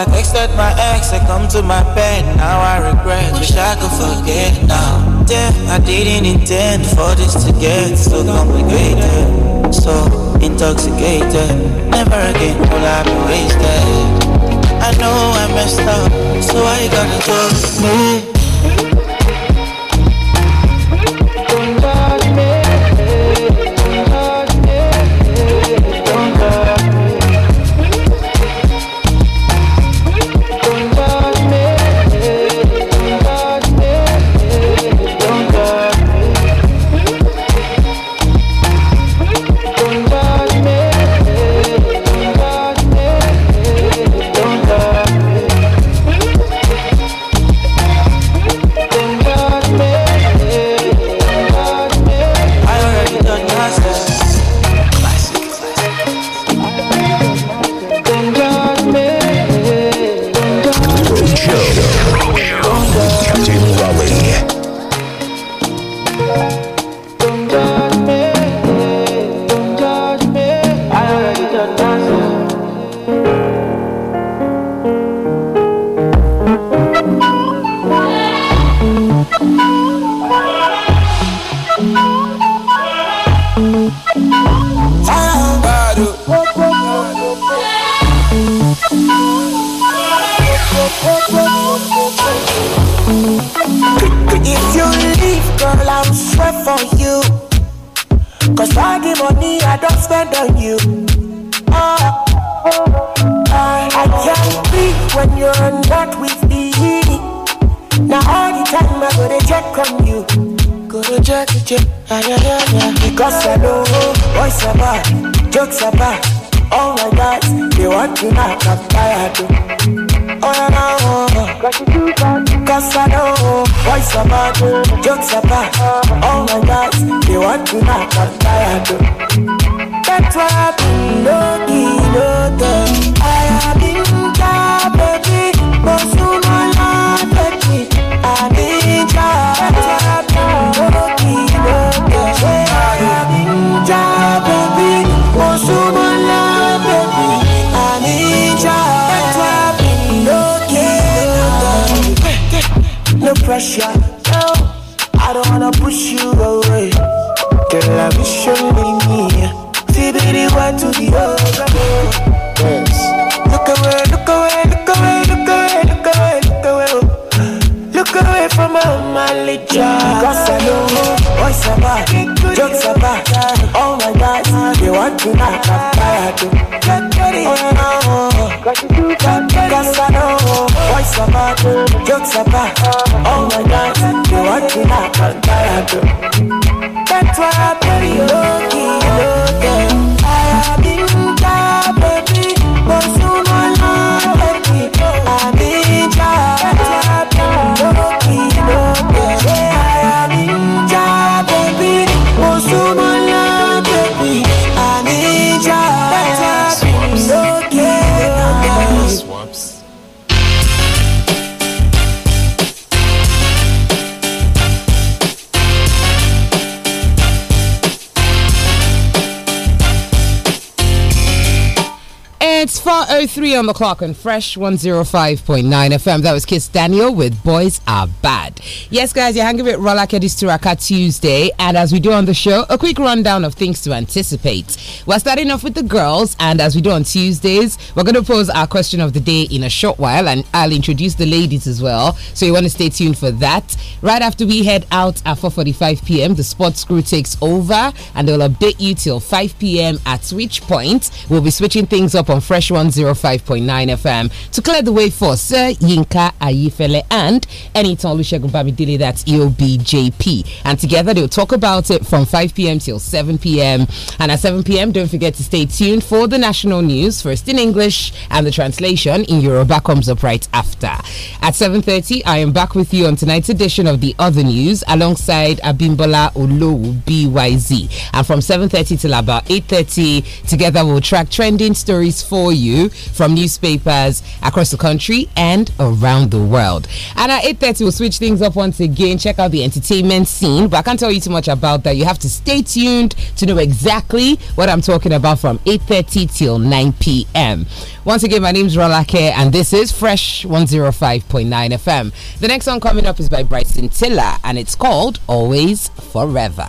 I texted my ex, I come to my bed, now I regret, wish I could forget now. Damn, I didn't intend for this to get so complicated, so intoxicated. Never again will I be wasted. I know I messed up, so I gotta go. Me. 4.03 on the clock on Fresh 105.9 FM. That was Kiss Daniel with Boys Are Bad. Yes, guys, you're hanging with Rolake Disturaka Tuesday. And as we do on the show, a quick rundown of things to anticipate. We're starting off with the girls. And as we do on Tuesdays, we're going to pose our question of the day in a short while. And I'll introduce the ladies as well. So you want to stay tuned for that. Right after we head out at 4.45 p.m., the sports crew takes over. And they'll update you till 5 p.m., at which point we'll be switching things up on Fresh 105.9 FM to clear the way for Sir Yinka Ayifele and Eniton Olusegun Bamidele, that's EOBJP. And together they'll talk about it from 5 p.m. till 7 p.m. And at 7 p.m., don't forget to stay tuned for the national news, first in English, and the translation in Yoruba comes up right after. At 7.30, I am back with you on tonight's edition of The Other News alongside Abimbola Olowu BYZ. And from 7.30 till about 8.30, together we'll track trending stories for you you from newspapers across the country and around the world. And at 8.30, we'll switch things up once again, check out the entertainment scene. But I can't tell you too much about that. You have to stay tuned to know exactly what I'm talking about from 8.30 till 9 p.m. Once again, my name is Rolake, and this is Fresh 105.9 FM. The next song coming up is by Bryson Tiller, and it's called Always Forever.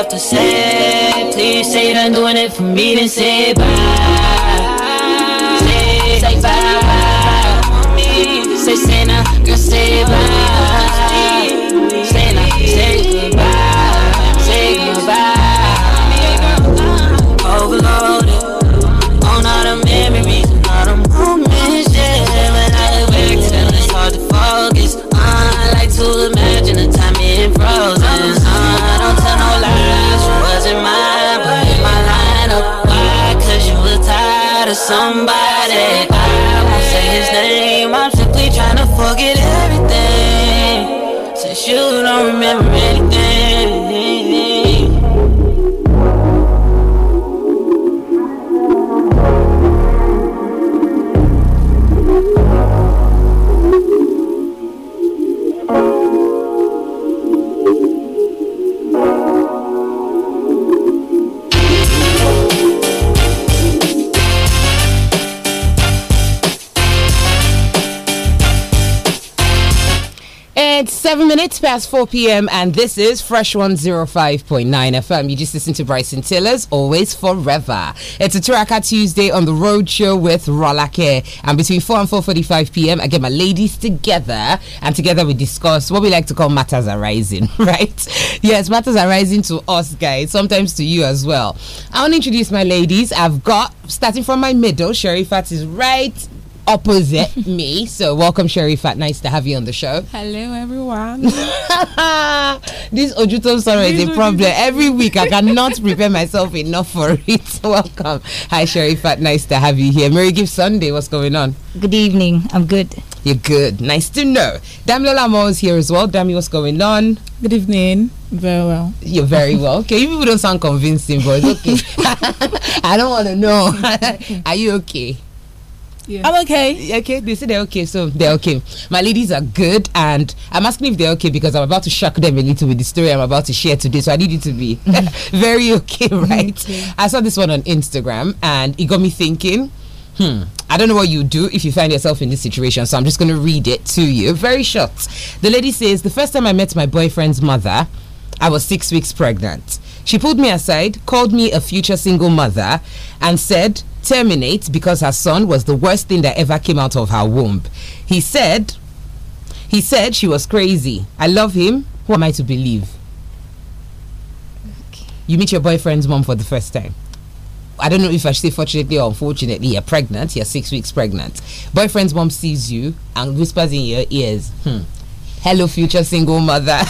left to say Please say you're doing it for me, then say bye Say, say bye, bye Say, say now, girl, say bye never really past 4 p.m. and this is Fresh 105.9 FM. You just listen to Bryson Tillers, always forever. It's a Turaka Tuesday on the road show with Rolake. And between 4 and 4.45 p.m., I get my ladies together and together we discuss what we like to call matters arising, right? Yes, matters arising to us guys, sometimes to you as well. I want to introduce my ladies. I've got, starting from my middle, Sherry Fat is right opposite me. So welcome, Fat. Nice to have you on the show. Hello, everyone. this Ojuto story, is a problem. Every week I cannot prepare myself enough for it. welcome. Hi, Fat. Nice to have you here. Mary. Give Sunday. What's going on? Good evening. I'm good. You're good. Nice to know. Damla Lamo is here as well. Dami, what's going on? Good evening. Very well. You're very well. Okay, you people don't sound convincing, but it's okay. I don't want to know. Are you okay? Yeah. I'm okay. Okay. They say they're okay, so they're okay. My ladies are good, and I'm asking if they're okay because I'm about to shock them a little with the story I'm about to share today. So I need you to be very okay, right? Okay. I saw this one on Instagram, and it got me thinking. Hmm. I don't know what you do if you find yourself in this situation, so I'm just going to read it to you. Very short. The lady says, The first time I met my boyfriend's mother, I was six weeks pregnant. She pulled me aside, called me a future single mother, and said, terminate because her son was the worst thing that ever came out of her womb. He said, he said she was crazy. I love him. Who am I to believe? You meet your boyfriend's mom for the first time. I don't know if I should say fortunately or unfortunately, you're pregnant, you're six weeks pregnant. Boyfriend's mom sees you and whispers in your ears, hmm, hello, future single mother.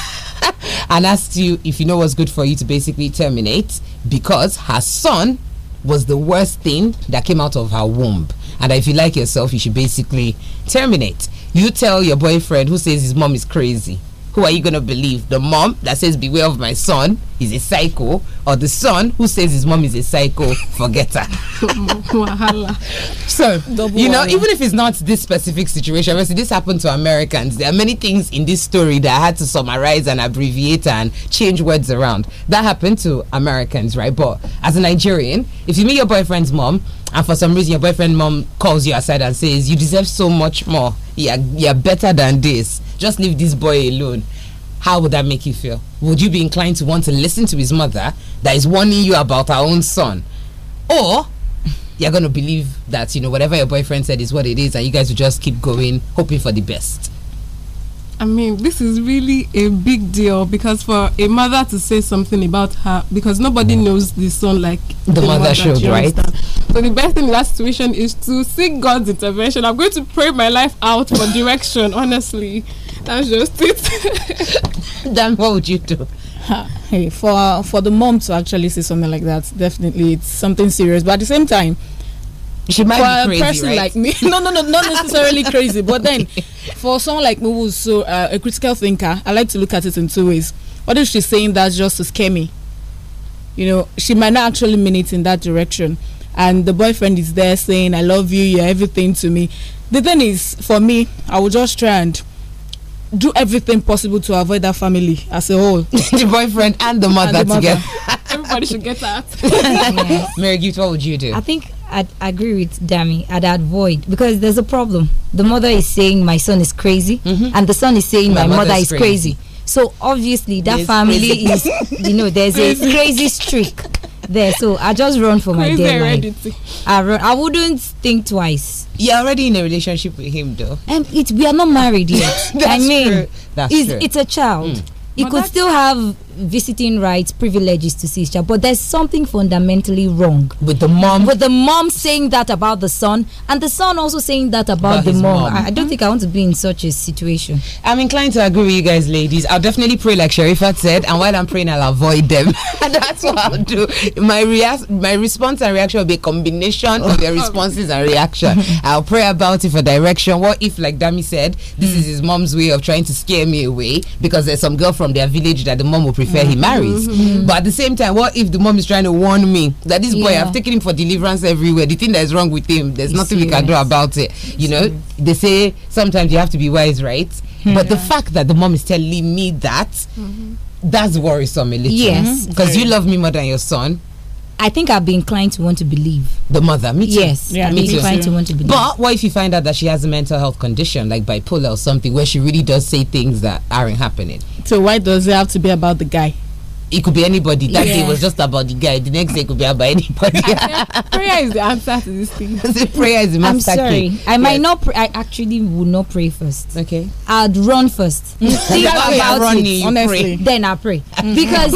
and asked you if you know what's good for you to basically terminate because her son was the worst thing that came out of her womb. And if you like yourself, you should basically terminate. You tell your boyfriend who says his mom is crazy who are you going to believe? The mom that says, Beware of my son is a psycho, or the son who says his mom is a psycho, forget so, Double you know, wala. even if it's not this specific situation, obviously, this happened to Americans. There are many things in this story that I had to summarize and abbreviate and change words around. That happened to Americans, right? But as a Nigerian, if you meet your boyfriend's mom, and for some reason your boyfriend mom calls you aside and says you deserve so much more you're, you're better than this just leave this boy alone how would that make you feel? Would you be inclined to want to listen to his mother that is warning you about her own son? Or you're going to believe that, you know, whatever your boyfriend said is what it is and you guys will just keep going, hoping for the best? I mean, this is really a big deal because for a mother to say something about her, because nobody yeah. knows the son like the, the mother, mother should, right? So the best thing in that situation is to seek God's intervention. I'm going to pray my life out for direction, honestly. That's just it. then what would you do? Hey, for for the mom to actually say something like that, definitely it's something serious. But at the same time, she might for be crazy, a person right? like me, no, no, no, not necessarily crazy. But then, for someone like me who's so uh, a critical thinker, I like to look at it in two ways. What if she's saying that just to scare me? You know, she might not actually mean it in that direction. And the boyfriend is there saying, "I love you, you're everything to me." The thing is, for me, I would just try and do everything possible to avoid that family as a whole. the boyfriend and the mother, and the mother. together. Everybody should get that. yes. Mary Gift, what would you do? I think I'd agree with Dami. I'd avoid because there's a problem. The mother is saying my son is crazy, mm -hmm. and the son is saying my, my mother, is crazy. crazy. So obviously that family is, you know, there's a crazy streak there. So I just run for my dear life. I, run, I wouldn't think twice. You're already in a relationship with him, though. And um, it, we are not married yet. I mean, true. That's it's, true. it's a child. Mm. He but could still have visiting rights privileges to see his but there's something fundamentally wrong with the mom with the mom saying that about the son and the son also saying that about, about the mom. mom, I, don't mm-hmm. think i want to be in such a situation i'm inclined to agree with you guys ladies i'll definitely pray like sharifat said and while i'm praying i'll avoid them that's what i'll do my my response and reaction will be a combination of their responses and reaction i'll pray about it for direction what if like dami said this mm. is his mom's way of trying to scare me away because there's some girl from their village that the mom will prefer he marries. Mm-hmm. But at the same time, what if the mom is trying to warn me that this boy, yeah. I've taken him for deliverance everywhere. The thing that is wrong with him, there's nothing we can do about it. You know, they say sometimes you have to be wise, right? Hmm. But yeah. the fact that the mom is telling me that mm-hmm. that's worrisome a little. Yes. Because mm-hmm. you love me more than your son. I think I'd be inclined to want to believe the mother. Me too. Yes, yeah, I'd be inclined to want to believe. But what if you find out that she has a mental health condition like bipolar or something, where she really does say things that aren't happening? So why does it have to be about the guy? it could be anybody. That yeah. day was just about the guy. The next day could be about anybody. prayer is the answer to this thing. prayer is the master I'm sorry. Key. I yes. might not. I actually would not pray first. Okay. I'd run first. Think about it. Honestly. Then I pray mm. because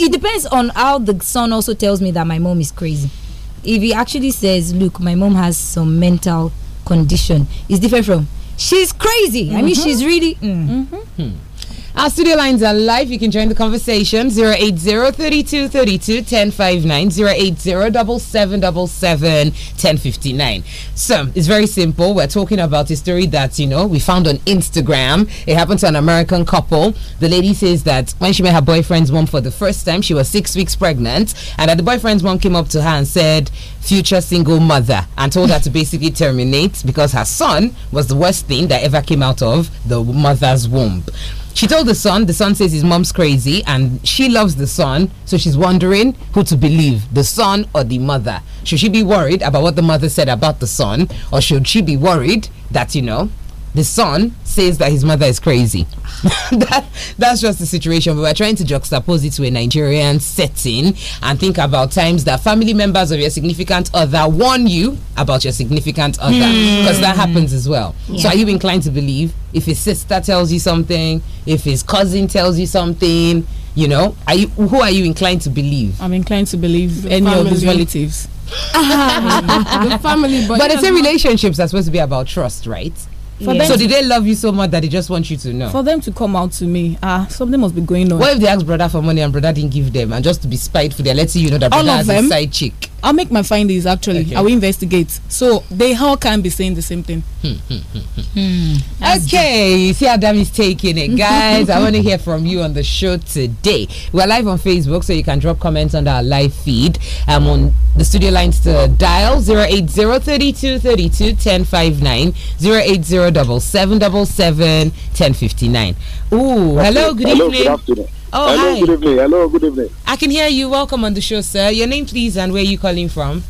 it depends on how the son also tells me that my mom is crazy. If he actually says, "Look, my mom has some mental condition," it's different from she's crazy. Mm -hmm. I mean, mm-hmm. she's really. Mm. Mm-hmm. -hmm. Our studio lines are live. You can join the conversation 080 32 1059 1059. So it's very simple. We're talking about a story that, you know, we found on Instagram. It happened to an American couple. The lady says that when she met her boyfriend's mom for the first time, she was six weeks pregnant, and that the boyfriend's mom came up to her and said, future single mother and told her to basically terminate because her son was the worst thing that ever came out of the mother's womb. She told the son, the son says his mom's crazy and she loves the son, so she's wondering who to believe, the son or the mother. Should she be worried about what the mother said about the son, or should she be worried that, you know, the son says that his mother is crazy. that, that's just the situation. we're trying to juxtapose it to a Nigerian setting and think about times that family members of your significant other warn you about your significant other because hmm. mm. that happens as well. Yeah. So, are you inclined to believe if his sister tells you something, if his cousin tells you something? You know, are you, who are you inclined to believe? I'm inclined to believe the any family. of his relatives. the family, but, but same relationships are supposed to be about trust, right? Yeah. so did they love you so much that they just want you to know? For them to come out to me, ah, uh, something must be going on. What if they ask brother for money and brother didn't give them, and just to be spiteful, they're letting you know that brother has them? a side chick. I'll make my findings actually. Okay. I will investigate. So they all can be saying the same thing. Hmm, hmm, hmm, hmm. okay, you see how Adam is taking it. Guys, I want to hear from you on the show today. We're live on Facebook, so you can drop comments on our live feed. I'm on the studio lines to dial 080 32 32 1059 080 Ooh, hello, good hello, evening. Good afternoon. Oh, Hello, hi. good evening. Hello, good evening. I can hear you. Welcome on the show, sir. Your name, please, and where are you calling from?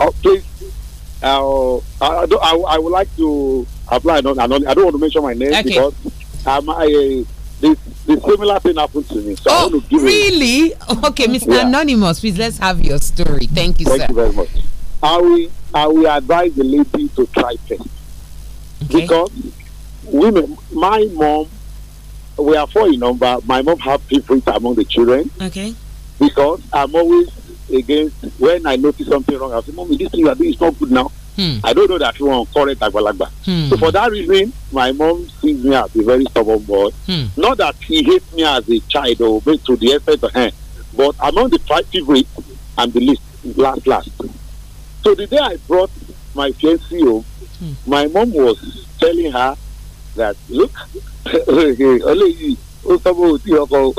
Oh, please. Uh, I, I, I would like to apply. I don't, I don't want to mention my name okay. because I'm a this the similar thing happened to me. So oh, really? Okay, Mr. Yeah. Anonymous, please let's have your story. Thank you, Thank sir. Thank you very much. I will, I will advise the lady to try first. Okay. Because women, my mom we are four in number. My mom have preference among the children. Okay. Because I'm always against when I notice something wrong. I say, "Mommy, this thing you are doing is not good now." Hmm. I don't know that you want correct agbalagba. Hmm. So for that reason, my mom sees me as a very stubborn boy. Hmm. Not that he hates me as a child or oh, through the effort of her, eh, but among the five favorites, I'm the least last last. So the day I brought my fiancée home, hmm. my mom was telling her that look, eléyìí ó sọ́bọ̀ ò tí rọ́kọ̀ o.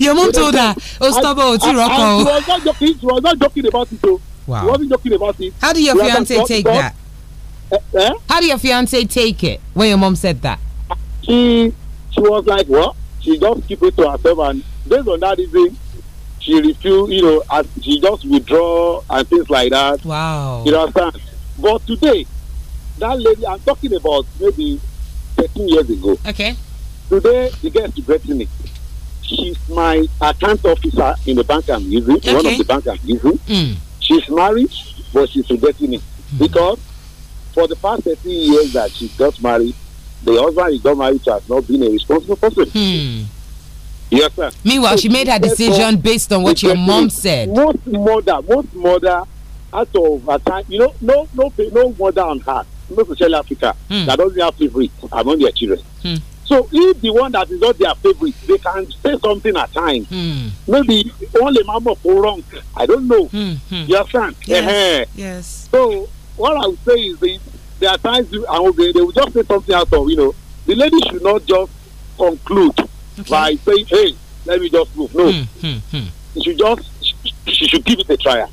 your mom told her ó sọ́bọ̀ ò tí rọ́kọ̀ o. she was not joking about it o. wow she wasn't joking about it. how did your fiance take that? Eh? how did your fiance take it when your mom said that? she she was like well, she just keep it to herself and based on that reason she refuse you know as she just withdraw and things like that. wow you understand but today that lady i'm talking about maybe 13 years ago. Okay. Today, the girl is regretting me. She's my account officer in the bank I'm using, okay. one of the bank I'm using. Mm. She's married, but she's regretting me mm. because for the past 13 years that she got married, the husband he got married to has not been a responsible person. Mm. Yes, sir. Meanwhile, so she made her decision based on what your mom said. Most mother, most mother, out of her time, you know, no, no, no mother on her tell Africa mm. that doesn't have favorite among their children. Mm. So if the one that is not their favorite, they can say something at times. Mm. Maybe only Mama for wrong. I don't know. Mm. Mm. You understand? Yes. Uh-huh. yes. So what I would say is they, there are times you, I they will just say something out of, you know, the lady should not just conclude okay. by saying, hey, let me just move. No. Mm. She should just, she should give it a try.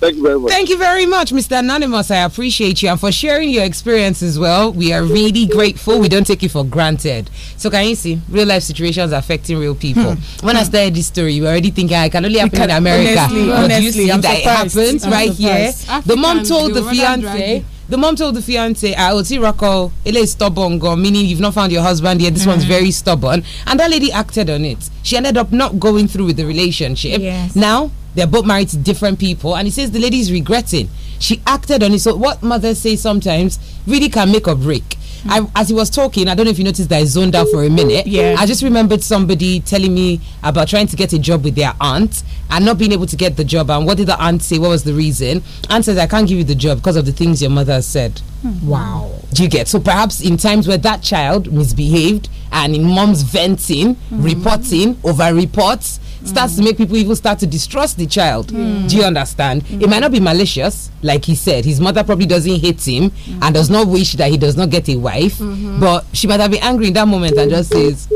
Thank you very much. Thank you very much, Mr. Anonymous. I appreciate you and for sharing your experience as well. We are really grateful. We don't take it for granted. So can you see real life situations affecting real people? Hmm. When hmm. I started this story, you were already thinking ah, I can only happen can, in America. Honestly, honestly, you see I'm that it happens I'm right surprised. here. African, the mom told the fiance. The mom told the fiance, ah, oh, see Rocco, Ele is stubborn gone, meaning you've not found your husband yet. This mm -hmm. one's very stubborn. And that lady acted on it. She ended up not going through with the relationship. Yes. Now, they're both married to different people and he says the lady is regretting she acted on it so what mothers say sometimes really can make or break I, as he was talking, I don't know if you noticed that I zoned out for a minute. Yeah. I just remembered somebody telling me about trying to get a job with their aunt and not being able to get the job. And what did the aunt say? What was the reason? Aunt says, I can't give you the job because of the things your mother said. Hmm. Wow. Do you get? So perhaps in times where that child misbehaved and in mom's venting, mm. reporting, over reports, starts to make people even start to distrust the child. Mm. Do you understand? It might not be malicious, like he said. His mother probably doesn't hate him and does not wish that he does not get a wife. Mm-hmm. But she might have been angry in that moment and just says,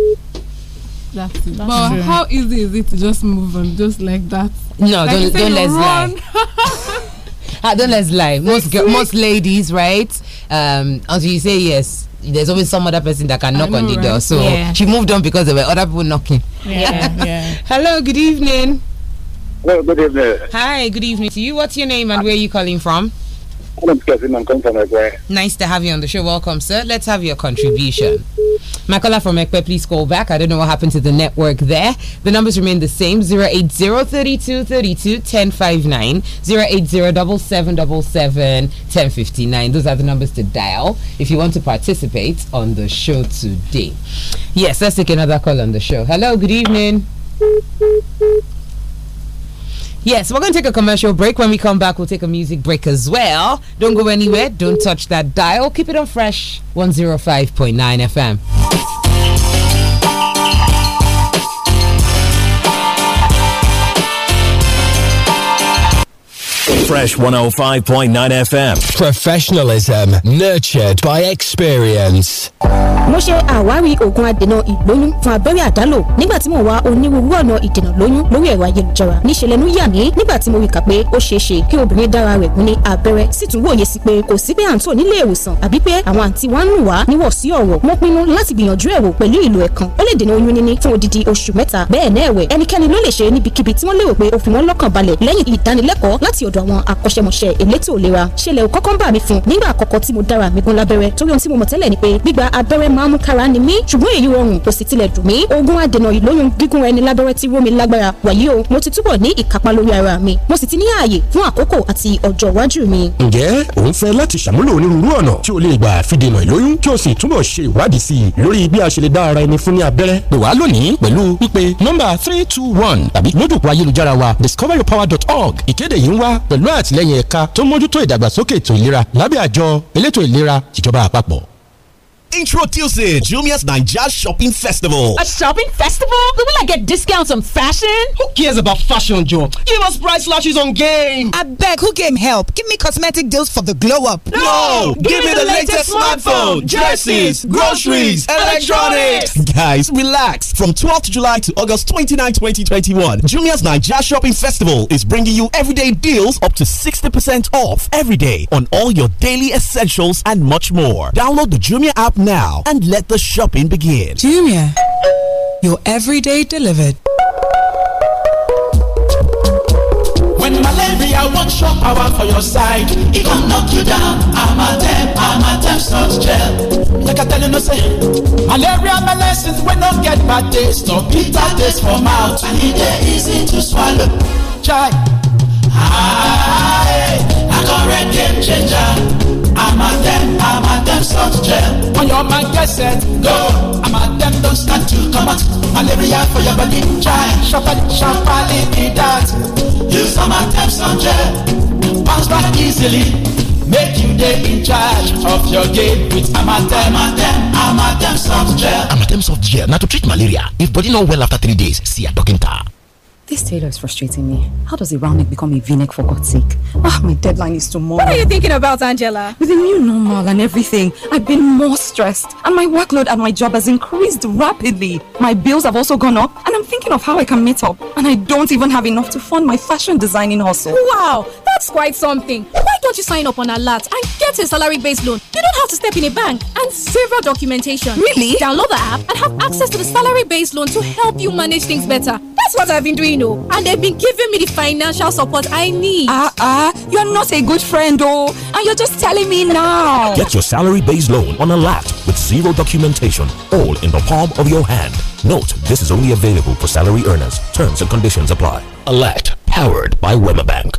that's it. That's but true. how easy is it to just move on just like that? No, like don't, don't let's run. lie. Ah, don't let's lie. Most most ladies, right? Um, until you say yes, there's always some other person that can knock on the right. door. So yeah. she moved on because there were other people knocking. Yeah. yeah. Hello, good evening. Well, good evening. Hi, good evening to you. What's your name and where are you calling from? Nice to have you on the show. Welcome, sir. Let's have your contribution. Michael from Ekpe, please call back. I don't know what happened to the network there. The numbers remain the same 080 1059, 1059. Those are the numbers to dial if you want to participate on the show today. Yes, let's take another call on the show. Hello, good evening. Yes, we're going to take a commercial break. When we come back, we'll take a music break as well. Don't go anywhere. Don't touch that dial. Keep it on fresh 105.9 FM. Fresh 105.9 FM. Professionalism nurtured by experience. Mo ṣe àwárí oògùn adènà ìgbóyún fún abẹ́rẹ́ àdálò nígbà tí mo wá onírúurú ọ̀nà ìdènà lóyún lórí ẹ̀rọ ayélujára. Níṣẹ́ yà mí nígbà tí mo rí kà pé ó ṣeé ṣe kí obìnrin dára rẹ̀ gún ní abẹ́rẹ́ sì tún wòye sí pé kò sí pé à ń tò nílé ìwòsàn àbí pé àwọn àǹtí wa ń nù wá níwọ̀ sí ọ̀rọ̀. Mo pinnu láti gbìyànjú ẹ̀wò pẹ̀lú ìlò ẹ̀kan. Ó lè dènà oyún àwọn akọ́ṣẹ́mọṣẹ́ elétò ìlera ṣẹlẹ̀ ò kọ́kọ́ ń bà mí fún nígbà àkọ́kọ́ tí mo dára mi gún lábẹ́rẹ́ torí ohun tí mo mọ̀ tẹ́lẹ̀ ni pé gbígba abẹ́rẹ́ máa ń mú kára ni mí ṣùgbọ́n èyí rọrùn kò sì tilẹ̀ dùn mí ogun adènà ìlóyún gígùn ẹni lábẹ́rẹ́ tí rómi lágbára wàyí o mo ti túbọ̀ ní ìkápá lórí ara mi mo sì ti ní ààyè fún àkókò àti ọjọ́ iwájú mi. ǹjẹ́ ò ń fẹ́ láti ṣàmúlò onírúurú ọ̀nà tí o lè gbà fi ìlóyún kí o sì túbọ̀ ṣe ìwádìí sí i lórí bí a ṣe lè dá ara ẹni fún ní abẹ́rẹ́ pè wá lónìí pẹ̀lú pípe nọ́mbà three two one tàbí lójú ayélujára wa discoveryourpower.org ìkéde yìí ń wá pẹ̀lú pẹ̀lú àtìlẹ́yìn ẹ̀ka tó mójútó ìdàgbàsókè ètò ìlera lábẹ́ àjọ elétò ìlera ìjọba àpapọ̀. Intro Tuesday, Jumia's Ninja Shopping Festival. A shopping festival? But will I get discounts on fashion? Who cares about fashion, Joe? Give us price slashes on game. I beg, who game help? Give me cosmetic deals for the glow up. No! no give, give, me the, the latest, latest smartphone, dresses, groceries, electronics. Guys, relax. From 12th July to August 29, 2021, Jumia's Ninja Shopping Festival is bringing you everyday deals up to 60% off every day on all your daily essentials and much more. Download the Jumia app now and let the shopping begin. Jumia, your everyday delivered. When malaria wan your power for your side, it go knock you down. I'm I'm a a Amatem such gel. Like I tell you no say, malaria medicines wey no get bad taste no bitter taste for mouth, and e dey easy to swallow. Try, Ah, correct game changer. a Amatem soft gel. When your man gets set, go. I'm a Amatem don't start to come out. Malaria for your body, try. Sharply, sharply be that. Use Amatem soft gel. Bounce back easily. make you day in charge of your game with amatem amatem amatem soft gel. amatem soft gel Now to treat malaria if body not well after three days see a doctor. Taylor is frustrating me. How does a round neck become a v-neck for God's sake? Ah, my deadline is tomorrow. What are you thinking about, Angela? With the new normal and everything, I've been more stressed. And my workload at my job has increased rapidly. My bills have also gone up. And I'm thinking of how I can meet up. And I don't even have enough to fund my fashion designing hustle. Wow, that's quite something. Why don't you sign up on Alert and get a salary-based loan don't have to step in a bank and several documentation. Really? Download the app and have access to the salary based loan to help you manage things better. That's what I've been doing, though, And they've been giving me the financial support I need. Ah, uh, ah, uh, you're not a good friend, oh. And you're just telling me now. Get your salary based loan on a lap with zero documentation, all in the palm of your hand. Note this is only available for salary earners. Terms and conditions apply. Alert powered by Bank.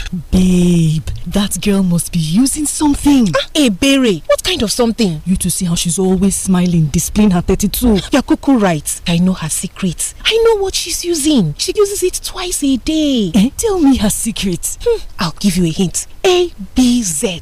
Babe, that girl must be using something. Ah, hey, Berry, what kind of something? You to see how she's always smiling, displaying her 32. Yakuku writes, right. I know her secrets. I know what she's using. She uses it twice a day. Eh? Tell me her secrets. Hmm. I'll give you a hint. A B Z.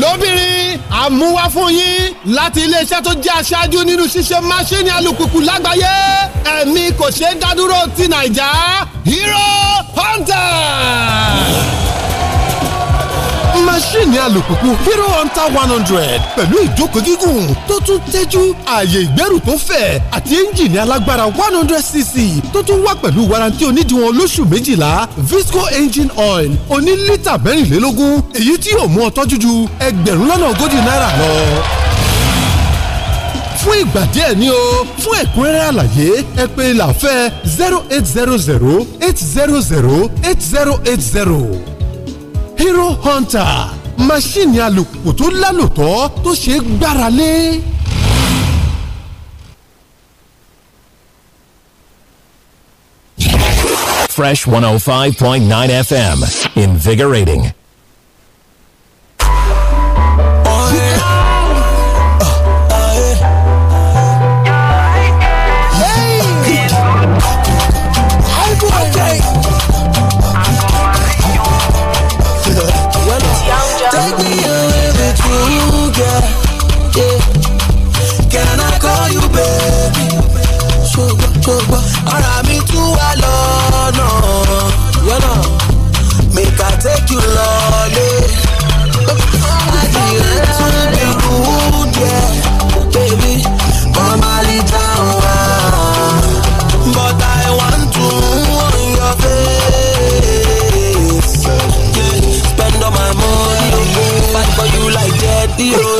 lóbìnrin àmúwá fún yín láti iléeṣẹ́ tó jẹ́ aṣáájú nínú ṣíṣe máṣíìnì alùpùpù lágbàáyé ẹ̀mí kò ṣeé dádúró ti nàìjà Hero Hunter máṣíìnì alùpùpù hero hunter one hundred pẹ̀lú ìjókòó gígùn tó tún tẹ́jú ààyè ìgbẹ́rù tó fẹ̀ àti ẹ́ńjìnì alágbára one hundred cc tó tún wá pẹ̀lú warranty onídìíwọ̀n olóṣù méjìlá visco engine oil oní lítà mẹ́rìnlélógún èyí tí yóò mú ọtọ́ jújú ẹgbẹ̀rún lọ́nà ogójì náírà lọ fún ìgbà díẹ̀ ni o fún ẹ̀kúnrẹ́rẹ́ àlàyé ẹ pè làfẹ́ zero eight zero zero eight zero zero eight zero eight zero hero hunter máṣíìnì alùpùpù tó lálòtọ́ tó ṣeé gbára lé. Fresh 105.9 FM. Invigorating. ¡Dios!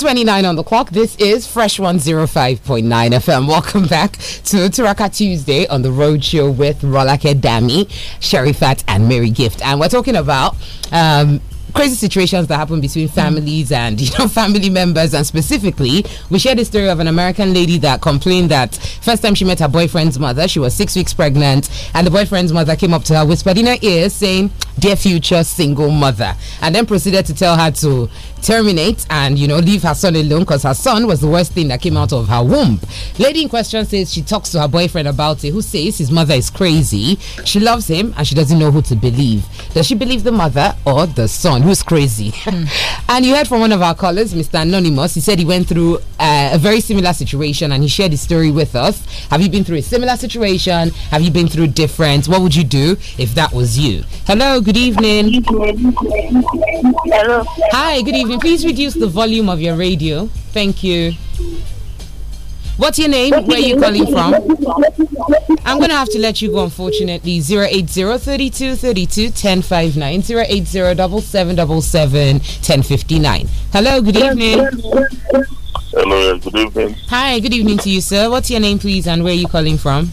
429 on the clock. This is Fresh 105.9 FM. Welcome back to Turaka Tuesday on the road show with Rolake Dami, Sherry Fat, and Mary Gift. And we're talking about um, crazy situations that happen between families and you know family members and specifically we shared the story of an american lady that complained that first time she met her boyfriend's mother she was six weeks pregnant and the boyfriend's mother came up to her whispered in her ear saying dear future single mother and then proceeded to tell her to terminate and you know leave her son alone because her son was the worst thing that came out of her womb lady in question says she talks to her boyfriend about it who says his mother is crazy she loves him and she doesn't know who to believe does she believe the mother or the son who's crazy. Mm. and you heard from one of our callers, Mr. Anonymous. He said he went through uh, a very similar situation and he shared his story with us. Have you been through a similar situation? Have you been through a different? What would you do if that was you? Hello, good evening. Hello. Hi, good evening. Please reduce the volume of your radio. Thank you. What's your name? Where are you calling from? I'm going to have to let you go, unfortunately. 080-3232-1059. 80 1059 Hello, good evening. Hello, good evening. Hi, good evening to you, sir. What's your name, please, and where are you calling from?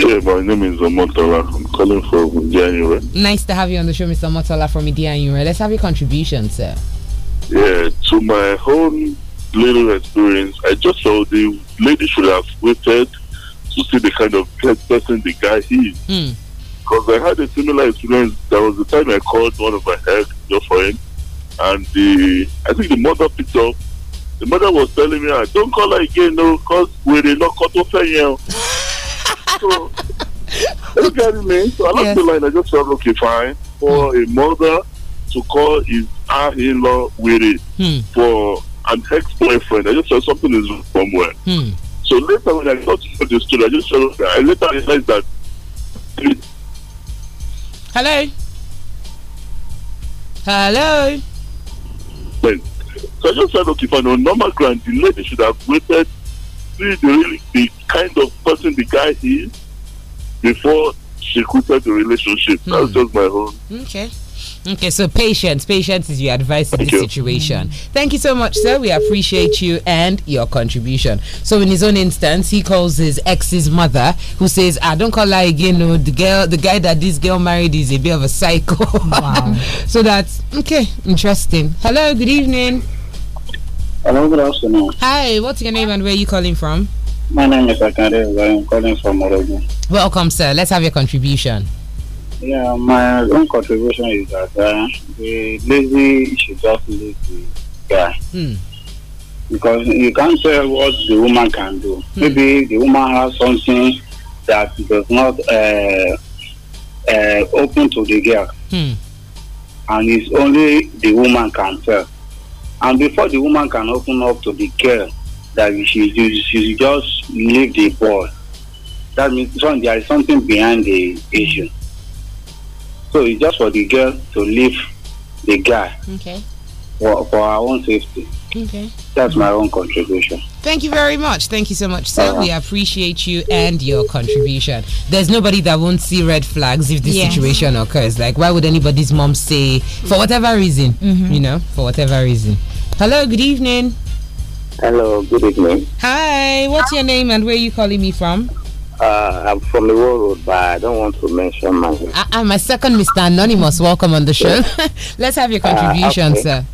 Yeah, my name is Omotola. I'm calling from Idianure. Nice to have you on the show, Mr. Omotola from Idianure. Let's have your contribution, sir. Yeah, to my own little experience, I just saw the lady should have waited to see the kind of person the guy is. Mm. Because I had a similar experience. There was the time I called one of my ex girlfriend, and the I think the mother picked up. The mother was telling me, I ah, "Don't call her again, no, cause we're not cut off anyhow." so, you get me? So I lost yes. the line. I just felt okay, fine. For mm. a mother to call his her-in-law with it hmm. for an ex-boyfriend. I just saw something is wrong with. Hmm. So later when I got to the story, I just saw. I later realized that. Hello. Hello. Wait. so I just said, okay, fine. On normal ground, the lady should have waited, see the really the kind of person the guy is, before she quitted the relationship. Hmm. That's just my own. Okay. Okay, so patience. Patience is your advice Thank in this you. situation. Thank you so much, sir. We appreciate you and your contribution. So, in his own instance, he calls his ex's mother, who says, "I ah, don't call her again. No, the girl, the guy that this girl married is a bit of a psycho." Wow. so that's okay. Interesting. Hello. Good evening. Hello. Good afternoon. Hi. What's your name and where are you calling from? My name is Akande. I'm calling from Oregon. Welcome, sir. Let's have your contribution. Yeah, my own contribution is that uh, the lazy should just leave the guy. Hmm. Because you can't tell what the woman can do. Hmm. Maybe the woman has something that does not uh, uh, open to the girl. Hmm. And it's only the woman can tell. And before the woman can open up to the girl, that she, she, she just leave the boy. That means so there is something behind the issue. So it's just for the girl to leave the guy okay. for, for our own safety. Okay. That's my own contribution. Thank you very much. Thank you so much, sir. Uh -huh. We appreciate you and your contribution. There's nobody that won't see red flags if this yes. situation occurs. Like, why would anybody's mom say, for whatever reason, mm -hmm. you know, for whatever reason? Hello, good evening. Hello, good evening. Hi, what's your name and where are you calling me from? Uh, I'm from the world, but I don't want to mention my. I, I'm a second Mr. Anonymous. Welcome on the show. Let's have your contribution, uh, okay. sir.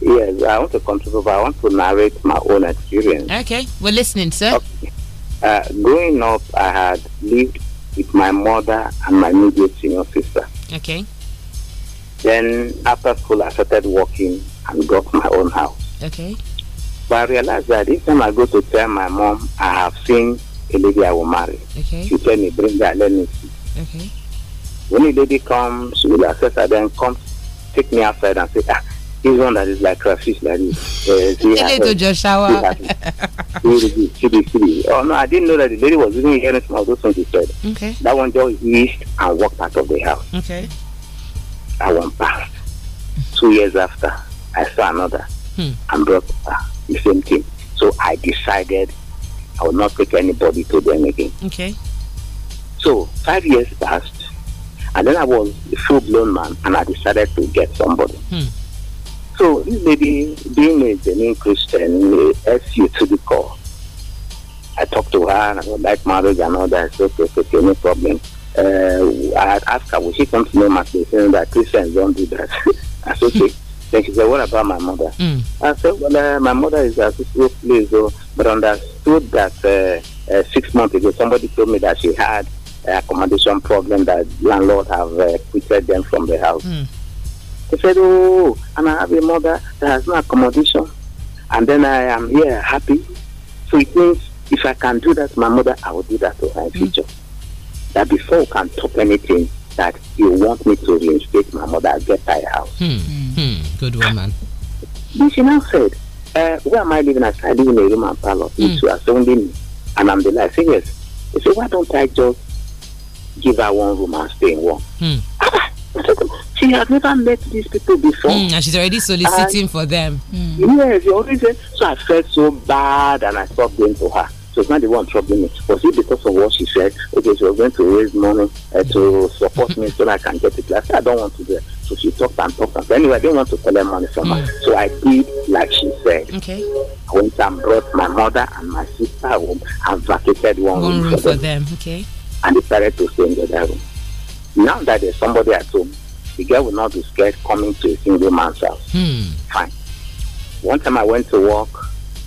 Yes, I want to contribute, but I want to narrate my own experience. Okay, we're listening, sir. Okay. Uh, growing up, I had lived with my mother and my immediate senior sister. Okay. Then, after school, I started working and got my own house. Okay. But I realized that each time I go to tell my mom, I have seen a lady I will marry. Okay. She tell me, bring that, let me see. Okay. When the lady comes, she will assess her, then come take me outside and say, ah, one that is like a like this. Uh, see her, do just shower. See, see, Oh no, I didn't know that the lady was doing hearing some of those things he said. Okay. That one just eased and walked out of the house. Okay. That one passed. Two years after, I saw another hmm. and brought her the same thing. So I decided I will not take anybody to do anything. Okay. So five years passed, and then I was a full blown man, and I decided to get somebody. Hmm. So this lady, being a genuine Christian, asks you to the call. I talked to her, and I was like marriage and all that. So, okay, okay, no problem. Uh, I asked her, will she come to me and saying that Christians don't do that? I said, okay. Then she said, what about my mother? Mm. I said, well, uh, my mother is at this place, so but understood that uh, uh, six months ago somebody told me that she had accommodation problem that landlord have uh, quitted them from the house. Mm. They said, oh, and I have a mother that has no accommodation. And then I am here happy. So it means if I can do that to my mother, I will do that to her mm. future. That before you can talk anything, that you want me to reinstate my mother, get her house. Hmm. Hmm. Hmm. Good woman. Then she now said, uh, where am I living? I said, I live in a room and parlor. Mm. It's surrounding me. And I'm the last. yes. He said, why don't I just give her one room and stay in one? Mm. she has never met these people before. Mm, and she's already soliciting and, for them. Mm. Yes, she already said. So I felt so bad and I stopped going to her. So it's not the one troubling me. Was it because of what she said? Okay, she was going to raise money uh, to support me so that I can get a class. I don't want to do it so she talked and talked. And so anyway, I didn't want to her money from mm. her. So I did like she said. Okay. I went and brought my mother and my sister home and vacated one, one room, for, them. them. Okay. And decided to stay in the other room. Now that there's somebody at home, the girl will not be scared coming to a single man's house. Mm. Fine. One time I went to work,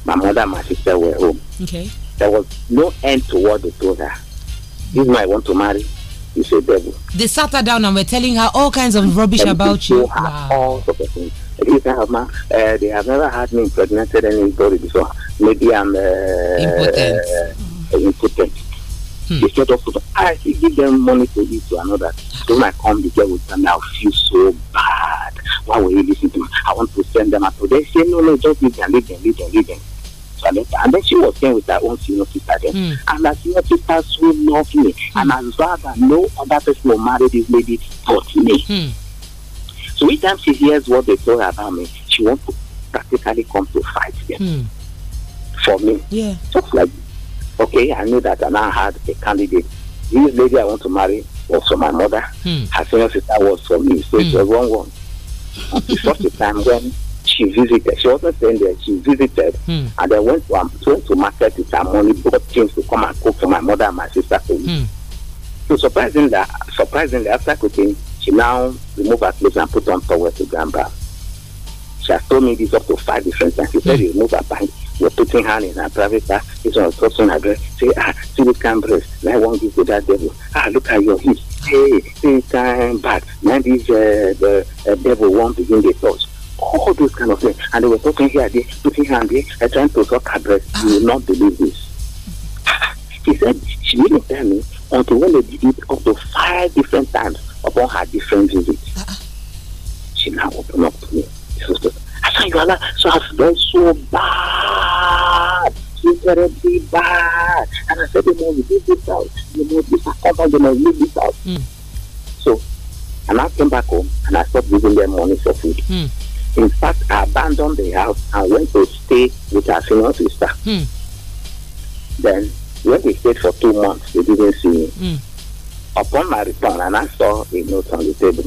my mother and my sister were home. Okay. There was no end to what they told her. This is I want to marry is a devil. They sat her down and were telling her all kinds of rubbish and about you. Wow. All sorts of things. have my, uh, eh, they have never had me impregnated anybody before. Maybe I'm uh, impotent. Uh, impotent. Hmm. Instead I give them money to eat to another. So when I come, the girl will stand. I'll feel so bad. Why will you listen to me? I want to send them out. They say no, no, just leave them, leave them, leave them, leave them. And then she was there with her own senior sister then. Mm. And her senior sister so loved me. Mm. And I'm glad that no other person will marry this lady but me. Mm. So each time she hears what they told her about me, she wants to practically come to fight them. Hmm. For me. Yeah. Just like, okay, I knew that I now had a candidate. This lady I want to marry was from my mother. Hmm. Her senior sister was from me. So it hmm. was one one. It's such a time when she visited. She wasn't staying there. She visited, mm. and I went to um, went to market with her money, bought things to come and cook for my mother and my sister to eat. Mm. So surprisingly, surprisingly, after cooking, she now removed her clothes and put on towel to grandpa. She has told me this up to five different times. She mm. said, hmm. "You remove her pants." We're putting her in her private car. This one was on her dress. Say, ah, see this can breast. Now one give to that devil. Ah, look at your hips. Hey, three time back. Now this uh, the uh, devil won't begin the thoughts all those kind of things. And they were talking here, there, putting here, there, and trying to talk address. You will not believe this. She said she didn't tell me until when they did it up to five different times upon her different visits. She now opened up to me. I said, you are so I've done so bad. So be bad. And I said, you know, you did this out. You know, this has happened. You know, leave this out. Mm. So, and I came back home and I stopped giving them money for food. Mm in fact, abandoned the house and went to stay with her senior sister. Hmm. Then, when we stayed for two months, they didn't see me. Hmm. Upon my return, and I saw a note on the table.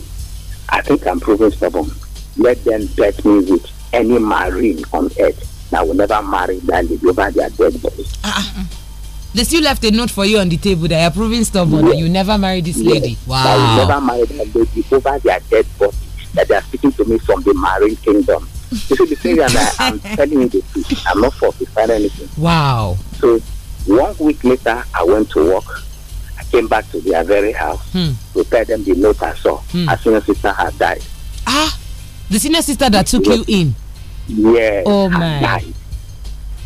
I think I'm proving stubborn. Let them bet me with any marine on earth that will never marry that live over their dead body. Uh-uh. They still left a note for you on the table that you're proving stubborn yes. you never marry this yes. lady. Wow. That will never marry that lady over their dead body that they are speaking to me from the marine kingdom. you see, the thing that I, am telling you the truth. I'm not find anything. Wow. So one week later, I went to work. I came back to their very house hmm. to them the note I saw. Hmm. soon senior sister had died. Ah, the senior sister that took you in. Yes. Oh my. Died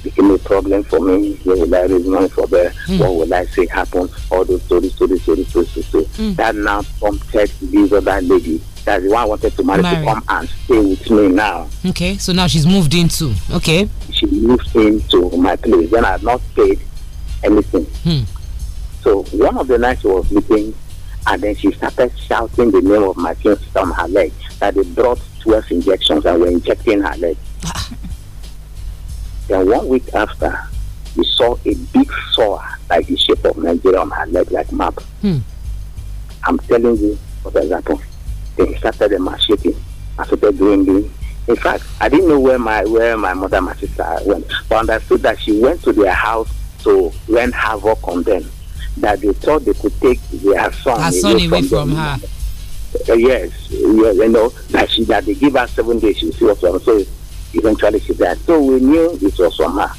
became a problem for me. Where will I raise money for that? Mm. What will I say happen? All those stories, stories, stories, stories, stories. Mm. That now prompted this other lady. That's the one I wanted to marry, marry, to come and stay with me now. Okay, so now she's moved into. Okay. She moved into my place. Then I have not paid anything. Mm. So one of the nights she was sleeping, and then she started shouting the name of my fiance on her leg that they brought 12 injections and were injecting her leg. Ah. And one week after, we saw a big sore like the shape of Nigeria on her leg, like map. Hmm. I'm telling you for example, They started macheting and started doing the. In fact, I didn't know where my where my mother my sister went, but I understood that she went to their house to rent havoc on them. That they thought they could take their son, her son away, away from, from her. Uh, yes, yes, you know that she that they give her seven days. She will see what's wrong. So Eventually, she died. So we knew it was from her.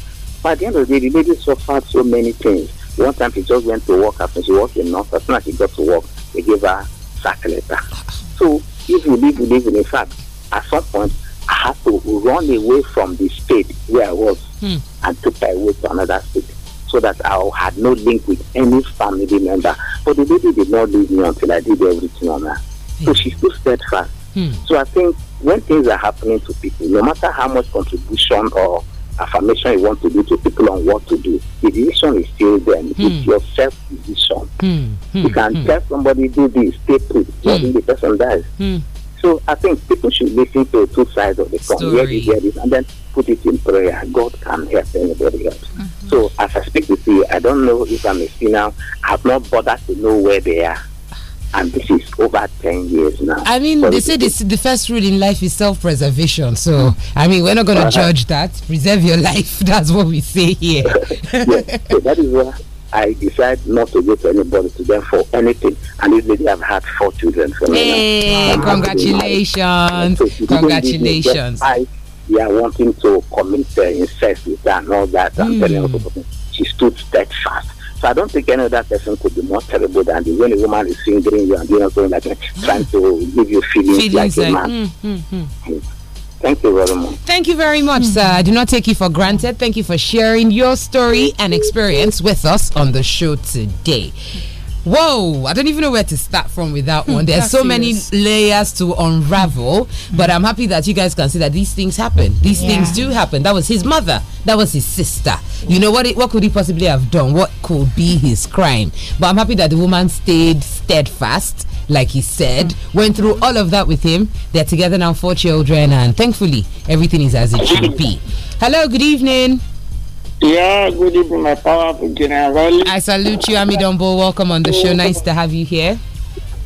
But at the end of the day, the lady suffered so many things. One time she just went to work after she worked enough. As soon as she got to work, they gave her sack letter. So if you live, you live. in fact, at some point, I had to run away from the state where I was hmm. and took my way to another state so that I had no link with any family member. But the lady did not leave me until I did everything on her. Hmm. So she still steadfast. Hmm. So I think when things are happening to people, no matter how much contribution or affirmation you want to do to people on what to do, the decision is still there. Mm. It's your self decision. Mm. Hmm. You can mm. tell somebody do this, stay put, mm. the person dies. Hmm. So I think people should listen to two sides of the coin. Hear this, hear this, and then put it in prayer. God can help anybody else. Mm-hmm. So as I speak with you, I don't know if I'm a sinner. I've not bothered to know where they are and this is over 10 years now. I mean, they say this, the first rule in life is self preservation. So, I mean, we're not going to uh, uh-huh. judge that. Preserve your life. That's what we say here. yes. So that is why I decide not to go to anybody to them for anything. And this they I've had four children. So hey, congratulations. So congratulations. I, we are wanting to commit the incest with that and all that. Mm. And then she stood steadfast so I don't think any other person could be more terrible than the when a woman is fingering you and you know going like trying to give you feelings, feelings like, a man. Mm, mm, mm. Thank you very much. Thank you very much, sir. I do not take you for granted. Thank you for sharing your story and experience with us on the show today. Whoa, I don't even know where to start from with that one. There's so many layers to unravel, mm-hmm. but I'm happy that you guys can see that these things happen. These yeah. things do happen. That was his mother. That was his sister. You know what? It, what could he possibly have done? What could be his crime? But I'm happy that the woman stayed steadfast, like he said. Mm-hmm. Went through all of that with him. They're together now, four children, and thankfully everything is as it should be. Hello, good evening. Yeah, good evening, my powerful general. I salute you, Amidombo. Welcome on the show. Nice to have you here.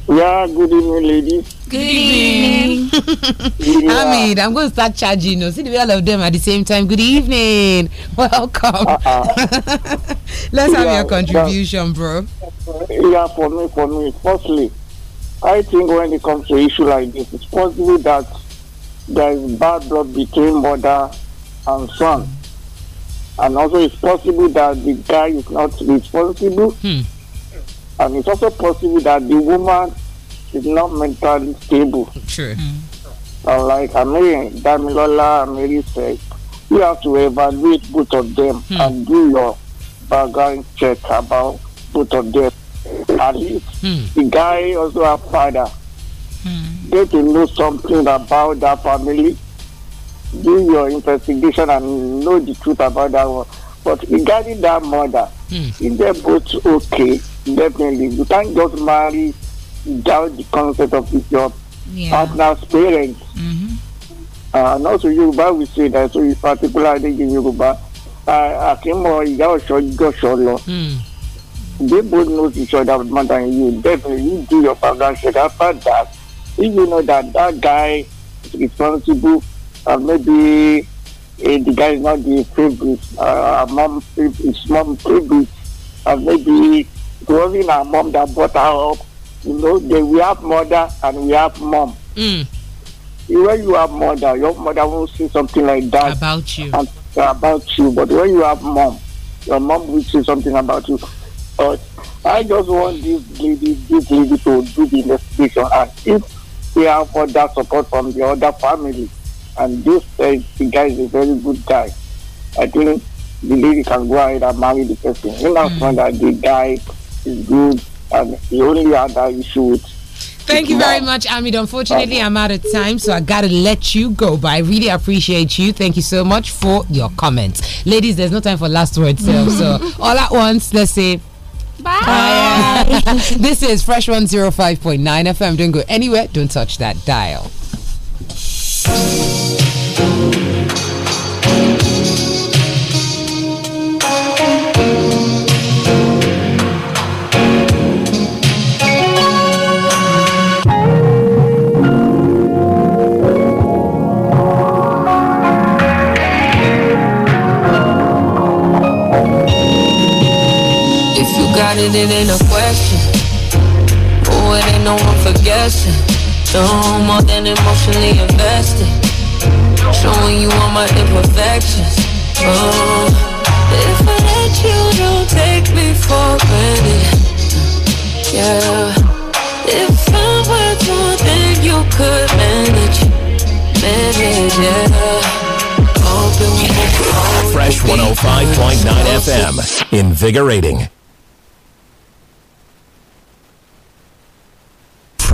Yeah, good evening, ladies. Good evening. yeah. I'm going to start charging you. See the way all of them at the same time. Good evening. Welcome. Uh -uh. Let's yeah, have your contribution, yeah. bro. Yeah, for me, for me. Firstly, I think when it comes to issue like this, it's possible that there is bad blood between mother and son and also it's possible that the guy is not responsible hmm. and it's also possible that the woman is not mentally stable Sure. true mm. unlike Amiri Damilola Mary said you have to evaluate both of them hmm. and do your background check about both of them at least hmm. the guy also a father mm. get to know something about that family do your investigation and know the truth about that one. But regarding that murder, mm. if they're both okay, definitely you can't just marry without the concept of your yeah. partner's parents. Mm-hmm. Uh, and also Yoruba will say that, so particularly in Yoruba, Akimo Iga Osho Iga Osho They both know each other more than you. Definitely you do your partner check after that. If you know that that guy is responsible and uh, maybe uh, the guy is not the favorite, uh, mom, his mom favorite, And uh, maybe it wasn't our mom that brought her up. You know, they, we have mother and we have mom. Mm. When you have mother, your mother will say something like that about you. And, uh, about you, but when you have mom, your mom will say something about you. But I just want this lady, this lady to do the investigation, and if we have other support from the other family. And this guy is a very good guy. I think the lady can go ahead and marry the person. He know, mm. that the guy is good and the only other issue with Thank you very much, Amid. Unfortunately, I'm out of time, so I gotta let you go. But I really appreciate you. Thank you so much for your comments, ladies. There's no time for last words, so, so all at once, let's say bye. bye. this is Fresh 105.9 FM. Don't go anywhere. Don't touch that dial. it, it ain't a question. Oh, it ain't no one for guessing. No more than emotionally invested. Showing you all my imperfections. Oh, if I let you, don't take me for granted. Yeah, if I'm worth more than you could manage, manage, yeah. Fresh 105.9 FM. Invigorating.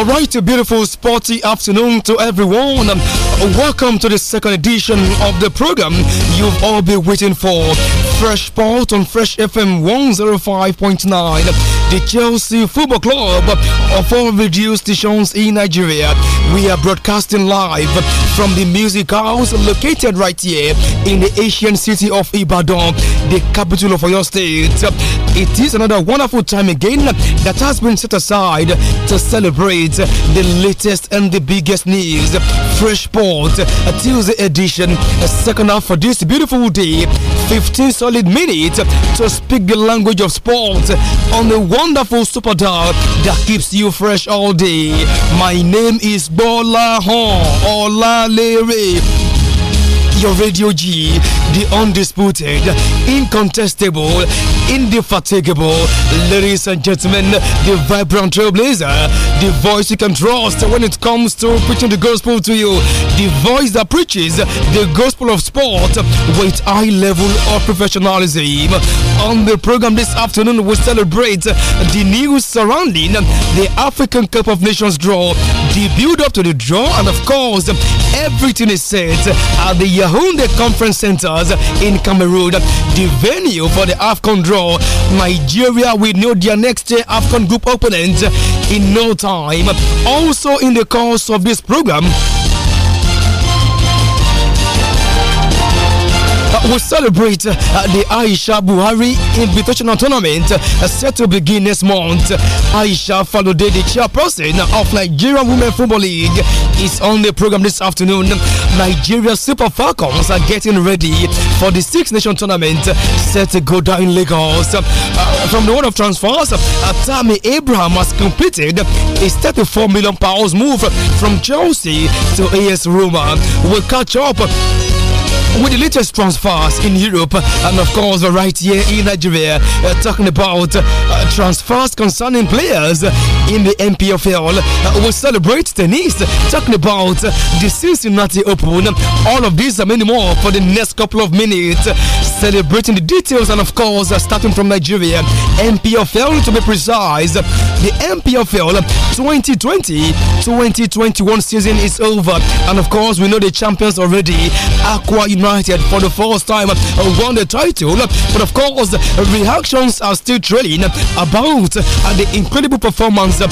All right, a beautiful sporty afternoon to everyone. Um, welcome to the second edition of the program you've all been waiting for. Fresh Sport on Fresh FM 105.9 the Chelsea Football Club of all radio stations in Nigeria. We are broadcasting live from the music house located right here in the ancient city of Ibadan, the capital of your State. It is another wonderful time again that has been set aside to celebrate the latest and the biggest news. Fresh Port, Tuesday edition, a second half for this beautiful day, 15 solid minutes to speak the language of sport on the wonderful super dog that keeps you fresh all day. My name is Bola Hon Olalere your Radio G, the undisputed, incontestable, indefatigable. Ladies and gentlemen, the vibrant trailblazer, the voice you can trust when it comes to preaching the gospel to you, the voice that preaches the gospel of sport with high level of professionalism. On the program this afternoon, we celebrate the news surrounding the African Cup of Nations draw, the build up to the draw, and of course, everything is set at the Yahunde Conference Centers in Cameroon, the venue for the AFCON draw Nigeria will know their next eh, AFCON group opponent in no time. Also, in the course of this program, Uh, we will celebrate uh, the Aisha Buhari Invitational Tournament uh, set to begin next month. Aisha Falode, the chairperson of Nigerian Women Football League, is on the program this afternoon. Nigeria Super Falcons are getting ready for the Six Nation Tournament set to go down in Lagos. Uh, from the world of transfers, Tammy Abraham has completed his 34 million pounds move from Chelsea to AS Roma. We'll catch up with the latest transfers in Europe and, of course, right here in Nigeria, uh, talking about uh, transfers concerning players in the MPFL. Uh, we celebrate tennis, talking about uh, the Cincinnati Open, all of these and many more for the next couple of minutes, celebrating the details and, of course, uh, starting from Nigeria, MPFL to be precise. The MPFL 2020 2021 season is over, and, of course, we know the champions already. Aqua United for the first time uh, won the title. But of course, uh, reactions are still trailing about uh, the incredible performance of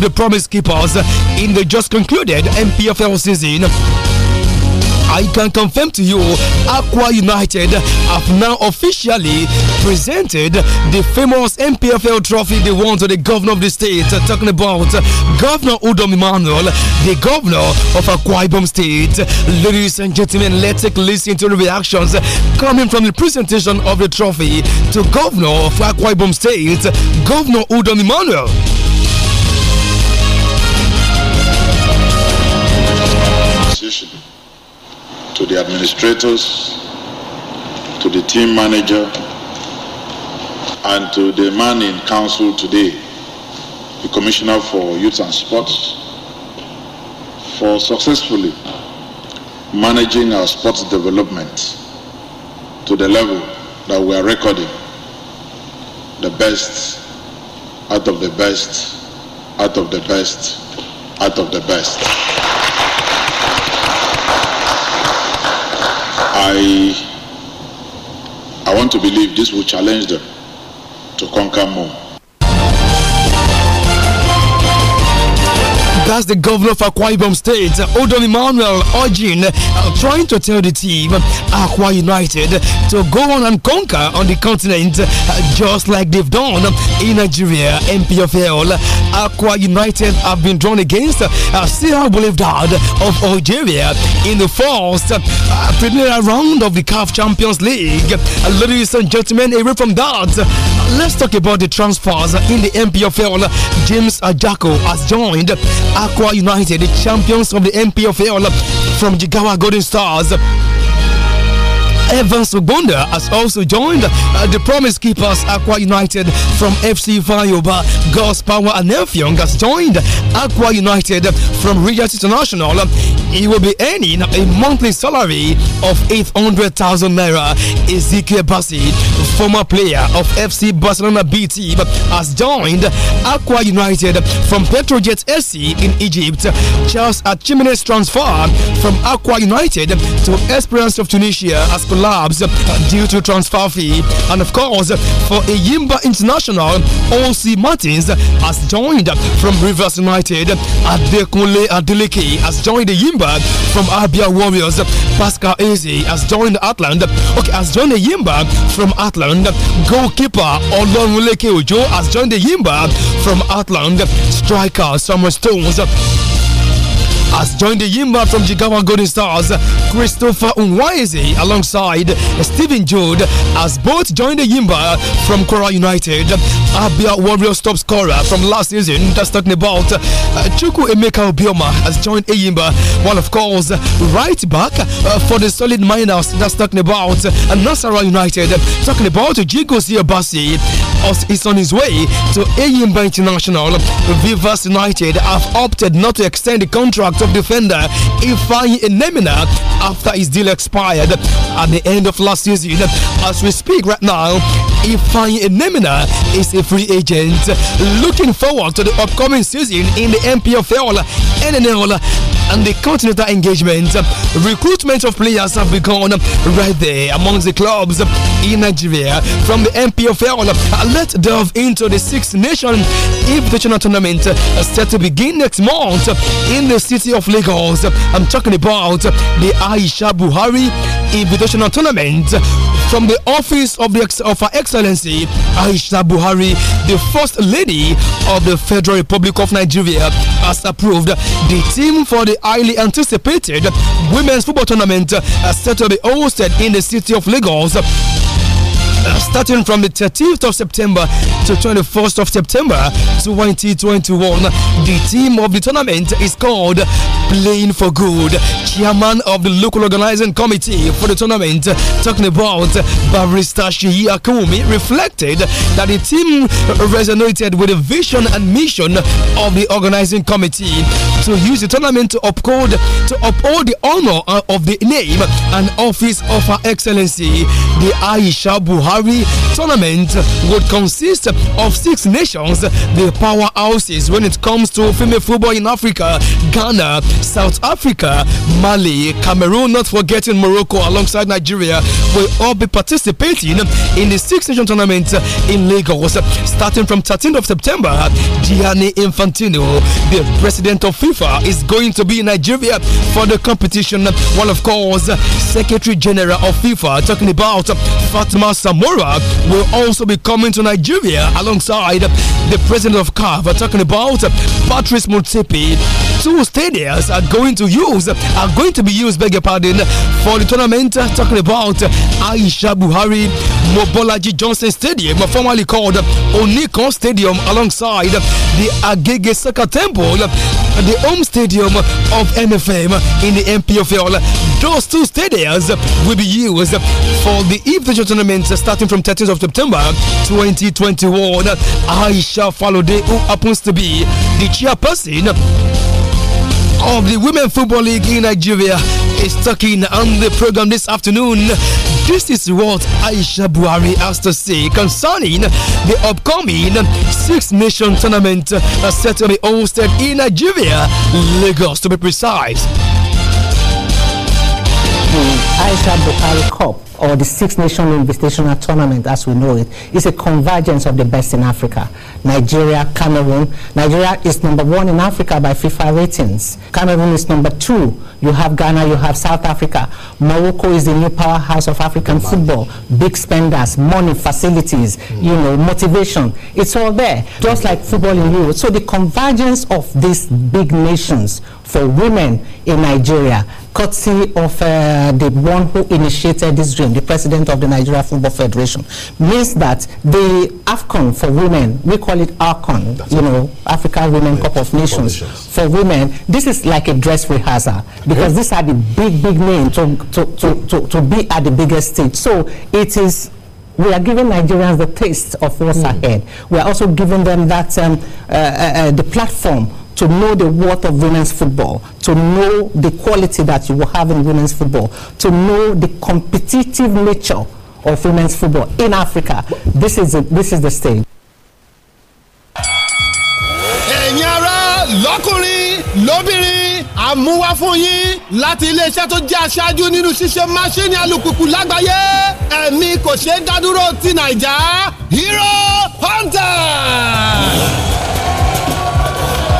the promise keepers in the just concluded MPFL season. I can confirm to you, Aqua United have now officially presented the famous MPFL trophy they won to the governor of the state. Talking about Governor Udom Emmanuel, the governor of Aqua Ibom State. Ladies and gentlemen, let's take a listen to the reactions coming from the presentation of the trophy to Governor of Akwa Ibom State, Governor Udom Emmanuel to the administrators, to the team manager, and to the man in council today, the Commissioner for Youth and Sports, for successfully managing our sports development to the level that we are recording the best out of the best out of the best out of the best. I, I want to believe this will challenge them to conquer more. That's the governor of Akwa Ibom State, Odon Emmanuel Ojin, uh, trying to tell the team, Akwa United, to go on and conquer on the continent uh, just like they've done in Nigeria. MPFL Aqua United have been drawn against uh, Sierra Boulevard of Algeria in the first uh, preliminary round of the CAF Champions League. Uh, ladies and gentlemen, away from that, uh, let's talk about the transfers in the MPFL. James Ajako has joined Aqua United, the champions of the MPFL from Jigawa Golden Stars. Evans Ogbonda has also joined uh, the promise keepers Aqua United from FC Fayoba. Gus Power and Elfiong has joined Aqua United from Regia International. He will be earning a monthly salary of 800,000 naira. Ezekiel Bassi, former player of FC Barcelona B team, has joined Aqua United from Petrojet SC in Egypt. Charles Achimene's transfer from Aqua United to Esperance of Tunisia has collapse uh, due to transfer fee. And of course, for a Yimba international, O.C. Martins has joined from Rivers United. Adekunle Adeleke has joined the Yimba from Abia Warriors. Pascal Eze has joined Atland. Okay, has joined the Yimba from Atland. Goalkeeper Olorunleke Ojo has joined the Yimba from Atland. Striker Summer Stones has joined the Yimba from Jigawa Golden Stars. Christopher Unwaize alongside Stephen Jude has both joined the Yimba from Kora United. Abia Warriors top scorer from last season, that's talking about uh, Chuku Emeka Obioma has joined Eyimba. While of course, right back uh, for the solid miners, that's talking about uh, Nasara United. Talking about Jigosi Abasi is on his way to Ayimba International. Vivas United have opted not to extend the contract of defender Ifeanyi Enemina after his deal expired at the end of last season. As we speak right now, Ifeanyi Enemina is a free agent. Looking forward to the upcoming season in the MPFL, NNL, and the continental engagement. Recruitment of players have begun right there amongst the clubs in Nigeria. From the MPFL, let's delve into the Six Nations Invitational Tournament set to begin next month in the city of Lagos. I'm talking about the Aisha Buhari Invitational Tournament from the office of the of our ex Excellency Aisha Buhari, the First Lady of the Federal Republic of Nigeria, has approved the team for the highly anticipated Women's Football Tournament uh, set to be hosted in the city of Lagos starting from the 13th of September to 21st of September 2021. The team of the tournament is called Playing for Good. Chairman of the local organizing committee for the tournament, talking about Barista Shihi Akumi, reflected that the team resonated with the vision and mission of the organizing committee to use the tournament to uphold, to uphold the honor uh, of the name and office of Her Excellency, the Aisha Buhari. Malawi tournament would consist of six nations, the powerhouses when it comes to female football in Africa Ghana, South Africa, Mali, Cameroon, not forgetting Morocco alongside Nigeria, will all be participating in the Six Nation Tournament in Lagos. Starting from 13th of September, Gianni Infantino, the president of FIFA, is going to be in Nigeria for the competition. While, well, of course, Secretary General of FIFA, talking about Fatma Samoa Mora will also be coming to Nigeria alongside the president of CAF. We're talking about Patrice Mutsepe. Two stadiums are going to use, are going to be used, beg your pardon, for the tournament. Talking about Aisha Buhari Mobolaji Johnson Stadium, formerly called Onikon Stadium, alongside the Agege Soccer Temple, the home stadium of MFM in the MPFL. Those two stadiums will be used for the Invitational Tournament starting starting from 13th of September 2021. Aisha Falode, who happens to be the chairperson of the Women Football League in Nigeria, is talking on the program this afternoon. This is what Aisha Buhari has to say concerning the upcoming Six Nation Tournament that is set to be hosted in Nigeria, Lagos to be precise the Aisha Cup or the Six Nation Invitational Tournament as we know it is a convergence of the best in Africa. Nigeria, Cameroon. Nigeria is number one in Africa by FIFA ratings. Cameroon is number two. You have Ghana, you have South Africa. Morocco is the new powerhouse of African football. Big spenders, money, facilities, mm. you know, motivation. It's all there, just like mm. football in Europe. So the convergence of these big nations for women in Nigeria courtesy of uh, the one who initiated this dream, the president of the Nigeria Football Federation, means that the AFCON for women, we call it AFCON, you know, Africa Women yeah. Cup of Nations, for women, this is like a dress rehearsal because okay. these are the big, big names to, to, to, to, to be at the biggest stage. So it is we are giving Nigerians the taste of what's mm. ahead. We are also giving them that um, uh, uh, uh the platform to know the worth of women's football, to know the quality that you will have in women's football, to know the competitive nature of women's football in Africa. This is, a, this is the stage. lọ́kùnrin lóbìnrin àmúwá láti iléeṣẹ́ tó jẹ́ aṣáájú nínú ṣíṣe máṣíìnì alùpùpù lágbàáyé ẹ̀mí kò ṣeé dádúró ti nàìjà Hero Hunter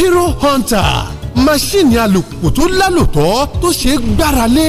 hero hunter máṣíìnì alùpùpù tó lálòtọ́ tó ṣeé gbára lé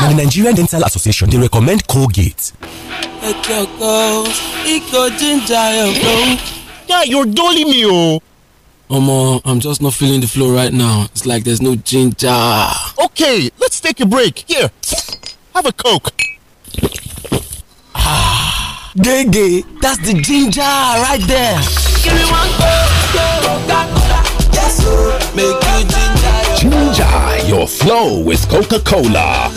Now, the Nigerian Dental Association, they recommend Colgate. Yeah, you're dolling me, oh. Omo, I'm just not feeling the flow right now. It's like there's no ginger. Okay, let's take a break. Here, have a Coke. Ah, Gege, that's the ginger right there. Ginger your flow with Coca Cola.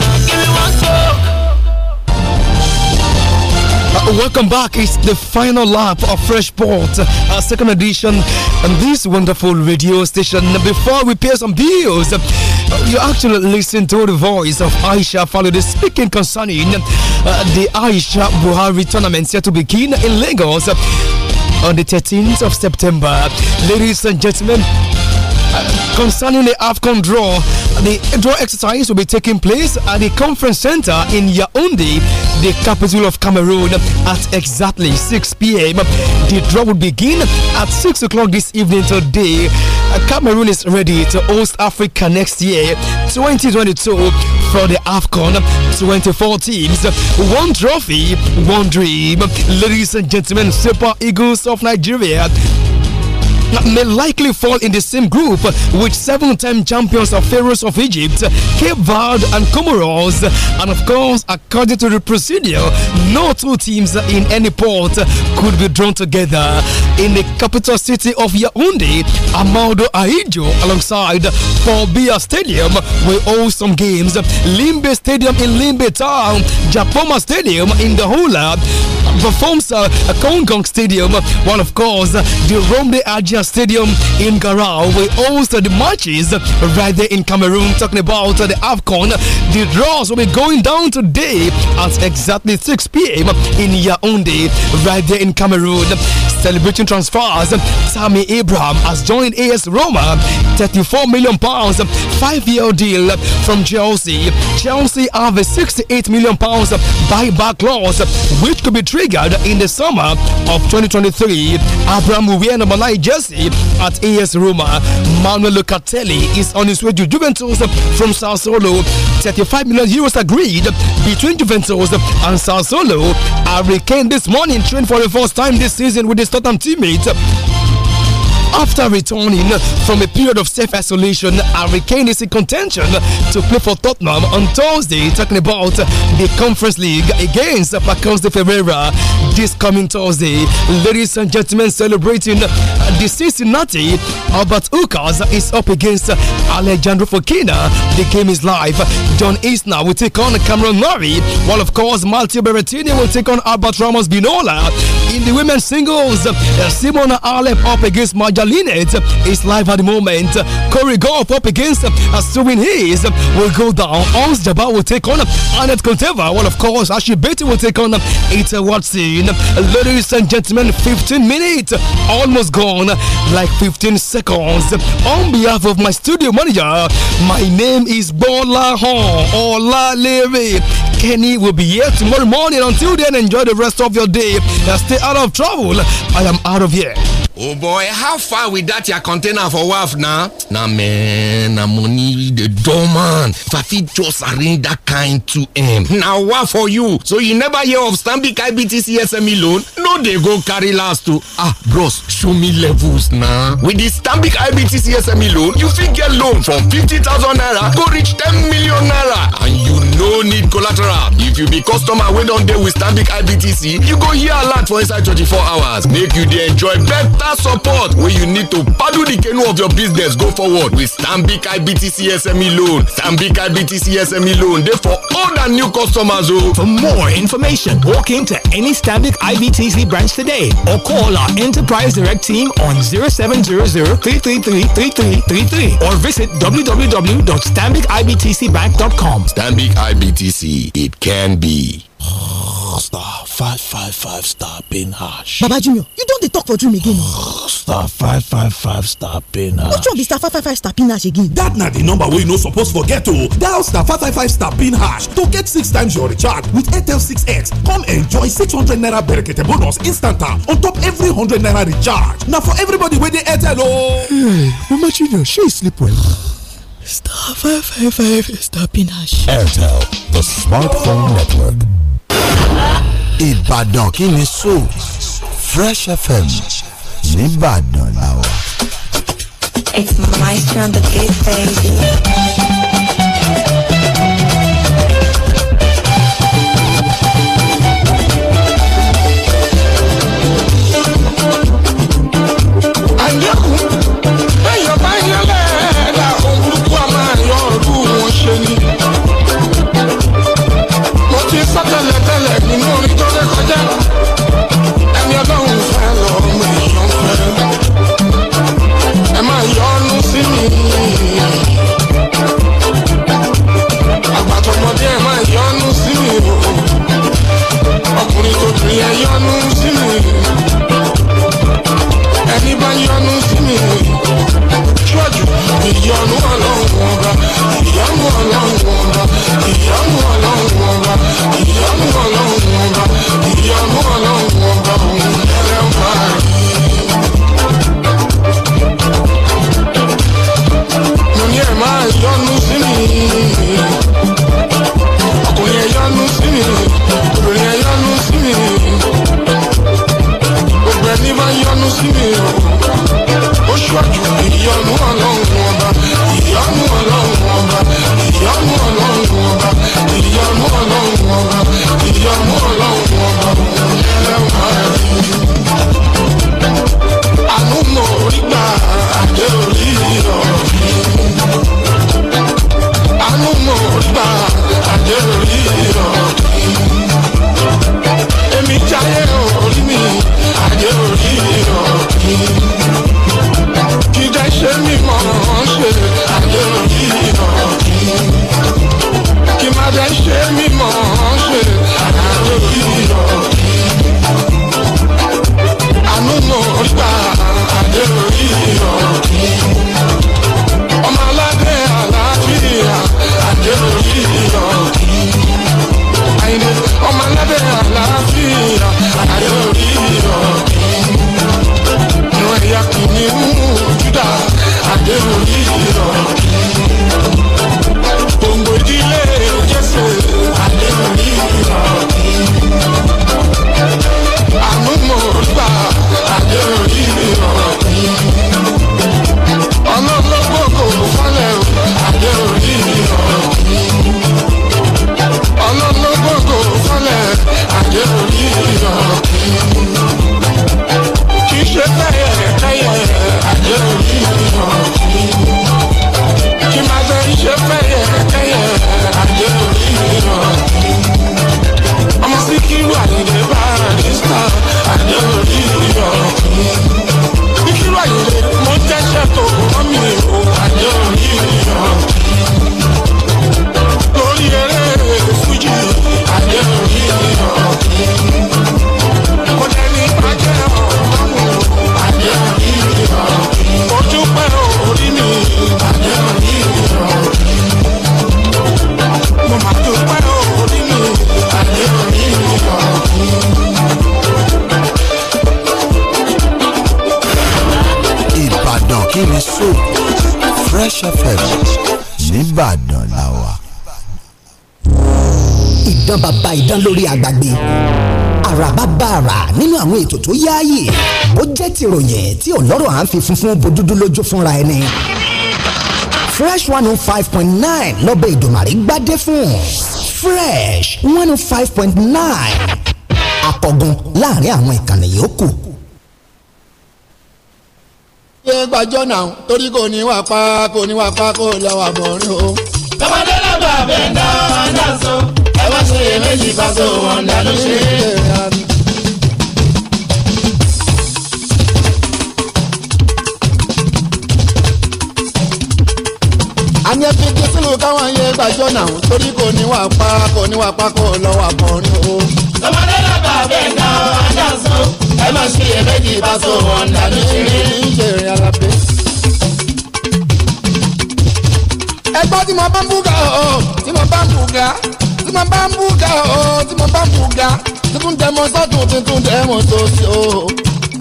Uh, welcome back. It's the final lap of Freshport, our second edition on this wonderful radio station. Before we pay some bills, uh, you actually listen to the voice of Aisha the speaking concerning uh, the Aisha Buhari tournament set to begin in Lagos on the 13th of September. Ladies and gentlemen, concerning the AFCON draw. The draw exercise will be taking place at the conference center in Yaoundé, the capital of Cameroon, at exactly 6 p.m. The draw will begin at 6 o'clock this evening today. Cameroon is ready to host Africa next year, 2022, for the AFCON 24 teams. One trophy, one dream. Ladies and gentlemen, Super Eagles of Nigeria may likely fall in the same group with seven-time champions of Pharaohs of Egypt, Cape Verde and Comoros. And of course, according to the procedure, no two teams in any port could be drawn together. In the capital city of Yaoundé, Amaldo Ahijo, alongside Paul Bia Stadium will host some games. Limbe Stadium in Limbe Town, Japoma Stadium in the Hula, performs uh, Kongong Stadium, while of course the Rombe Aja Stadium in Garao will host the matches right there in Cameroon. Talking about the AFCON, the draws will be going down today at exactly 6 p.m. in Yaoundé, right there in Cameroon. Celebrating transfers, Tammy Abraham has joined AS Roma, 34 million pounds, five-year deal from Chelsea. Chelsea have a 68 million pounds buyback clause, which could be triggered in the summer of 2023. Abraham will wear number nine jersey at AS Roma. Manuel Locatelli is on his way to Juventus from Solo. 35 million euros agreed between Juventus and Solo. Harry Kane this morning trained for the first time this season with his Tottenham teammate. After returning from a period of self isolation, Harry Kane is in contention to play for Tottenham on Thursday, talking about the Conference League against Pacons de Ferreira this coming Thursday. Ladies and gentlemen, celebrating the Cincinnati, Albert Ukas is up against Alejandro Fokina. The game is live. John now will take on Cameron Murray, while of course Matteo Berrettini will take on Albert Ramos Binola. In the women's singles, Simona Alep up against Maja it's is live at the moment. Corey Goff up against he Hayes will go down. Ons Jabbar will take on Annette Conteva. Well, of course, Ashley Betty will take on Ita Watson. Ladies and gentlemen, 15 minutes almost gone, like 15 seconds. On behalf of my studio manager, my name is Bola Hon Ola Leary. Kenny will be here tomorrow morning. Until then, enjoy the rest of your day. and stay out of trouble. I am out of here. oh boy how far with dat your container for wharf na na man na money dey dull man if i fit just arrange dat kind to m na wharf for you so you never hear of stanbic ibtc sme loan no dey go carry last o ah bros show me levels na with di stanbic ibtc sme loan you fit get loan from fifty thousand naira go reach ten million naira and you no need collateral if you be customer wey don dey with stanbic ibtc you go hear alert for inside twenty four hours make you dey enjoy better total support wey you need to paddle the canoe of your business go forward with stanbic ibtc sme loan stanbic ibtc sme loan dey for old and new customers o. Oh. for more information walk into any stanbic ibtc branch today or call our enterprise direct team on 0700 333 3333 or visit www.stanbicibtcbank.com. Stanbic IBTC, it can be star five five five star pin hash. baba jr you don dey talk for dream again star five five five star pin hash. which one be star five five five star pin hash again. That na the number wey you no suppose forget o dial star five five five star pin hash to get six times your recharge with airtel 6x come enjoy six hundred naira berekete bonus instanta on top every hundred naira recharge na for everybody wey dey airtel o. Hey, mama junior she sleep well. star five five five star pin hash. airtel the smartphone network. Ìbàdàn kí ni so Fresh FM nìbàdàn làwà. It's my turn to get paid. ti ròyìn tí ọlọ́rọ̀ à ń fi funfun bo dúdú lójú fúnra ẹni. fresh one oh five point nine lọ́bẹ̀ ìdùnmàrí gbádé fún fresh one oh five point nine àkọ́gun láàrin àwọn ìkànnì yòókù. ṣé gbàjọ́ náà torí kò ní wà pa kò ní wà pa kò lọ́wọ́ àbọ̀rin o. tọmọdé lọ́gbà bẹ́ẹ̀ náà náà so ẹ wá ṣe èméjì pàṣẹ òun ọ̀dà ṣe bá jọ́nà torí kò ní wà pa kò ní wà pa kò lọ́wọ́ àkọrin o. sọmọdé lábà bẹ́ẹ̀ na ọjà sọ ẹ má ṣe iyèméjì bá sọ wọn dàbí ṣeré. ń ṣe ìrìn àlàpé. ẹgbẹ́ tí mo bá ń búga o tí mo bá ń búga tí mo bá ń búga o tí mo bá ń búga tuntun dẹmọ sọtún tuntun dẹmọ sọsì o.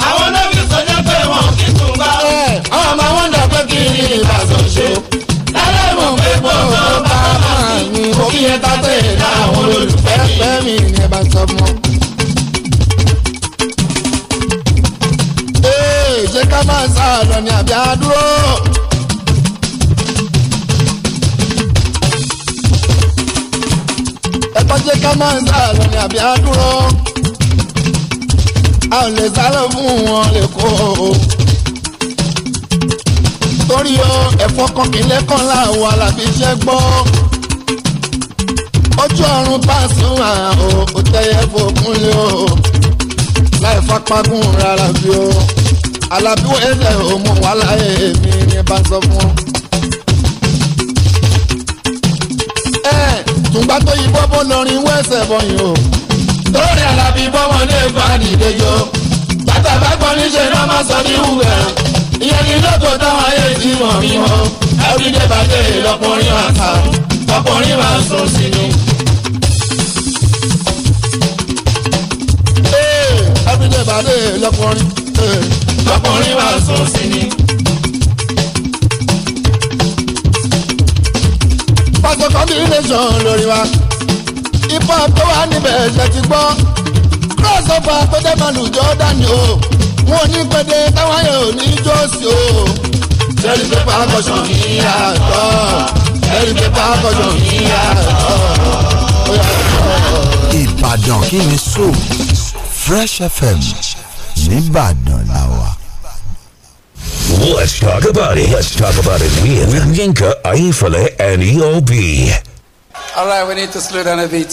àwọn náà fi sọjá pé wọn kì í tún bá. àwọn ọmọ wọn dàgbẹ́ kiri ìbàdàn ṣe. lálẹ́ mọ̀ pé gbọ́dọ̀ bá kò kí ẹ ta tẹ̀ ẹ̀ náà àwọn olólùfẹ́. pẹ́ mi ni ẹ bá sọ mọ́. ee ṣé ká máa sá àlọ́ ni àbí àdúró. ẹ bá ṣe ká máa sá àlọ́ ni àbí àdúró. a ò lè sálọ fún wọn lè torí ọ ẹ̀fọ́ kan kìí lẹ́kọ̀ọ́ láwọn alábíṣẹ́ gbọ́ ojú ọ̀run Pasuma o ò tẹ́yẹ fòkun lé o láì fapágún rárá bí o alábíwò ẹ̀dẹ̀ ò mú wá láyé mi ní bá sọ fún. ẹ tùgbà tó yí bọ́bọ́ lọ́rin wẹ́sẹ̀ bọ̀yìn o lórí alábí bọ́mọ lè fa nìdejò bàtà bá gbọ́ níṣẹ́ náà má sọ ní wúwẹ̀ ìyẹn ní lóko táwọn ayé ti mọ̀ mí mọ́ everyday bàjẹ́ ìlọ́kùnrin àṣà tọkùnrin máa ń sùn sínú. ẹbílẹ̀ ìbàdàn lọkùnrin lọkùnrin máa ń sùn sínú. pàṣẹ combination lórí wa ipa tó wà níbẹ̀ ṣe ti gbọ́ crossover tó dé màlúù Jọ́dánì o wọn ò ní gbèdé táwọn yóò ní jọ́ọ̀sì o. sẹ́ni pépà kọ̀ṣọ́ kì yàtọ̀. ẹ̀rí pépà kọjọ níyà. Ìbàdàn kí ni so Fresh FM nìbàdàn la wà. Let's talk about it. Let's talk about it with, with Yinka, Aifale, and EOB. All right, we need to slow down a bit.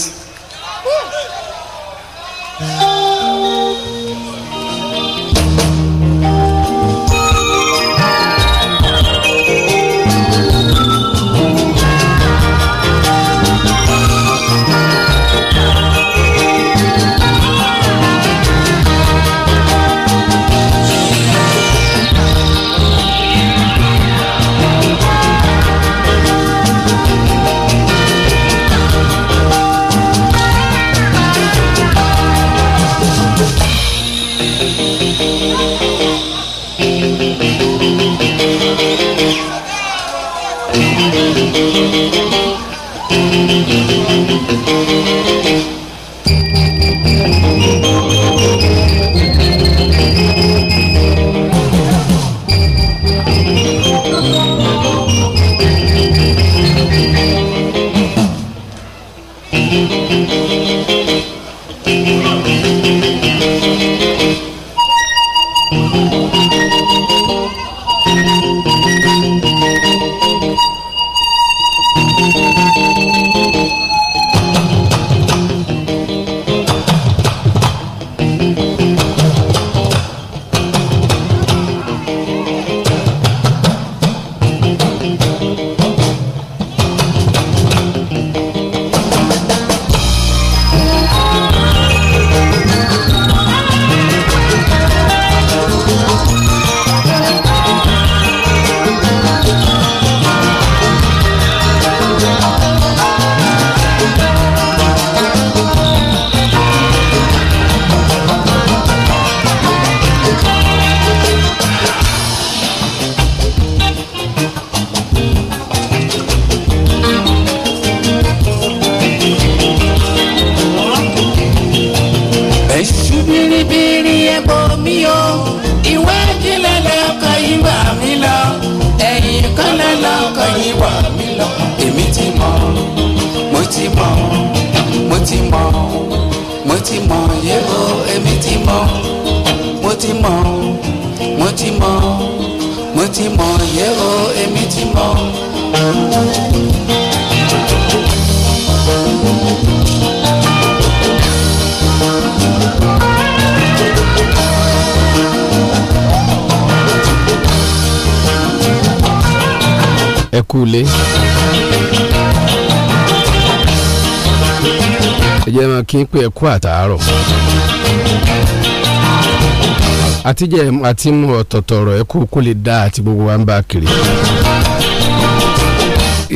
ilé. ẹ jẹ́ máa kí n pé ẹ kú àtàárọ̀ àtijọ́ àti mú ọ̀tọ̀ọ̀tọ̀ ọ̀rọ̀ ẹ kú kó lè dá àti gbogbo wa ń bá kiri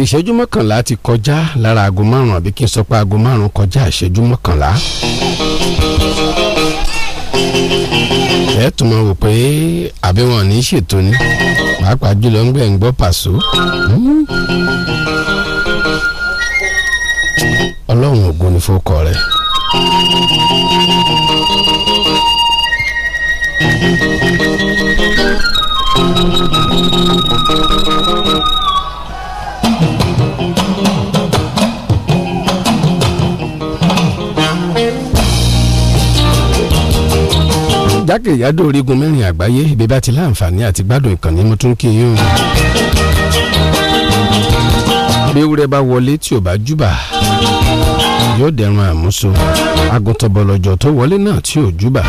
ìṣẹ́jú mọ́kànlá ti kọjá lára aago márùn-ún àbí kí n sọ pé aago márùn-ún kọjá ìṣẹ́jú mọ́kànlá. ẹ tún máa wò pé àbí wọn ò ní ṣètò ni pàápàá jùlọ ń gbẹ̀ ń gbọ́ pàṣọ. Hmm. ọlọ́run ògo ni fọ́kọ rẹ̀. thank you jákèjádò orígun mẹ́rin àgbáyé ibi bá ti láǹfààní àti gbádùn ìkànnì mo tún kí yín o. béwúrẹ́ bá wọlé tí ò bá júbà yóò dẹ̀rùn àmúso àgùntàn bọ̀lọ̀jọ̀ tó wọlé náà tí ò júbà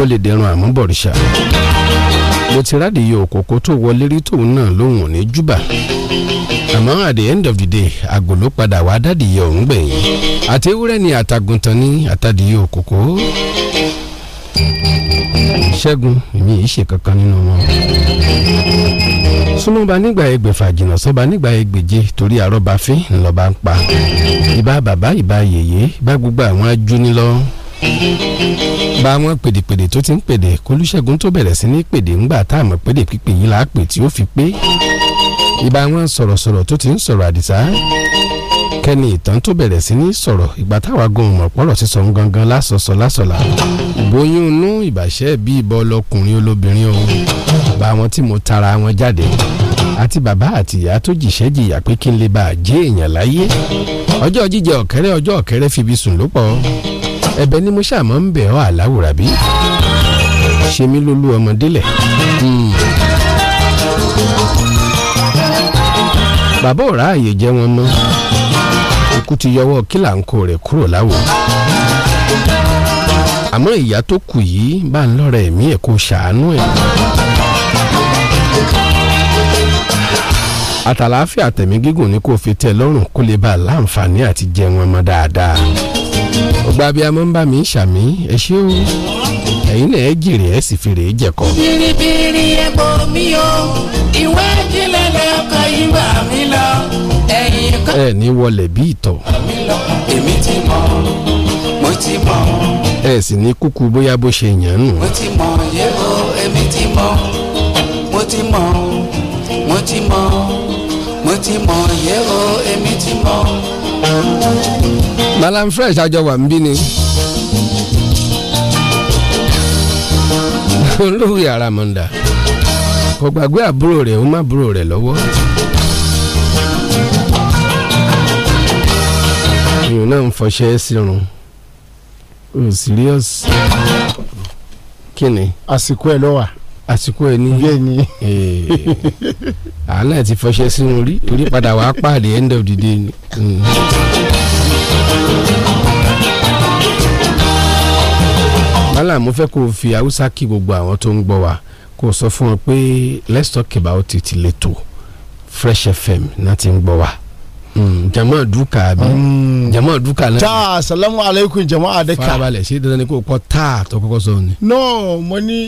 ó lè dẹ̀rùn àmúbọ̀rìṣà mo ti rádìyẹ òkòkò tó wọlé rí tòun náà lóhùn ò ní júbà àmọ́ at the end of the day àgò ló padà wá dádìyẹ òun gbẹ̀yìn àtẹwúrẹ́ ni àtàgùntàn ni àtàdìyẹ òkòkò ṣẹ́gun èmi yìí ṣe kankan nínú wọn. súnmọ́ba nígbà ẹgbẹ̀fà jìnnà sọ́ba nígbà ẹgbẹ̀je torí àrọ́ba fín ńlọba ń pa ìbá bàbá ìbá yèyé bá gbogbo àwọn ajúnilọ́ bá wọn pèdèpèdè tó ti ń pèdè kólúṣẹ́gun tó bẹ̀rẹ̀ sí ní pèdè ńgbà tá àmọ́ pèdè pípé yìí là á pè tí ó fi pé ìbá wọn sọ̀rọ̀sọ̀rọ̀ tó ti ń sọ̀rọ̀ àdìsá kẹ́ni ìtàn tó bẹ̀rẹ̀ sí ní sọ̀rọ̀ ìgbà bóyún inú ìbàṣẹ́ bí ìbọn lọkùnrin olóbìnrin o bá wọn tí mo tara wọn jáde àti bàbá àti ìyá tó jìṣẹ́ jìyà pé kí n lè bá a jẹ́ èèyàn láyé ọjọ́ jíjẹ ọ̀kẹ́rẹ́ ọjọ́ ọ̀kẹ́rẹ́ fi ibi sùn ló pọ̀ ẹ̀bẹ̀ ni mo ṣàmọ́ ń bẹ̀ ọ́ àláwùrà bí ṣe mí lólú ọmọdélẹ̀. Hmm. bàbá ò ráàyè jẹ́ wọn mọ́ ikú ti yọwọ́ kí là ń kó rẹ̀ kúrò láwò àmọ́ ìyá tó kù yìí bá ń lọ́rẹ̀ ẹ̀mí ẹ̀ kó ṣàánú ẹ̀. àtàlàáfíà tẹ̀mí gígùn ni kò fi tẹ́ lọ́rùn kó lè bá a láǹfààní àti jẹ wọn mọ́ dáadáa. ọgbà abiyamọ ń bá mi ṣàmì ẹ ṣé o ẹ̀yin náà ẹ jìrì ẹ sì fèrè é jẹ̀kọ. bìrìbìrì ẹ̀bọ̀ mi o ìwé ìjìnlẹ̀ lẹ́kọ̀ọ́ yìí bá mi lọ ẹ̀yìn kan. ẹ ní wọlé bí ìtọ̀. èmi ti mọ̀ mo ti mọ̀. ẹ sì ní kúkú bóyá bó ṣe yàn nù. mo ti mọ̀ yẹ́wò èmi ti mọ̀ mo ti mọ̀ mo ti mọ̀ mo ti mọ̀ yẹ́wò èmi ti mọ̀. Malam Fresh àjọ wà ń bí ni. olórí àràmọ̀ǹdà kò gbàgbé àbúrò rẹ̀ ó má búrò rẹ̀ lọ́wọ́. èèyàn náà ń fọṣẹ́ sírun o mm, serious. kí ni. àsìkò ẹ lọ wà. àsìkò ẹ ní. bẹ́ẹ̀ ni. Eh. àánà ti fọṣẹ sínú rí orí padà wàá pàdé end of the day ni. Mm. mo fẹ́ kó o fi haúsá kí gbogbo àwọn tó ń gbọ́ wa kó o sọ fún wọn pé let's talk about it later fresh fm náà ti ń gbọ́ wa. Mm, jama'a duka bi mm. jama'a duka náà. taa salamu aleykum jama'a de ka. farabalẹ ṣé dandan ni kò kọ́ taa tó kọ́kọ́ sọ ni. nọ mo ní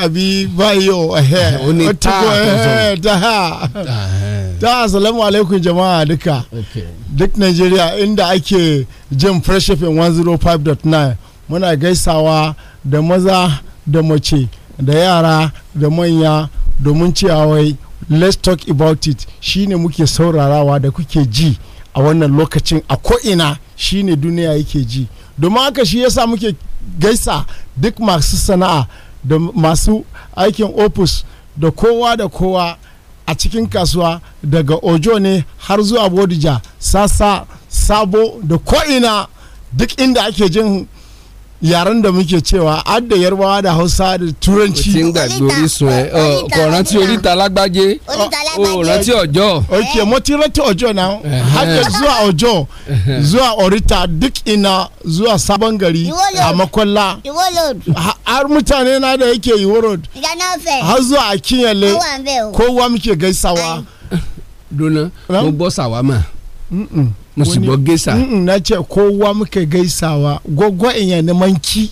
a bi ba báyìí o ẹ̀hẹ́ o ní taa tó sọ taa taa salamu aleykum jama'a de ka. duk nigeria inda ake jin fresh fm oh nine muna gaisawa da maza da mace da yara da manya domin ciyawai. let's talk about it shine muke saurarawa da kuke ji a wannan lokacin a ko'ina shine duniya yake ji domin haka shi yasa muke gaisa duk masu sana'a da masu aikin opus da kowa da kowa a cikin kasuwa daga ojo ne har zuwa bodija sasa sabo da ko'ina duk inda ake jin yaren da muke cewa adda yarbawa da hausa da turanci. o ti ń gbàgbé orísun ẹ kò rántí oríta alágbájé o rántí ọjọ́. ok mo ti rántí ọjọ́ na. adda zuwa ọjọ́ zuwa orita duk ina zuwa sabon gari a makwalla har mutane na da yake yi road har zuwa ko kowa muke gaisawa. dona mo sawa ma. musu bɔ gesa na ce kowa muka gaisawa gwagwa iya neman ki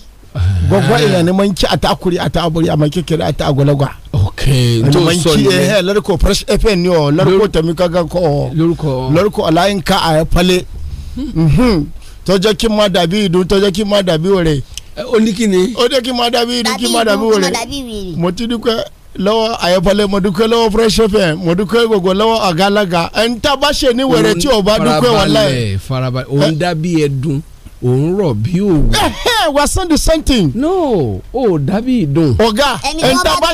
gwagwa iya neman ki a takuri a taburi a maki kira a tagulagwa ok to so ne eh lorko fresh fm ni o lorko tami kaga ko lorko lorko alayin ka a fale tọjọ kí n má dàbí ìdún tọjọ kí n má dàbí òrè. ó ní kí ni. ó ní kí n má dàbí ìdún kí n má dàbí òrè lọ́wọ́ àyẹ̀fọ́lẹ́ mọ̀dúkẹ́ lọ́wọ́ fresh fm mọ̀dúkẹ́ gbogbo lọ́wọ́ àgàlagà ẹni tá a bá ṣe ní wẹ̀rẹ̀ tí o bá dúpẹ́ wà láyé. farabalẹ̀ òun dá bí ẹdun òun rọ̀ bí òwú. Eh, eh, wasan the same thing. no o dàbí ìdùn. ọ̀gá ẹni tá a bá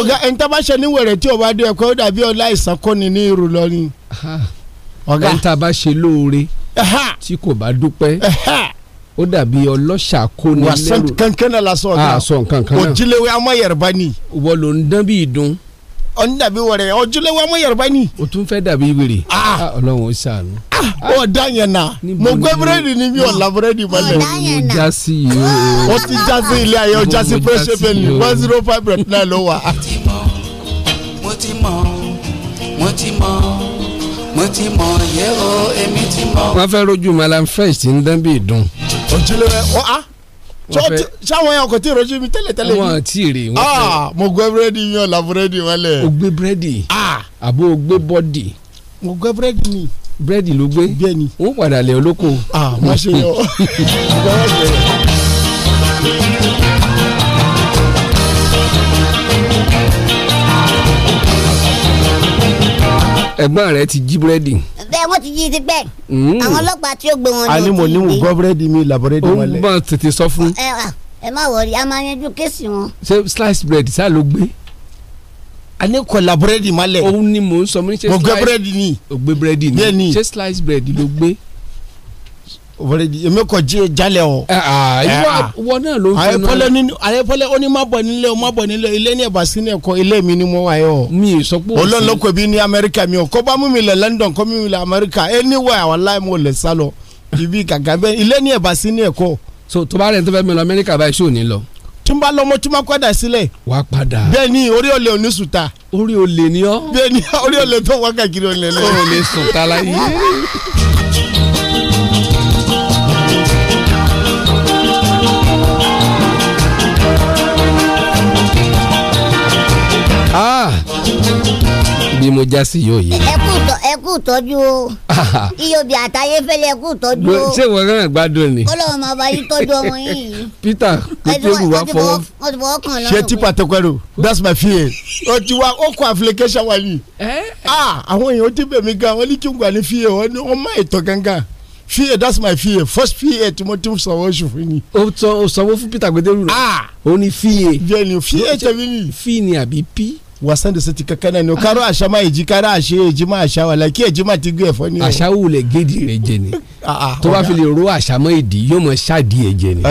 ọ̀gá ẹni tá a bá ṣe ní wẹ̀rẹ̀ tí o bá dé ẹ̀kọ́ dàbí ọlá ìsàkọ́ni ní irú lọ ni. ọ̀gá ẹni tá a bá ṣe lóore tí kò bá dúpẹ́ ó dàbí ọlọ́ṣà kó ní lẹ́rù. wàsán kankan náà la ah, sọ ọ̀gá àsọ kankan náà òjìléwé ọmọ yorùbá ni. wọ́n ló ń dán bí ìdun. ọ̀n dàbí wọ̀rẹ̀ òjìléwé ọmọ ni. o tún fẹ́ dàbí wèrè. Ah. Ah, ọlọ́run ó ṣàánú. ó dá yẹn na mo gbé búrẹ́dì ni mi ò la búrẹ́dì mọ́lẹ̀. ó já sí i o. ó ti já sí ilé ayé ó já sí fresh fm one zero five point nine ló wà. mo ti mọ̀ mo ti mọ̀ mo ti mọ̀ yẹ́ o èmi ti mọ̀. wọ́n fẹ́ rojú malam fresh tí ń dán bí ìdun. òjìlẹ̀ rẹ̀ ọ́ á sáwọn yẹn kò tí ì rojú mi tẹ́lẹ̀ tẹ́lẹ̀ wọn ti rè wọn. Ah, mo gbé búrẹ́dì yan la búrẹ́dì wọn lẹ̀. o gbé búrẹ́dì. Ah. àbó o gbé bọ́dì. mo gbé búrẹ́dì ni. búrẹ́dì ló gbé. bẹ́ẹ̀ni. ó padà lẹ̀ olóko. ah má ṣe yọ. ẹ̀gbọ́n rẹ ti jí búrẹ́dì. bẹ́ẹ̀ wọ́n ti jí ti bẹ́ẹ̀. Hmm. àwọn ọlọ́pàá tí ó gbé wọn ni ó ti jí. a ní mo ní mo gbọ́ búrẹ́dì mi ìlà búrẹ́dì wọn lẹ̀. ó ń bọ̀ tètè sọ fún. ẹ má wọrí a máa yanjú kéèsì wọn. ṣé slice bread sá ló gbé. a ní kọlà búrẹ́dì má lẹ̀. òun ni mò ń sọ mo ní ṣe slice mo gbé búrẹ́dì ni. ò gbé búrẹ́dì ni ṣé slice bread ló gbé èmi kò jí jalè o. ìwọ náà ló ń fẹ́ náà. àyẹ̀fọ́lẹ́ ó ní má bọ̀ nílé o má bọ̀ nílé ilé ní ẹ̀bà sínú ẹ̀kọ́ ilé mi ni mo wà yọ. mi ì sọ pé o sí. olóńlọ́kọ̀ bí ní amẹ́ríkà mi ò kó bá mú mi lẹ̀ London kó mú mi lẹ̀ amẹ́ríkà anywhere wallahi mo lè sá ibi gàgà bẹ́ẹ̀ ilé ní ẹ̀bà sínú ẹ̀kọ́. so tó bá rẹ̀ tó fẹ́ mi lọ amẹ́ríkà báyìí ṣó ní lọ tí n bá lọmọ tí n bá padà sílẹ̀. wà á padà. bẹ́ẹ̀ ni orí olè ò ní sùtà. orí olè ni lo ti ba lomo ti n bẹ́ẹ̀ orí suta tó wákàkiri bee lọ. orí Ah! bí mo já sí yóò yé. ẹ kú tọ́jú o iyọ̀bì àtàyè fẹ́lẹ́ ẹ kú tọ́jú ah! o. ṣé wọn náà gbádùn ni. kọ́lọ́ ọmọ ọba yìí tọ́jú ọmọ yìí. Peter kòtẹ́rù wa fọwọ́. ṣé tipa tẹkọrọ that's my fear. o ti wa o kọ application wa yìí. Eh? Ah! àwọn èèyàn ó ti bẹ̀ mí gan wọ́n ní kí n gbà ní fi yẹ wọ́n ní wọ́n má ètò gangan. fear that's my fear first fear tí mo ti sanwó oṣù fún ni. ó sọ ó sanwó fún Peter Gbederu rẹ ah! ó ní fear. bẹ́ẹ̀ ni fear tẹ̀mí ni. fear ni àbí p. wasan de se ti kankan náà ni o karo ah. àṣà máa èjì karo àṣà èjì máa àṣà wà láì kí èjì máa ti gbé ẹ̀fọ́ ni o. àṣà wù lẹ géèdì rẹ jẹ ni ah, tó bá fi lè ro àṣà máa èdì yóò mọ ṣáàdì ẹ jẹ ni.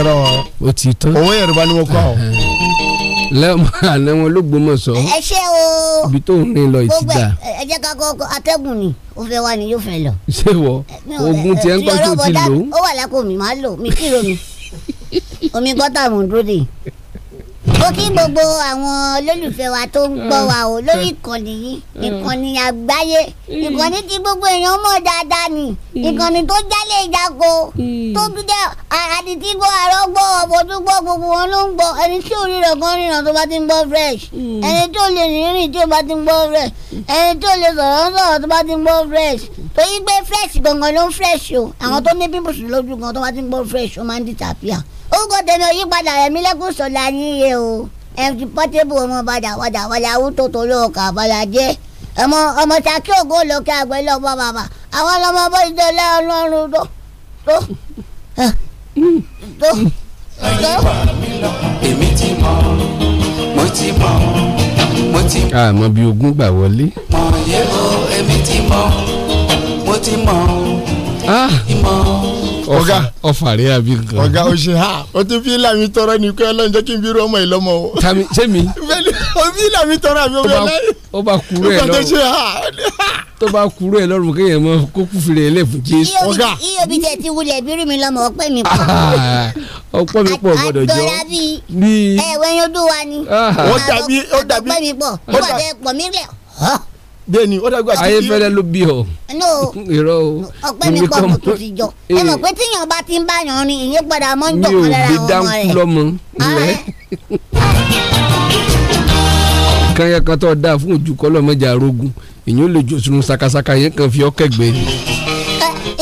ó ti tán. òwe yorùbá ni mo kọ́ ọ lẹ́mọ àná wọn sọ. ẹ ṣe o. ibi tó ń rin lọ ìtì ẹ jẹ́ ká kọ́ atẹ́gùn ni ó fẹ́ wá ni yóò fẹ́ lọ. ṣé wọ eh, oògùn tiẹ̀ ń eh, kọ́ tó ti lò. ó wà lákòó mi máa lò mí kí lomi omi de. mo kí gbogbo àwọn olólùfẹ́ wa tó ń gbọ́ wa o lórí ìkànnì yìí mm. ìkànnì àgbáyé mm. ìkànnì tí gbogbo èèyàn mọ̀ dáadáa ni mm. ìkànnì tó jálè ìjago tó bí dẹ́ àdìtígbọ́ àrọ́gbọ́ ọ̀bọ̀dúgbọ́ gbogbo wọn ló ń gbọ́ ẹni tí ò rí rẹ̀ gan ríran tó bá ti ń gbọ́ fresh ẹni tó lè rìnrìn tí ó bá ti ń gbọ́ fresh ẹni tó lè sọ̀rọ̀ sọ̀rọ̀ tó bá ti ń gbọ́ fresh torí pé fresh gangan ló ń fresh o àwọn tó ní pimples lójú gan tó bá ti ń gbọ́ fresh ó máa ń dìtàpíà orúkọ tèmi ò yí padà rẹ̀ mí lẹ́kùn sọ̀la níye o ẹ̀ǹtì pọ́tébù ọmọ padà padà padà awútó torí ọkà padà jẹ́ ọmọ ọmọ sàkí ògo lókè àgbẹ̀ lọ́gbọ́n bàbá àwọn ọmọ bó ti ọlọ́run tó tó tó èmi ti mọ mo ti mọ mo ti. àmọ́ bí ogún gbà wọlé. mọ̀ yẹ́ o èmi ti mọ mo ti mọ ah! ìmọ̀ ọ̀gá ọ̀fà rẹ̀ àbí nǹkan. ọ̀gá o ṣe ha o ti fi làmì tọrọ ní kí ọlọ́run jẹ́ kí n bí irú ọmọ yìí lọ́mọ o. tami ṣé mi. bẹ́ẹ̀ni o fi làmì tọrọ àbí ọmọ yẹn láyé. ó bá kúrò ẹ lọ́rùn tó bá kúrò ẹ lọ́rùn kéèyàn mọ kó kú fìlẹ̀ ẹlẹ́ jésù. ọ̀gá iyobi tẹ ti wulẹ̀ bírú mi lọ́mọ ọpẹ́ mi pọ̀. Ah, ọpẹ́ mi pọ̀ gbọ́dọ̀ jọ bí. ẹ̀wẹ̀ yóò dùn wa ni. Ah. ó dàbí ó dàbí mi pọ̀ bẹ́ẹ̀ni ó dàgbà sí. ayéfẹ́lẹ́ ló bí ọ. no irọ́ o. ọ̀pẹ́ mi pọ̀ mọ̀ tó ti jọ. ẹ eh. mọ̀ pé tíyàn bá ti ń bá yàn ni ìyẹn padà mọ́ ń jọ̀kọ́ lára ọmọ rẹ̀. mi ò lè dánkù lọ́mọ rẹ̀. Ah. kányà kan tó dáa fún ojú kọ́ lọ́mọdé arógun ìyẹn ò lè jò sunu sakasaka yẹn kan fi ọ́ kẹ́gbẹ́ ni.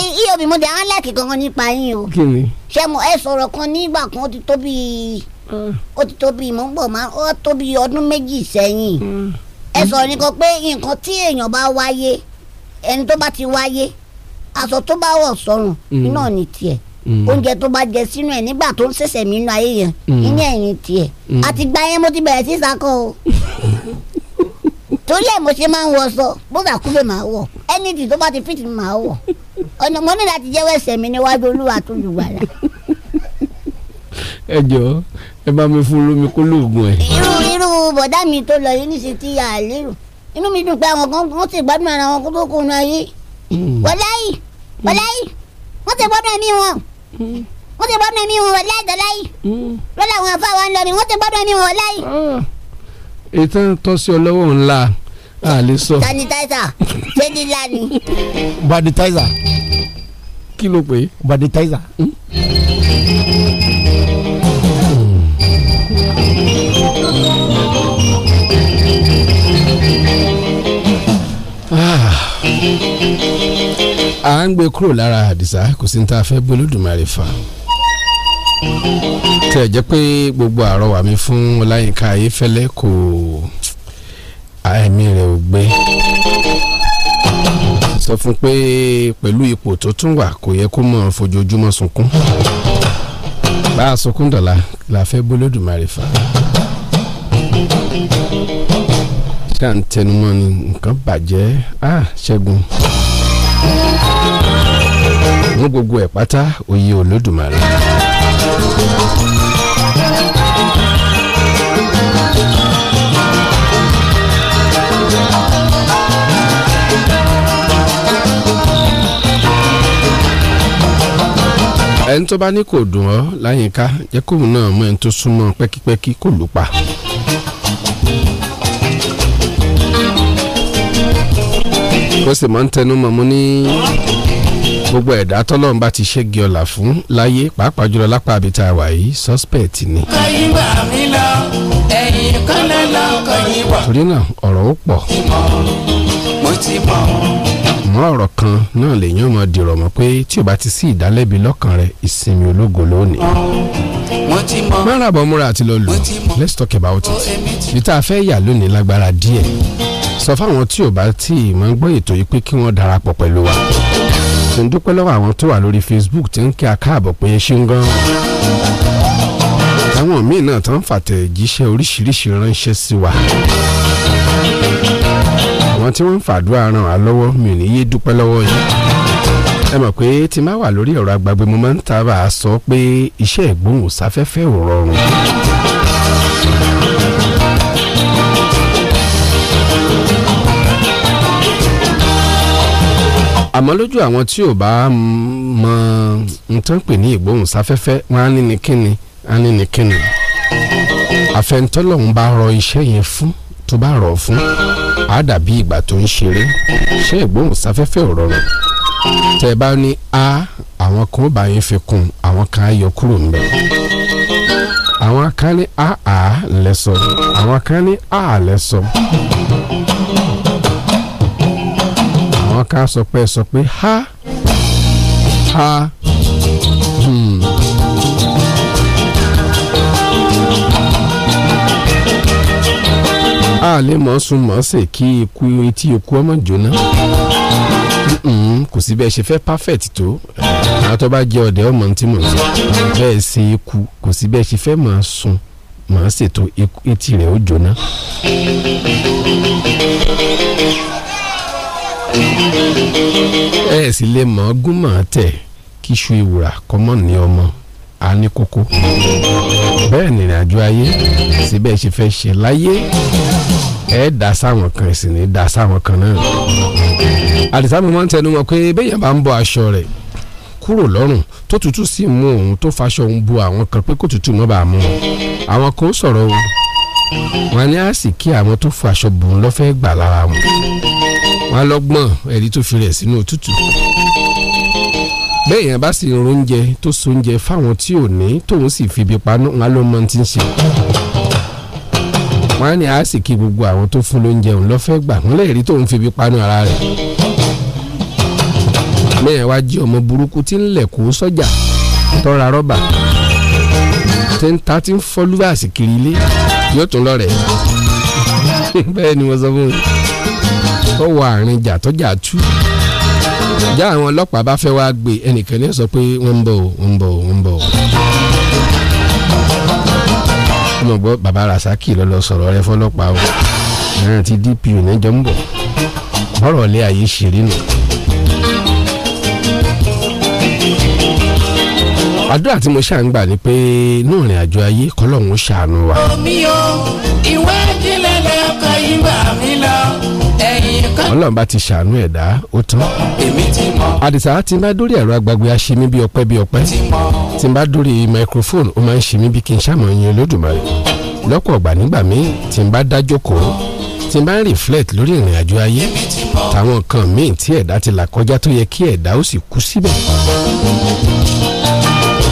Eh, iye mi mo dé àwọn lẹ́ẹ̀kì kankan nípa yín o. kí ni. ṣé mo ẹ sọ̀rọ̀ kan nígbà kan ó ti tó bíi ah. ó ti tó bíi bọ̀ máa ó tó ọdún méjì sẹ́yìn ah ẹ sọ nìkan pé nǹkan tí èèyàn bá wáyé ẹni tó bá ti wáyé aṣọ tó bá wọ̀ sọ̀rùn mm. náà ni tiẹ̀ mm. oúnjẹ tó bá jẹ sínú ẹ̀ nígbà tó ń ṣẹ̀ṣẹ̀ mí inú ayé yẹn ìní mm. ẹ̀yìn tiẹ̀ àti gba yẹn mo ti bẹ̀rẹ̀ sí sako, o torí ẹ̀ mo ṣe máa ń wọ sọ bóbá kúbẹ̀ máa wọ̀ ẹni tí tó bá ti fìtì máa wọ̀ ọ̀nà mọ́nìlá ti jẹ́wọ́ ẹ̀ṣẹ̀ mi níwájú olúwa tó lù wàrà ẹ jọ ẹ bá mi fún lómi kó lóògùn ẹ. irú irú bọ̀dá mi tó lọ yìí níṣẹ́ ti yà á lérò inú mi dùn pé àwọn kan wọ́n ti gbádùn ara wọn kó tó kóun ayé wọláyì hmm. wọláyì wọ́n ti gbádùn ẹ̀mí wọn hmm. wọ́n ti gbádùn ẹ̀mí wọn wọláyì dọ̀láyì hmm. lọ́la àwọn afá wa ń lọ mi wọ́n ti gbádùn ẹ̀mí wọn wọláyì. Ah, ètò tọ́sí ọlọ́wọ́ ńlá a lè sọ. sanitizer ṣé ní ńlá kí ló pè é. sanitizer. à ń gbé kúrò lára àdìsá kò sí ní tá a fẹ́ gbé lódùmarè fà tẹ̀ jẹ́ pé gbogbo àrọwà mi fún ọláyínká ayéfẹ́lẹ́ kò àìmí rẹ̀ ò gbé sọ fún pé pẹ̀lú ipò tó tún wà kò yẹ kó mọ̀ fojoojúmọ́ sunkún bá a sunkún dọ̀la la fẹ́ gbé lódùmarè fà ṣáà ń tẹnumọ́ ni nǹkan bàjẹ́ ah ṣẹ́gun mú gbogbo ẹ̀ pátá òye olódùmarè. ẹni tó bá ní kò dùn ọ́ láyìnká jẹ́ kóun náà mọ ẹni tó súnmọ́ pẹ́kípẹ́kí kò lù pa. ó sì máa ń tẹnu mọ́ mo ní gbogbo ẹ̀dá tọ́lọ́run bá ti ṣẹ́gi ọ̀la fún láyé pàápàá jùlọ lápá abita wà yìí suspect ni. kọ́yìn mi lọ ẹ̀yìn kọ́lẹ́ lọ kọ́yìn bọ̀. torí náà ọ̀rọ̀ ó pọ̀. mo ti mọ̀ mọ́ ọ̀rọ̀ kan náà lèyàn mọ̀ dìrọ̀ mọ́ pé tí o bá ti sí ìdálẹ́bi lọ́kàn rẹ ìsinmi ológo lónìí. márùn múra àti lọ lù let's talk about it. bí tá a fẹ́ yà lónìí lágbára díẹ̀ sọ fáwọn tí ò bá tí ì mọ̀ gbọ́ ètò yìí pé kí wọ́n darapọ̀ pẹ̀lú wa sì ń dúpẹ́ lọ́wọ́ àwọn tó wà lórí Facebook tí ń kí a káàbọ̀ pé ṣé ń gan àwọn míì náà tán fàtẹ̀jíṣẹ́ oríṣiríṣi ránṣẹ́ sí wa àwọn tí wọ́n ń fàdúrà ràn wá lọ́wọ́ mi ò ní yé dúpẹ́ lọ́wọ́ yìí ẹ mọ̀ pé tí má wà lórí ẹ̀rọ agbagbe mo máa ń tábà sọ pé iṣẹ́ ìgbóhùnsáfẹ́fẹ́ ò àmọ́ lójú àwọn tí ò bá mọ nǹkan pè ní ìgbóhùnsáfẹ́fẹ́ wọn á ní ní kíni á ní ní kíni àfẹnutọ́lọ́hún bá rọ iṣẹ́ yẹn fún tó bá rọ̀ fún á dàbí ìgbà tó ń ṣeré ṣé ìgbóhùnsáfẹ́fẹ́ ò rọrùn tẹ́ bá ní a àwọn kan ó bá yín fi kún àwọn kan á yọ kúrò ńbẹ̀ àwọn kan ní a à lẹ́sọ àwọn kan ní a à lẹ́sọ àwọn ká sọ pé sọ pé ha ha hmm. a lè mọ̀ sùn mọ̀ sè kí ikú etí ikú ọmọ jóná kò sí bẹ́ẹ̀ ṣe fẹ́ perfect tó àwọn tó bá jẹ́ ọ̀dẹ́ ọmọ tí mò sọ bẹ́ẹ̀ sin ikú kò sí bẹ́ẹ̀ ṣe fẹ́ máa sùn máa ṣètò etí rẹ̀ ó jóná ẹ sì lè mọ̀ gúnmọ̀ tẹ̀ kí iṣu ìwúrà kọ́mọ̀ ní ọmọ a ní kókó bẹ́ẹ̀ ni ìrìnàjò ayé síbẹ̀ ṣe fẹ́ ṣe láyé ẹ dá sáwọn kan sì ní dá sáwọn kan náà àdìsá mi máa ń tẹnu mọ́ pé béèyàn bá ń bọ́ aṣọ rẹ̀ kúrò lọ́rùn tó tútù sí mú òun tó faṣọ òun bo àwọn kan pé kó tútù mọ́ bàa mú un àwọn kan ó sọ̀rọ̀ o wọn ní àsìkí àwọn tó faṣọ bò lọ́fẹ́ gbà lára wọn alọ́gbọ̀n ẹ̀rí tó fi rẹ̀ sínú òtútù bẹ́ẹ̀ yẹn bá sì róúnjẹ tó sóúnjẹ fáwọn tí ò ní tóun sì fi ibi paná wọn ló mọ ti ń ṣe wọn á ní àásìkí gbogbo àwọn tó fún lóúnjẹ òun lọ́fẹ́ gbà wọn lẹ́ẹ̀rí tóun fi ibi paná ara rẹ̀ bẹ́ẹ̀ wá jí ọmọ burúkú tí ń lẹ̀ kó sọ́jà tọ́ra rọ́bà tí ń ta tí ń fọ́ lúwàsì kiri ilé yóò tún lọ rẹ̀ bẹ́ẹ̀ ni mo sọ fún un tó wọ àárín jà tó jà tú ìjà àwọn ọlọ́pàá bá fẹ́ wá gbé ẹnìkan ní sọ pé wọ́n ń bọ̀ wọ́n ń bọ̀ wọ́n ń bọ̀ mo gbọ́ bàbá rasaki lọ lọ sọ̀rọ̀ rẹ fọlọ́pàá o ẹ̀ràn ti DPO níjọ ń bọ̀ bọ́rọ̀ lé ayé ṣeré nù. àdúrà tí mo ṣàǹgbà ni pé inú ìrìn àjò ayé kọ́lọ́hún ṣàánú wa. omi o ìwé ìjìnlẹ̀ lẹ́kọ̀ọ́ yìí bá mi lọ ọlọ́run bá ti ṣàánú ẹ̀dá ó tán àdìsá tí n bá dórí ẹ̀rọ agbagbe á ṣe mí bí ọpẹ́ bí tí n bá dórí microphone ó máa ń ṣe mí bí kí n ṣàmọ̀ yín olódùmarè lọ́pọ̀ ọ̀gbà nígbà míì tí n bá dá tí n bá ń reflect lórí ìrìn àjò ayé táwọn nǹkan míì tí ẹ̀dá ti là kọjá tó yẹ kí ẹ̀dá ó sì kú síbẹ̀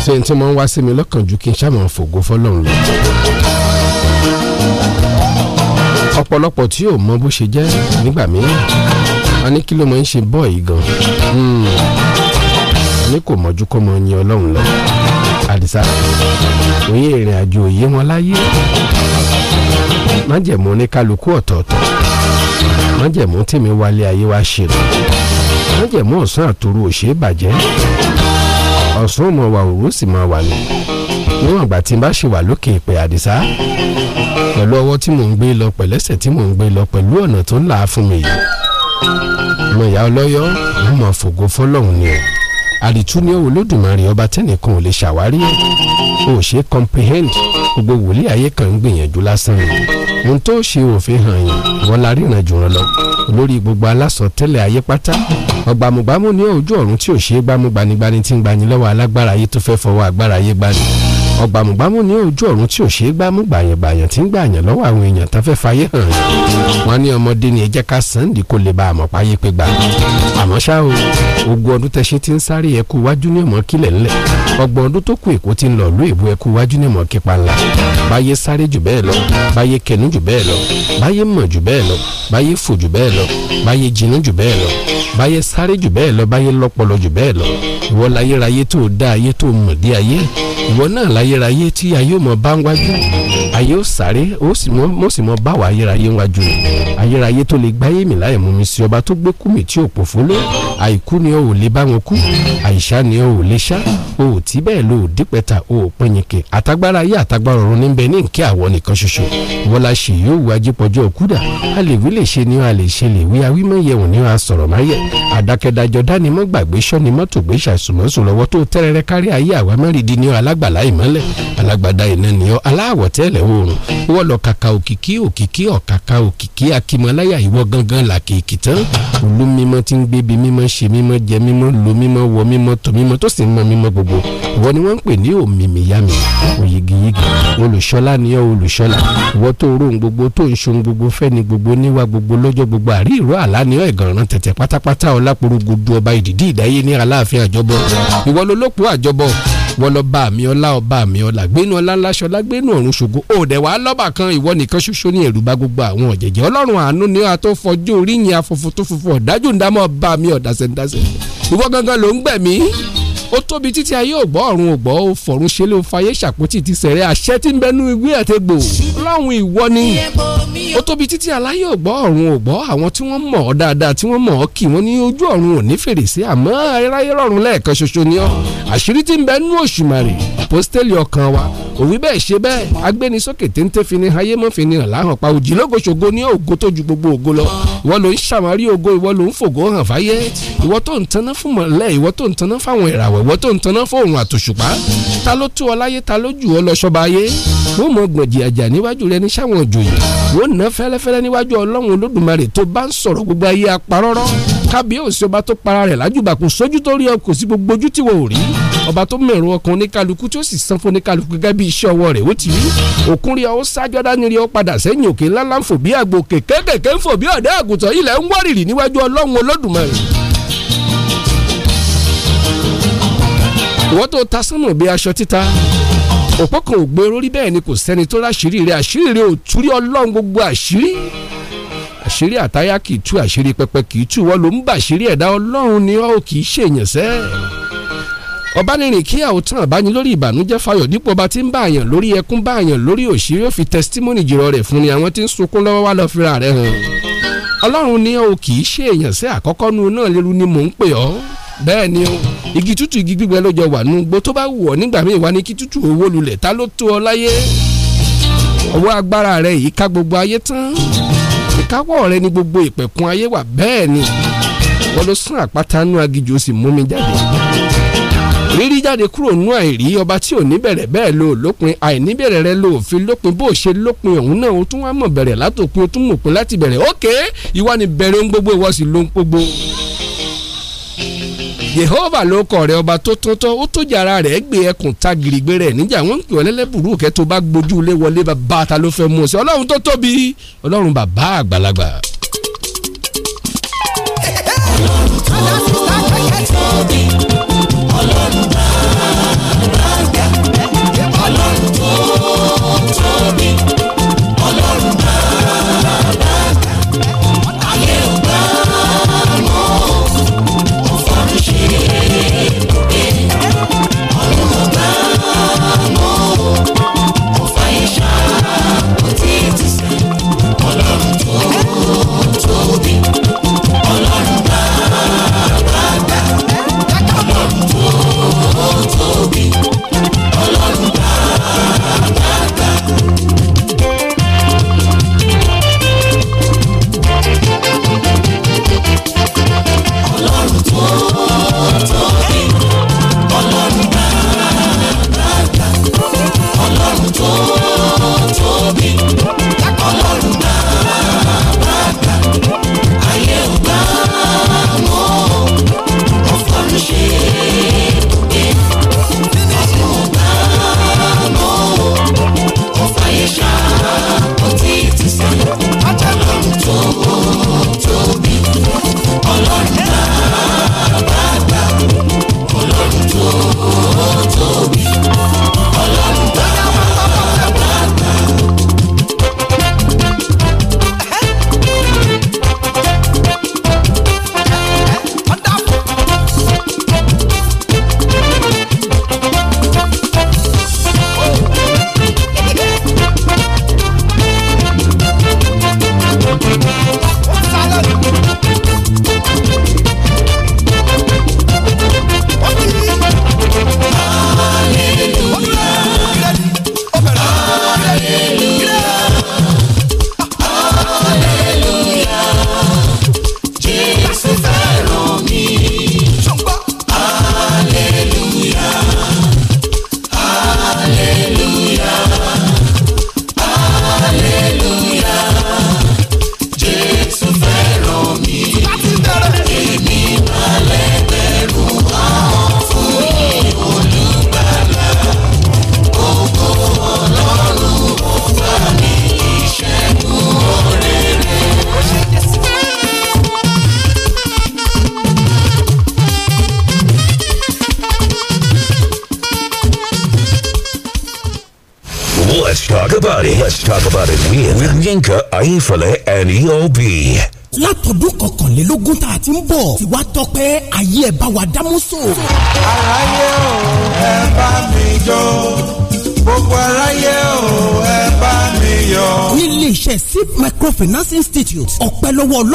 ṣé n tí mo ń wá sí mi lọ́kàn ju kí n ṣàmọ̀ fògo fọlọ́run lọ ọ̀pọ̀lọpọ̀ tí ò mọ bó ṣe jẹ́ nígbà míì a ní kí ló máa ń ṣe bọ́ọ̀ yìí gan hmm. a ní kò mọ̀jú kọ́ mọ yin ọlọ́run lọ àdìsá òye ìrìn àjò òye wọn láyé májẹ̀mú oníkálukú ọ̀tọ̀ọ̀tọ̀ májẹ̀mú tèmi wálé ayé wa ṣe lọ májẹ̀mú ọ̀sán àtòru òṣèbàjẹ́ ọ̀sán ọmọ wa òru sì máa wà ní níwọ̀n ìgbà tí n bá ṣì wà lókè ìpè àdìsá pẹ̀lú ọwọ́ tí mò ń gbé lọ pẹ̀lẹ́sẹ̀ tí mò ń gbé lọ pẹ̀lú ọ̀nà tó là á fún mi yìí ọmọ ìyá ọlọ́yọ́ ń mọ̀ fògo fọlọ́hún ni o àdìtú ni Olódùmarè ọba tẹ́nìkan ò lè ṣàwárí ẹ̀ o ò ṣe comprehend gbogbo wòlíì ayé kan ń gbìyànjú lásán yìí ohun tó ṣe òfin hàn yìí wọn la ríran jùlọ lọ lórí gbogbo alásọtẹ́lẹ̀ ayé pátá ọgbàmùgbàmù ní ojú ọ̀run tí ò ṣe é gbámúgbanigbani tí ń gbani lọ́wọ́ alágbára ayé tó fẹ́ fọwọ́ agbára ayé gbani ọgbàmùgbàmù ní ojú ọ̀run tí ò ṣeé gbámú gbàyàngbàyàn tí ń gbàyàn lọ́wọ́ àwọn èèyàn tán fẹ́ fàyè hàn yìí wọ́n ní ọmọdé ni ẹ jẹ́ ká sànńdì kó lè ba àmọ́ páyé pé gbà àmọ́ ṣá o Ogun, ọdún tẹ́ṣe ti ń sáré ẹkú wájú ní ìmọ̀ kílẹ̀ ńlẹ̀ ọgbọ̀n ọdún tó kù èkó ti ń lọ lú èbú ẹkú wájú ní ìmọ̀ kípa ńlá báyé sáré jù bẹ́ẹ̀ lọ báyé kẹnu jù bẹ́ẹ̀ lọ báyé mọ̀ jù bẹ́ẹ̀ lọ báyé fò jù bẹ́ẹ̀ lọ báyé jinú jù bẹ́ẹ̀ lọ báyé sáré jù bẹ́ẹ̀ lọ báyé lọ́pọlọ jù bẹ́ẹ̀ lọ ìwọ láyérayé tó dá ayé tó mọ̀dí ayé ìwọ náà láyérayé tí ayé ò mọ̀ bá ń wájú. ayé ó sáré ó sì mọ mo sì mọ báwo ayérayé wájú rẹ ayérayé tó lè gbáyé mi láì mú mi sí ọba tó gbé kú mi tí ò pòfóló àìkú ni ó ò lè bá wọn kú àìsá ni ó ò lè sá o ò tí bẹ́ẹ̀ lo òdìpẹ̀ta o ò pinyìnkè àtagbára ayé àtagbára ọ̀run níbẹ̀ ní nkẹ́ àwọ̀ nìkan ṣoṣo wọ́n la ṣe yóò wá jípọ̀jọ́ òkúdà a lè wí lè ṣe ni a lè ṣe lè wí awímọ̀ yẹ̀wò ni a sọ̀rọ̀ má yẹ àdákẹ́dájọ́ dánimọ̀ gbàgbé sọ́ni mọ́tò gbé ṣàìsùmọ́sùn lọ́wọ́ tó tẹ́rẹ̀rẹ́ kárí ayé àwa mẹ́rìndínlẹ́ oòrùn wọ́n lọ kàkà òkìkí òkìkí ọ̀kàkà òkìkí akímọ̀láyà ìwọ gangan làkèkì tán olú mímọ́ tí ń gbébi mímọ́ ṣe mímọ́ jẹ mímọ́ lo mímọ́ wọ mímọ́ tọ̀ mímọ́ tó sì ń mọ mímọ́ gbogbo ìwọ ni wọ́n ń pè ní òmìmìyàmì òyigiyigi olùṣọ́lá ni ọ́ olùṣọ́lá ìwọ tó rò ń gbogbo tó ń ṣohun gbogbo fẹ́ni gbogbo níwà gbogbo lọ́jọ́ gbogbo àrí ìró àlá ni ọ́ ẹ̀gànràn tẹ̀tẹ̀ pátápátá ọlápòrò gudu ọba ìdìdí ìdáyé ní aláàfin àjọbọ ìwọ lolópo àjọbọ wọ́n lọ bá àmì ọlá ọba àmì ọlá gbénu ọlá ńláṣọlá gbénu ọ̀run ṣògo òdẹ̀ wàá lọ́ba kan ìwọ nìkan ṣoṣo ní ẹ̀rù bá gbogbo àwọn ọ̀jẹ̀jẹ̀ ọlọ́run àánú ni a tó fọjú orí yẹn afọ̀fọ̀ tó funfun ọ̀dájú ńdámọ̀ bá mi ọ̀dàsẹ̀ńdàsẹ̀ ìwọ gangan ló ń gbẹ̀mí ó tóbi títí ayé ògbọ́ ọ̀run ògbọ́ ó fọ̀run ṣe lé o fayé forun se o faye sapoti ti sẹ̀rẹ̀ àṣẹ tí ń bẹnu ìwé àtẹ̀gbò láwọn ìwọ ni ó tóbi títí aláyé ògbọ́ ọ̀run ògbọ́ àwọn tí wọ́n mọ̀ ọ́ dáadáa tí wọ́n mọ̀ ọ́ kì wọ́n ní ojú ọ̀run ò ní fèrèsé àmọ́ aráyé rọ̀run lẹ́ẹ̀kan ṣoṣo ni ọ́ àṣírí tí ń bẹnu òṣùmàrè àpọ́stélì ọkàn wa òwí bẹ́ẹ̀ ṣe bẹ́ẹ̀ agbénisókè téńté fini ayé mọ́ fini hàn láhàn pa òjìlógo ṣògo ní ògo tó ju gbogbo ògo lọ ìwọ ló ń ṣàmárí ògo ìwọ ló ń fògo hàn fáyé ìwọ tó ń taná fún mọ̀lẹ́ ìwọ tó ń taná fáwọn ìràwẹ̀ ìwọ tó ń taná fóònù àtòṣùpá ta ló tú ọ láyé ta ló jù ọ lọ sọba ayé ó mọ gbọ̀njì àjà níwájú rẹ ní sáwọn òjòyè ó ná fẹ́lẹ́fẹ́lẹ́ níwájú ọlọ́run olódùmarè tó bá ń sọ̀rọ̀ gbogbo ayé apárọ́rọ́ kábíyèsí ọba tó para rẹ̀ lájùbà kò sójú tó rí ọ kò sí gbogbo ojú tí wọ́n ò rí ọba tó mẹ̀rún ọkàn oníkálukú tí ó sì san fún oníkálukú gẹ́gẹ́ bí iṣẹ́ ọwọ́ rẹ̀ ó ti rí òkúnrin ọ ṣáájú adániri ọ padà sẹ́yìn òkè ńláńlá ń fò bí àgbò kékeré ń fò bí ọ̀dẹ́ àgùntàn ilẹ̀ ń wárìrì níwájú ọlọ́run olódùmarè ìwọ́n tó ta sánmọ̀ bí aṣọ títa òpó kan ò gbé orí bẹ́ẹ̀ ni kò sẹ́ni tó láṣìírí rẹ̀ àṣírí rẹ̀ ò túrí ọlọ́run gbogbo àṣírí àṣírí àtáyá kì í tú àṣírí pẹpẹ kì í tú wọ́n ló ń bà àṣírí ẹ̀dá ọlọ́run ni ó kì í ṣèyàn sẹ́ ọbanirin kíyàwó tán àbáni lórí ìbànújẹ́ fayọ̀ dípò ọba tí ń bá àyàn lórí ẹkún bá àyàn lórí òṣèré ó fi tẹsítímọ́nì jùlọ rẹ̀ fún ni àwọn tí ń sunkún lọ́wọ́ wá lọ́ọ́ fira rẹ̀ hàn ọlọ́run ni ó kì í ṣèyàn sẹ́ àkọ́kọ́ nu náà lérú ni mò ń pè ọ́ bẹ́ẹ̀ ni o igi tútù igi gbígbẹ ló jọ wà nù gbó tó bá wù ọ́ nígbà míì wá ní kí tútù owó lulẹ̀ ta ló tó ọ láyé ọwọ́ agbára rẹ yìí ká gbogbo ayé tán ìkáwọ́ rẹ ni gbogbo ìpẹ̀kun ayé wà bẹ́ẹ̀ ni wọ́n ló sún àpáta nú agijò sì mú mi jáde rírí jáde kúrò nú àìrí ọba tí ò ní bẹ̀rẹ̀ bẹ́ẹ̀ lo lópin àìní bẹ̀rẹ̀ rẹ lo òfin lópin bó o ṣe lópin òun náà o tún wá mọ̀ bẹ̀rẹ̀ látòpin o tún mọ̀ pin láti bẹ̀rẹ̀ ókè ìwà ni bẹ̀rẹ̀ ń gbogbo ìwọ sì ló gbogbo. Jehova ló kọ rẹ ọba tó tán ó tó jàrá rẹ gbé ẹkùn ta gìrìgbé rẹ níjà wọn ń pè ọ lẹlẹbùrú kẹ tó bá gbójú lé wọlé bàbá ta ló fẹ́ mú ọ sí Ọlọ́run tó tóbi Ọlọ́run bàbá àgbàlagbà. Ọlọ́run tó tóbi.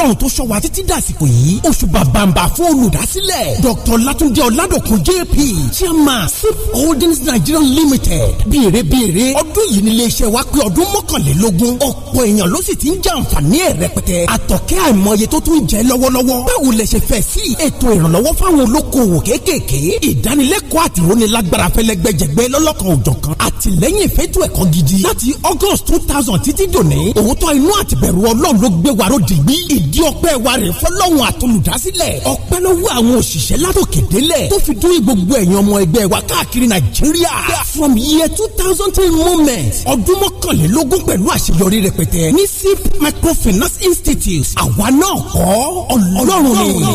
ọlọ́run tó ṣọ́ wa títí dàsìkò yìí oṣù bàbàǹbà fún olùdásílẹ̀ dr latunde ọ̀làdọ̀kun jp chairman sip holdings nigeria limited béèrè béèrè ọdún yìí nílé iṣẹ́ wa pé ọdún mọ́kànlélógún ọ̀pọ̀ èèyàn ló sì ti ń jàǹfààní ẹ̀ rẹpẹtẹ àtọ̀kẹ́ àìmọye tó tún jẹ́ lọ́wọ́lọ́wọ́ báwo lẹ ṣe fẹ́ sí ètò ìrànlọ́wọ́ fáwọn olókoòwò kéékèèké ìdánilẹ́kọ̀ọ́ àtìrónilágbára fẹ́lẹ́gbẹ́jẹgbẹ́ lọ́lọ́kan òjọ̀kan àtìlẹ́yìn ìfẹ́jú ẹ̀kọ́ gidi láti august two thousand títí dòní òótọ́ inú àtìbẹ̀rù ọlọ́run ló gbé wa ròdì gbí ìdí ọpẹ́ wa rè fọlọ́run àtolùdásílẹ̀ ọpẹ́ lọ́wọ́ àwọn òṣìṣẹ́ látòkè délẹ̀ tó fi dún gbogbo ẹ̀yàn ọmọ ẹgbẹ́ wa káàkiri nàìjíríà from year two thousand till moment ọdún mọ́kànlélógún pẹ̀lú àṣeyọrí rẹpẹtẹ ní sip microfinance institute àwa náà kọ́ ọlọ́run ni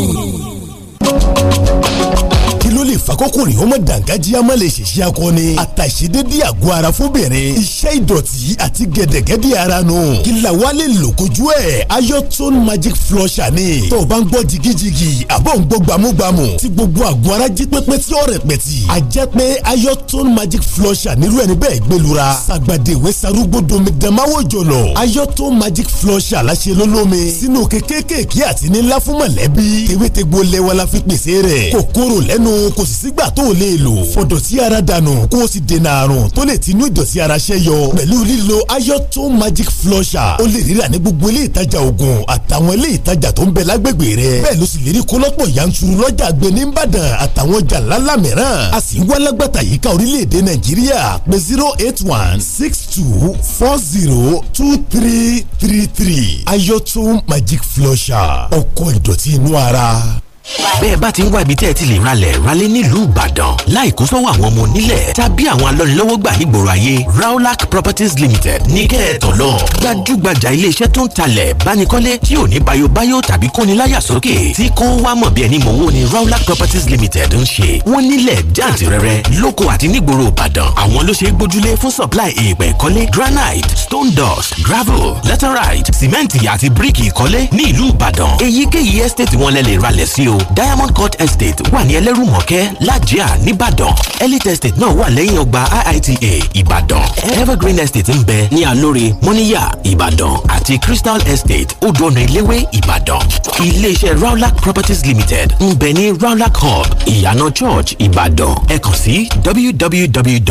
kọkùnrin ó mọ̀ dàǹgájíá má lè ṣèṣe akọni àtàṣedédé àgọ́ ara fóbìnrin iṣẹ́ ìdọ̀tí àti gẹ̀dẹ̀gẹ̀dẹ̀ ara nù kí la lò kojú ẹ̀ ayọ́tún magic flusher ni tó o bá ń gbọ́ jigijigi àbọ̀ ń gbọ́ gbàmúgbàmù tí gbogbo àgọ́ ara jí pépé tí ó rẹpẹtì a jẹ́ pé ayọ́tún magic flusher nírú ẹni bẹ́ẹ̀ gbẹlura sàgbàdéwé sarúgbó domidamáwò jọlọ ayọ́tún magic flusher láṣẹ lólómi sínú kékékèké àti nílá fún mọ̀lẹ́bí tewétegbò lẹ́wọ́ la fi pèsè rẹ̀ kòkòrò lẹ́nu kò sì sí sígbà tó o lè lò fọ̀dọ̀tí ara dànù kó o sì dènà àrùn tó lè tinú ìdọ̀tí ara ṣẹ́ yọ pẹ̀lú lílo ayọ́tún magic flusher o lè rírà ní gbogbo ilé ìtajà oògùn àtàwọn ilé ìtajà tó ń bẹ lágbègbè rẹ bẹ́ẹ̀ ló sì lérí kólọ́pọ̀ yanturu lọ́jà gbé ní Ìbàdàn àtàwọn ọjà ńláńlá mìíràn a sì ń wá lágbàtà yìí ká orílẹ̀-èdè Nàìjíríà pé zero eight one six two four zero two three three three ayọ́tún magic flusher ọkọ̀ ìdọ̀tí inú ara bẹ́ẹ̀ bá ti ń wá ibi tẹ́ ẹ ti lè ralẹ̀ ralẹ̀ nílùú ìbàdàn láìkó sọ́wọ́ àwọn ọmọ onílẹ̀ tàbí àwọn alọ́nilọ́wọ́ gbà nígboro ayé Raulac Properties Limited ní kẹ́ẹ̀tọ́ lọ gbajúgbajà iléeṣẹ́ tó ń talẹ̀ bánikọ́lé tí ò ní bayobayo tàbí kóniláyà sókè tí kò wá mọ̀ bí ẹni mọ̀wó ni Raulac Properties Limited ń ṣe wọ́n nílẹ̀ jàǹtìrẹrẹ lóko àti nígboro ìbàdàn àwọn ló ṣe é gbójúlé fún supply èèpẹ̀ ìkọ́lé granite stone dust gravel laterite cement àti bíríkì ìkọ́lé ní ìlú ìbàdàn èyíkéyìí estate wọn lẹ lè ralẹ̀ sí o diamond court estate wà ní ẹlẹ́rùmọ̀kẹ́ lájíà nìbàdàn elite estate náà wà lẹ́yìn ọgbà iita ìbàdàn evergreen estate ń bẹ ní alórí mọ́níyà ìbàdàn àti crystal estate odòọ̀nà ìléwé ìbàdàn iléeṣẹ́ rawlac properties limited ń bẹ ní rawlac hub ìyànà church ìbàdàn ẹ kàn sí www.rpl.ng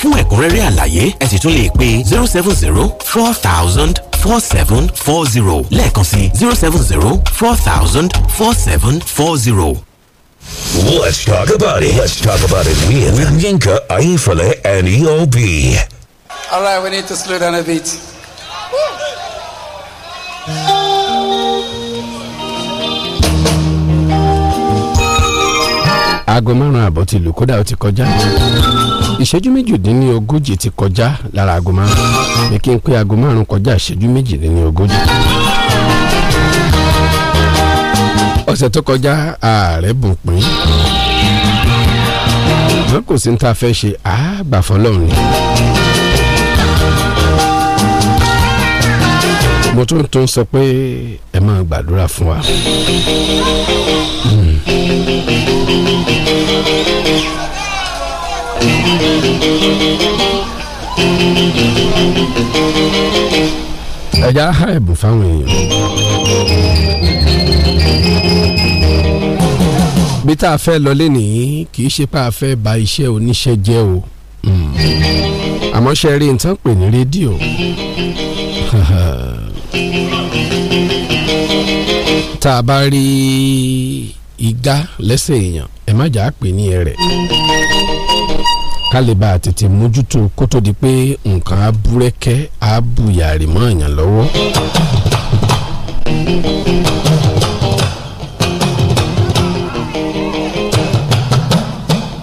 fún ẹ̀kúnrẹ́rẹ́ àlàyé ẹ sì tún lè zero seven zero four thousand four seven four zero lẹ́ẹ̀kan sí zero seven zero four thousand four seven four zero. Let's talk about it. Let's talk about it with, with Yinka, Aifale, and EOB. All right, we need to slow down a bit. aago márùn-ún àbọ̀ ti lù kódà ó ti kọjá. ìṣẹ́jú méjìdínlógójì ti kọjá lára aago márùn-ún ní kí n pé aago márùn-ún kọjá ìṣẹ́jú méjìdínlógójì. ọ̀sẹ̀ tó kọjá ààrẹ bùnpín wọn kò sí ní ta fẹ́ ṣe àgbà fọlọ́run ni. mo tún tún sọ pé ẹ máa gbàdúrà fún wa. Hmm ẹja ha ẹ̀bùn fáwọn èèyàn bí tá a fẹ́ lọ lénìí kì í ṣe pé a fẹ́ ba iṣẹ́ oníṣẹ́ jẹ́ o hmm. àmọ́ ṣe rí nǹkan pè ní rédíò tá a bá rí igbá lẹ́sẹ̀ èèyàn ẹ má jà á pè ní ẹrẹ̀ kálíbà tètè mójútó kó tó di pé nǹkan á búrẹ́kẹ́ á bùyàrí mọ́ èèyàn lọ́wọ́.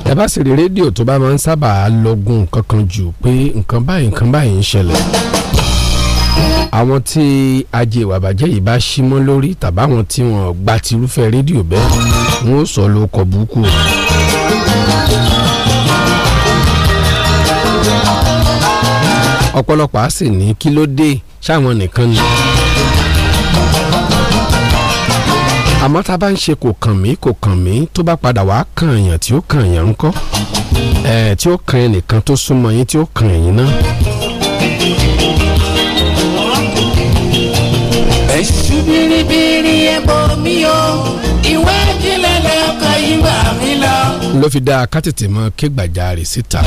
ẹ bá sì rí rédíò tó bá máa ń sábà lọ́gùn kankan jù pé nǹkan báyìí nǹkan báyìí ń ṣẹlẹ̀ àwọn tí ajé ìwà bàjẹ́ yìí bá ṣí mọ́ lórí tàbáwọn tí wọ́n gba tirúfẹ́ rédíò bẹ́ẹ̀ wọ́n sọ ló kọ búkú. ọ̀pọ̀lọpọ̀ á sì ní kí ló dé sáwọn nìkan ni. àmọ́ tá a bá ń ṣe kò kàn mí kò kàn mí tó bá padà wàá kàn èèyàn tí ó kàn èèyàn ńkọ́ ẹ̀ tí ó kàn ẹnìkan tó súnmọ́ yín tí ó kàn ẹ̀yìn náà. èṣù bìrìbìrì ẹ̀bọ̀ mi o ìwé ìjìnlẹ̀ lẹ́ọ̀kan yìí gbà mí lọ. ló fi dáa ká tètè mọ kégbàjarè síta.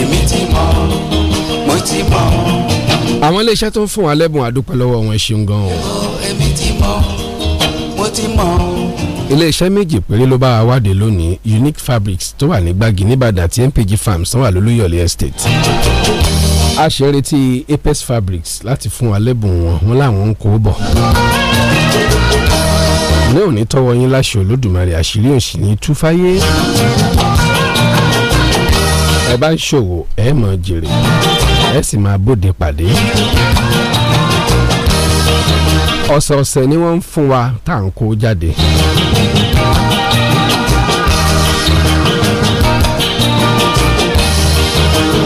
èmi ti mọ̀ ti mọ̀. àwọn iléeṣẹ́ tó ń fún wa lẹ́bùn àdúpẹ́ lọ́wọ́ wọn ṣeun gan-an. èmi ti mọ̀ mo ti mọ̀. iléeṣẹ́ méjì péré ló bá wa lónìí Unique Fabrics tó wà ní Gbági nìbàdàn àti MPG Farms tó wà lólúyọ̀lé estate. a ṣe ń retí Apex Fabrics láti fún wa lẹ́bùn wọn wọn làwọn ń kó bọ̀ ní òní tọwọ́ yín láṣẹ Olódùmarè àṣírí òṣì ní túfáyé. bá ń ṣòwò ẹ máa jèrè ẹ sì máa bóde pàdé. ọ̀sọ̀ọ̀sẹ̀ ni wọ́n ń fún wa tá à ń kó jáde.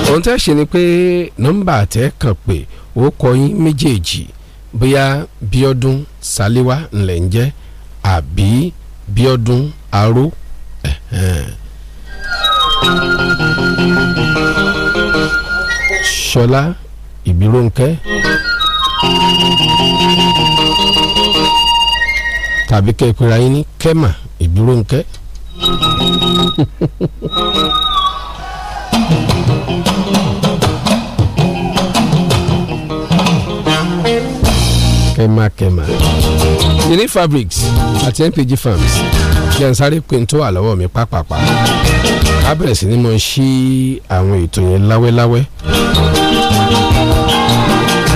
ohun tẹ́ ṣe ni pé nọ́mbà tẹ́ kàn pé ó kọ yín méjèèjì bóyá ńlẹ̀ ń jẹ́ àbí Aró. ṣọlá ìbírónkẹ́ tàbí kẹ́ ẹ pera yín ní kẹ́mà ìbírónkẹ́. kẹ́mà kẹ́mà. Yeni fabrics àti MPG farms kí n sáré pé n tó wà lọ́wọ́ mi pápápá á sí ni mo ṣí àwọn ètò yẹn láwẹ́láwẹ́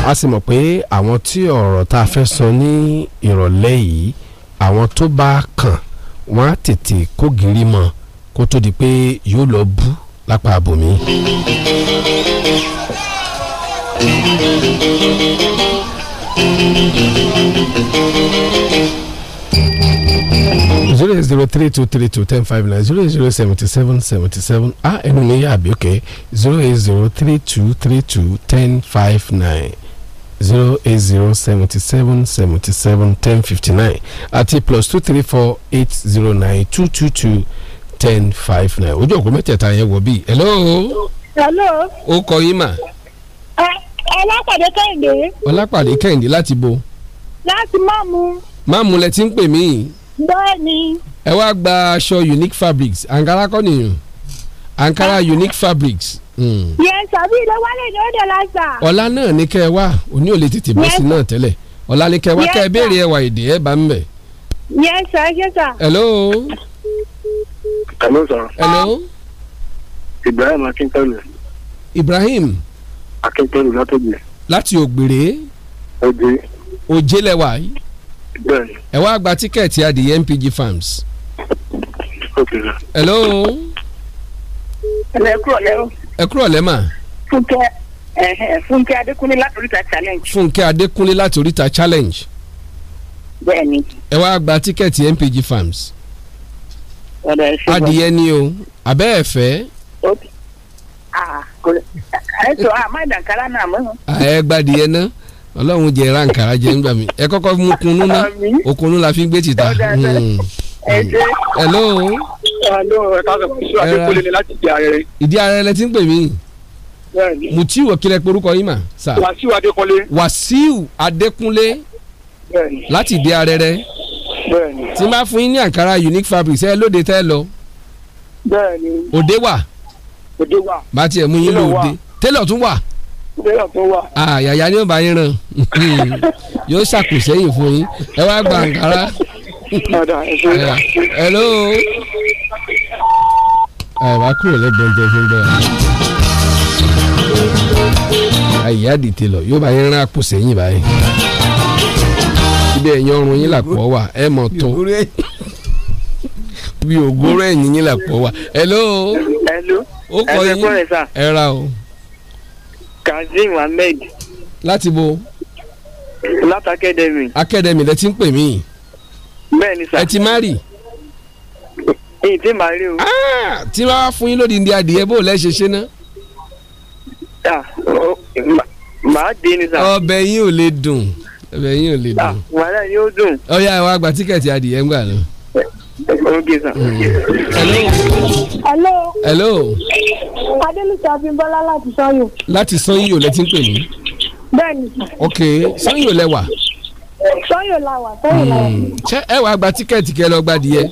a sì mọ̀ pé àwọn tí ọ̀rọ̀ tá a fẹ́ sọ ní ìrọ̀lẹ́ yìí àwọn tó bá kàn wọ́n á tètè kó gírí mọ́ kó tó di pé yóò lọ bú lápá abòmí. thank you zero eight zero three two three two ten five nine zero eight zero seventy seven seventy seven ah ẹnu mi yà bí ok zero eight zero three two three two ten five nine zero eight zero seventy seven seventy seven ten fifty nine àti plus two three four eight zero nine two two two ten five nine ojú òkú mẹ́tẹ̀ẹ̀ta yẹn wọ̀ bíi hello. hello. O kọ yín mà. ọlápàdé kẹ́hìndé. ọlápàdé kẹ́hìndé láti bo. láti máàmù. máàmù lẹ ti ń pè mí bẹ́ẹ̀ni. ẹ wá gba aṣọ unique fabrics ankara kọ́ nìyẹn ankara unique fabrics. Hmm. yẹn sàbí ilé wálé ní ọdẹ lásà. ọ̀la náà ní kẹ́ ẹ wá òní ò lè tètè bọ́ sí náà tẹ́lẹ̀ ọ̀la ní kẹ́ ẹ wá kẹ́ ẹ béèrè ẹwà èdè ẹ bá ń bẹ̀. yẹn sà yẹn sà. hello. hello sir. hello. ibrahim akíntọ́lù. ibrahim. akíntọ́lù látògbè. láti ògbèrè. òjé. òjé lẹ́wà ẹ wá gba tíkẹ́ẹ̀tì adìyẹ MPG Farms. hello. ẹ kúrọ̀ lẹ́wọ̀. ẹ kúrọ̀ lẹ́mà. fúnkẹ́ fúnkẹ́ adékúnlé láti oríta challenge. fúnkẹ́ adékúnlé láti oríta challenge. bẹ́ẹ̀ni. ẹ wá gba tíkẹ́ẹ̀tì MPG Farms. ọ̀dọ̀ ẹ ṣe ni o abẹ́ ẹ̀ fẹ́. ok ah kò ẹ sọ àmọ́ ah, ìdàkárà náà mọ́. Ah, ẹ gbadìyẹ náà ọlọ́run jẹ ránkàrà jẹ nígbà mi ẹ kọ́kọ́ mú kunú ná okunú la fi gbé tìta. Hmm. Hmm. hello. hello ẹ káàsán fún ṣùgbọ́n adékúnlé ni láti di arẹrẹ. ìdí arẹrẹ lẹ ti ń pè mí. mo tí porúkọ yín mà. wàsíù adékúnlé. wàsíù adékúnlé láti di arẹrẹ. tí n bá fún yín ní àǹkárá unique fabric ẹ lóde tẹ́ lọ. òde wà. òde wà. bá tiẹ̀ mú yín lóde télọ̀ tún wà náírà tó wà. àyàyà ni ó bá yín ràn yóò ṣàkóṣẹ́yìn fún yín ẹ wá gba àǹkárá. hello. àyàbá kúrò lẹ́gbẹ̀ẹ́ jẹ́ fún bẹ́ẹ̀. àyà dìtè lọ yóò bá yín ràn àpò sẹ́yìn báyìí. ibi ẹ̀yìn ọrùn yín làpọ̀ wà ẹ̀ mọ̀ tó bí ògúnrẹ́ ẹ̀yìn yín làpọ̀ wà. hello. hello. ó kọ yín ẹ ra o kazeem ahmed. láti bo. láti akademi. akademi lẹ ti ń pè mí. bẹ́ẹ̀ni sá. ẹ ti má rì. èyí tí màá rí o. Ah, tí wọ́n á fún yín lóde ìdí adìyẹ bó lẹ́ ṣe ṣe náà. màá dé ni sá. ọbẹ̀ yín ò lè dùn ọbẹ̀ yín ò lè dùn. wàhálà yín dùn. ọ̀ya ẹ̀ wá gba tíkẹ́ẹ̀tì adìyẹ ń gbà náà hello. hello. adelisa abimbola láti sanyo. láti sanyo lẹ ti ń pè mí. bẹ́ẹ̀ni. ok sanyo lẹ sanyo la sanyo la hmm. ṣé ẹ wàá gba tíkẹ́ẹ̀tì kẹ lọ gbadìyẹ.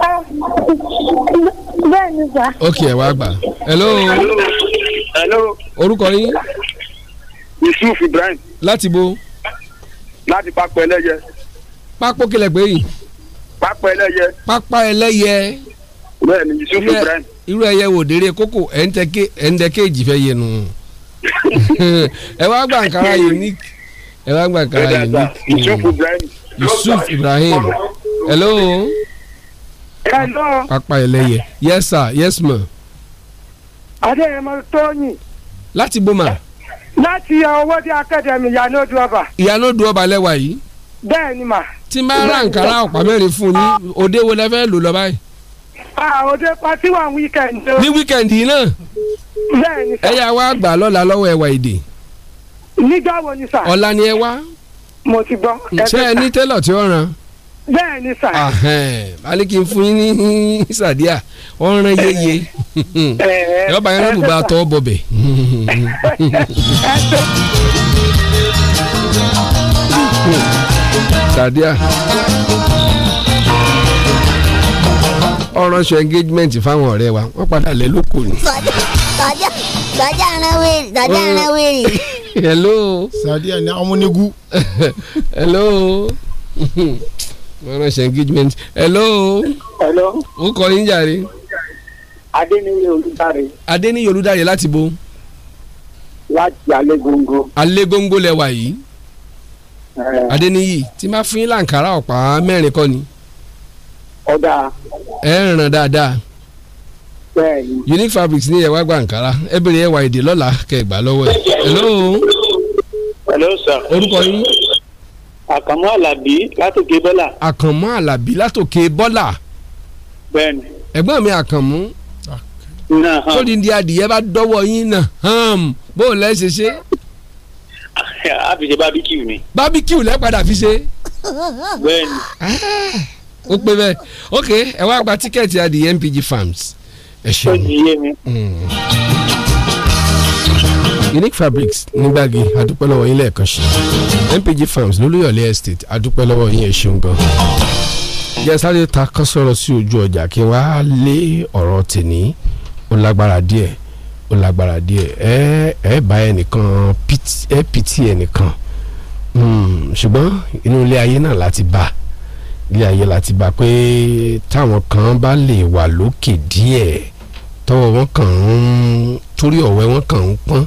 Ah, bẹ́ẹ̀ni sá. ok ẹ wàá gbà. hello. hello. orúkọ yín. yusuf ibrahim. láti bo. láti Pápá Ẹlẹ́yẹ pápó kílẹ̀ pé yìí. pápá ẹlẹ́yẹ. pápá ẹlẹ́yẹ. bẹ́ẹ̀ni yusuf ibrahim. irú ẹyẹ wò déré kókò ẹ̀ńdẹ́kẹ́jì fẹ́ yẹ nù. ẹ wá gba Ankara unique ẹ wá gba Ankara unique. yusuf ibrahim. yusuf ibrahim. hello. hello. pápá ẹlẹ́yẹ. yes sir yes ma. adéyẹmọ tóyìn. láti bó ma. láti ọwọ́ dé akadẹ́mì ìyànà odò ọba. ìyànà odò ọba lẹ́wà yìí bẹ́ẹ̀ ni mà. tí n bá ra nkàrà ọ̀pá mẹ́rin fún yín òde wo lẹ fẹ́ lò lọ báyìí. òde pati wà wíkẹ̀ndì. ní wíkẹ̀ndì náà. bẹ́ẹ̀ ni sà. ẹ yà wá gbà lọ́la lọ́wọ́ ẹwà èdè. nígbà wo ni sà. ọ̀la ni ẹ wá. mo ti gbọ́. ṣé ẹ ní télọ̀ tí ó ràn. bẹ́ẹ̀ ni sà. aliki fún yín ní sàdíà ọ̀ràn yeye yọba yẹn lọ́dún bá tọ́ bọ̀bẹ̀ cool sàdíà ọ̀rọ̀ ṣe engagement fáwọn ọ̀rẹ́ wa wọ́n padà lẹ́ lóko ni. sàdíà sàdíà rẹ wèrè sàdíà rẹ wèrè. hello. sàdíà ni amúnigú. hello ọ̀rọ̀ ṣe engagement hello. hello. ó kọ yín jàre. adéníyé olùdarí. adéníyé olùdarí láti bo. láti alégóńgó. alégóńgó lẹwà yìí. Eh. Adéníyì tí máa fún yín làǹkàrà ọ̀pá mẹ́rin kọ́ ni. ọ̀dà. ẹ ń ràn dáadáa. bẹ́ẹ̀ni. Unique Fabrics ní ẹ̀wá gba àǹkàrà ẹ bèrè ẹ̀wà èdè lọ́la kẹ́ ẹ gbà lọ́wọ́ ẹ̀. hello. hello sir. orúkọ yín. Àkànmú Àlàbí látòkè Bọ́là. Àkànmú Àlàbí látòkè Bọ́là. bẹ́ẹ̀ni. ẹ̀gbọ́n mi Àkànmú sórí ndí adìyẹ bá dọ́wọ́ yín náà bó lẹ́ ṣe ṣe a fi ṣe barbecue ni. barbecue lẹ́ padà fi ṣe. bẹ́ẹ̀ni. Ah, ó pe bẹ́ẹ̀ ok ẹ wá gba tíkẹ́ẹ̀tì adìyẹ MPG Farms ẹ ṣeun. Hmm. Unique Fabrics nígbàgì adúpẹ́ lọ́wọ́ yín lẹ́ẹ̀kan ṣe MPG Farms lólúyọ̀lé estate adúpẹ́ lọ́wọ́ yín ẹ ṣeun gan jẹ́ sáré ta kọ́sọ́rọ́ sí ojú ọjà kí wàá lé ọ̀rọ̀ tèmi ó lágbára díẹ̀ ó lágbára díẹ̀ ẹ ẹ bá ẹnìkan ẹ pìtì ẹnìkan hmm, ṣùgbọ́n inú ilé ayé náà láti bá ilé ayé láti bá pé táwọn kan bá lè wà lókè díẹ̀ tọ́wọ́ wọn kàn ń torí ọ̀wẹ́ wọn kàn ń pọ́n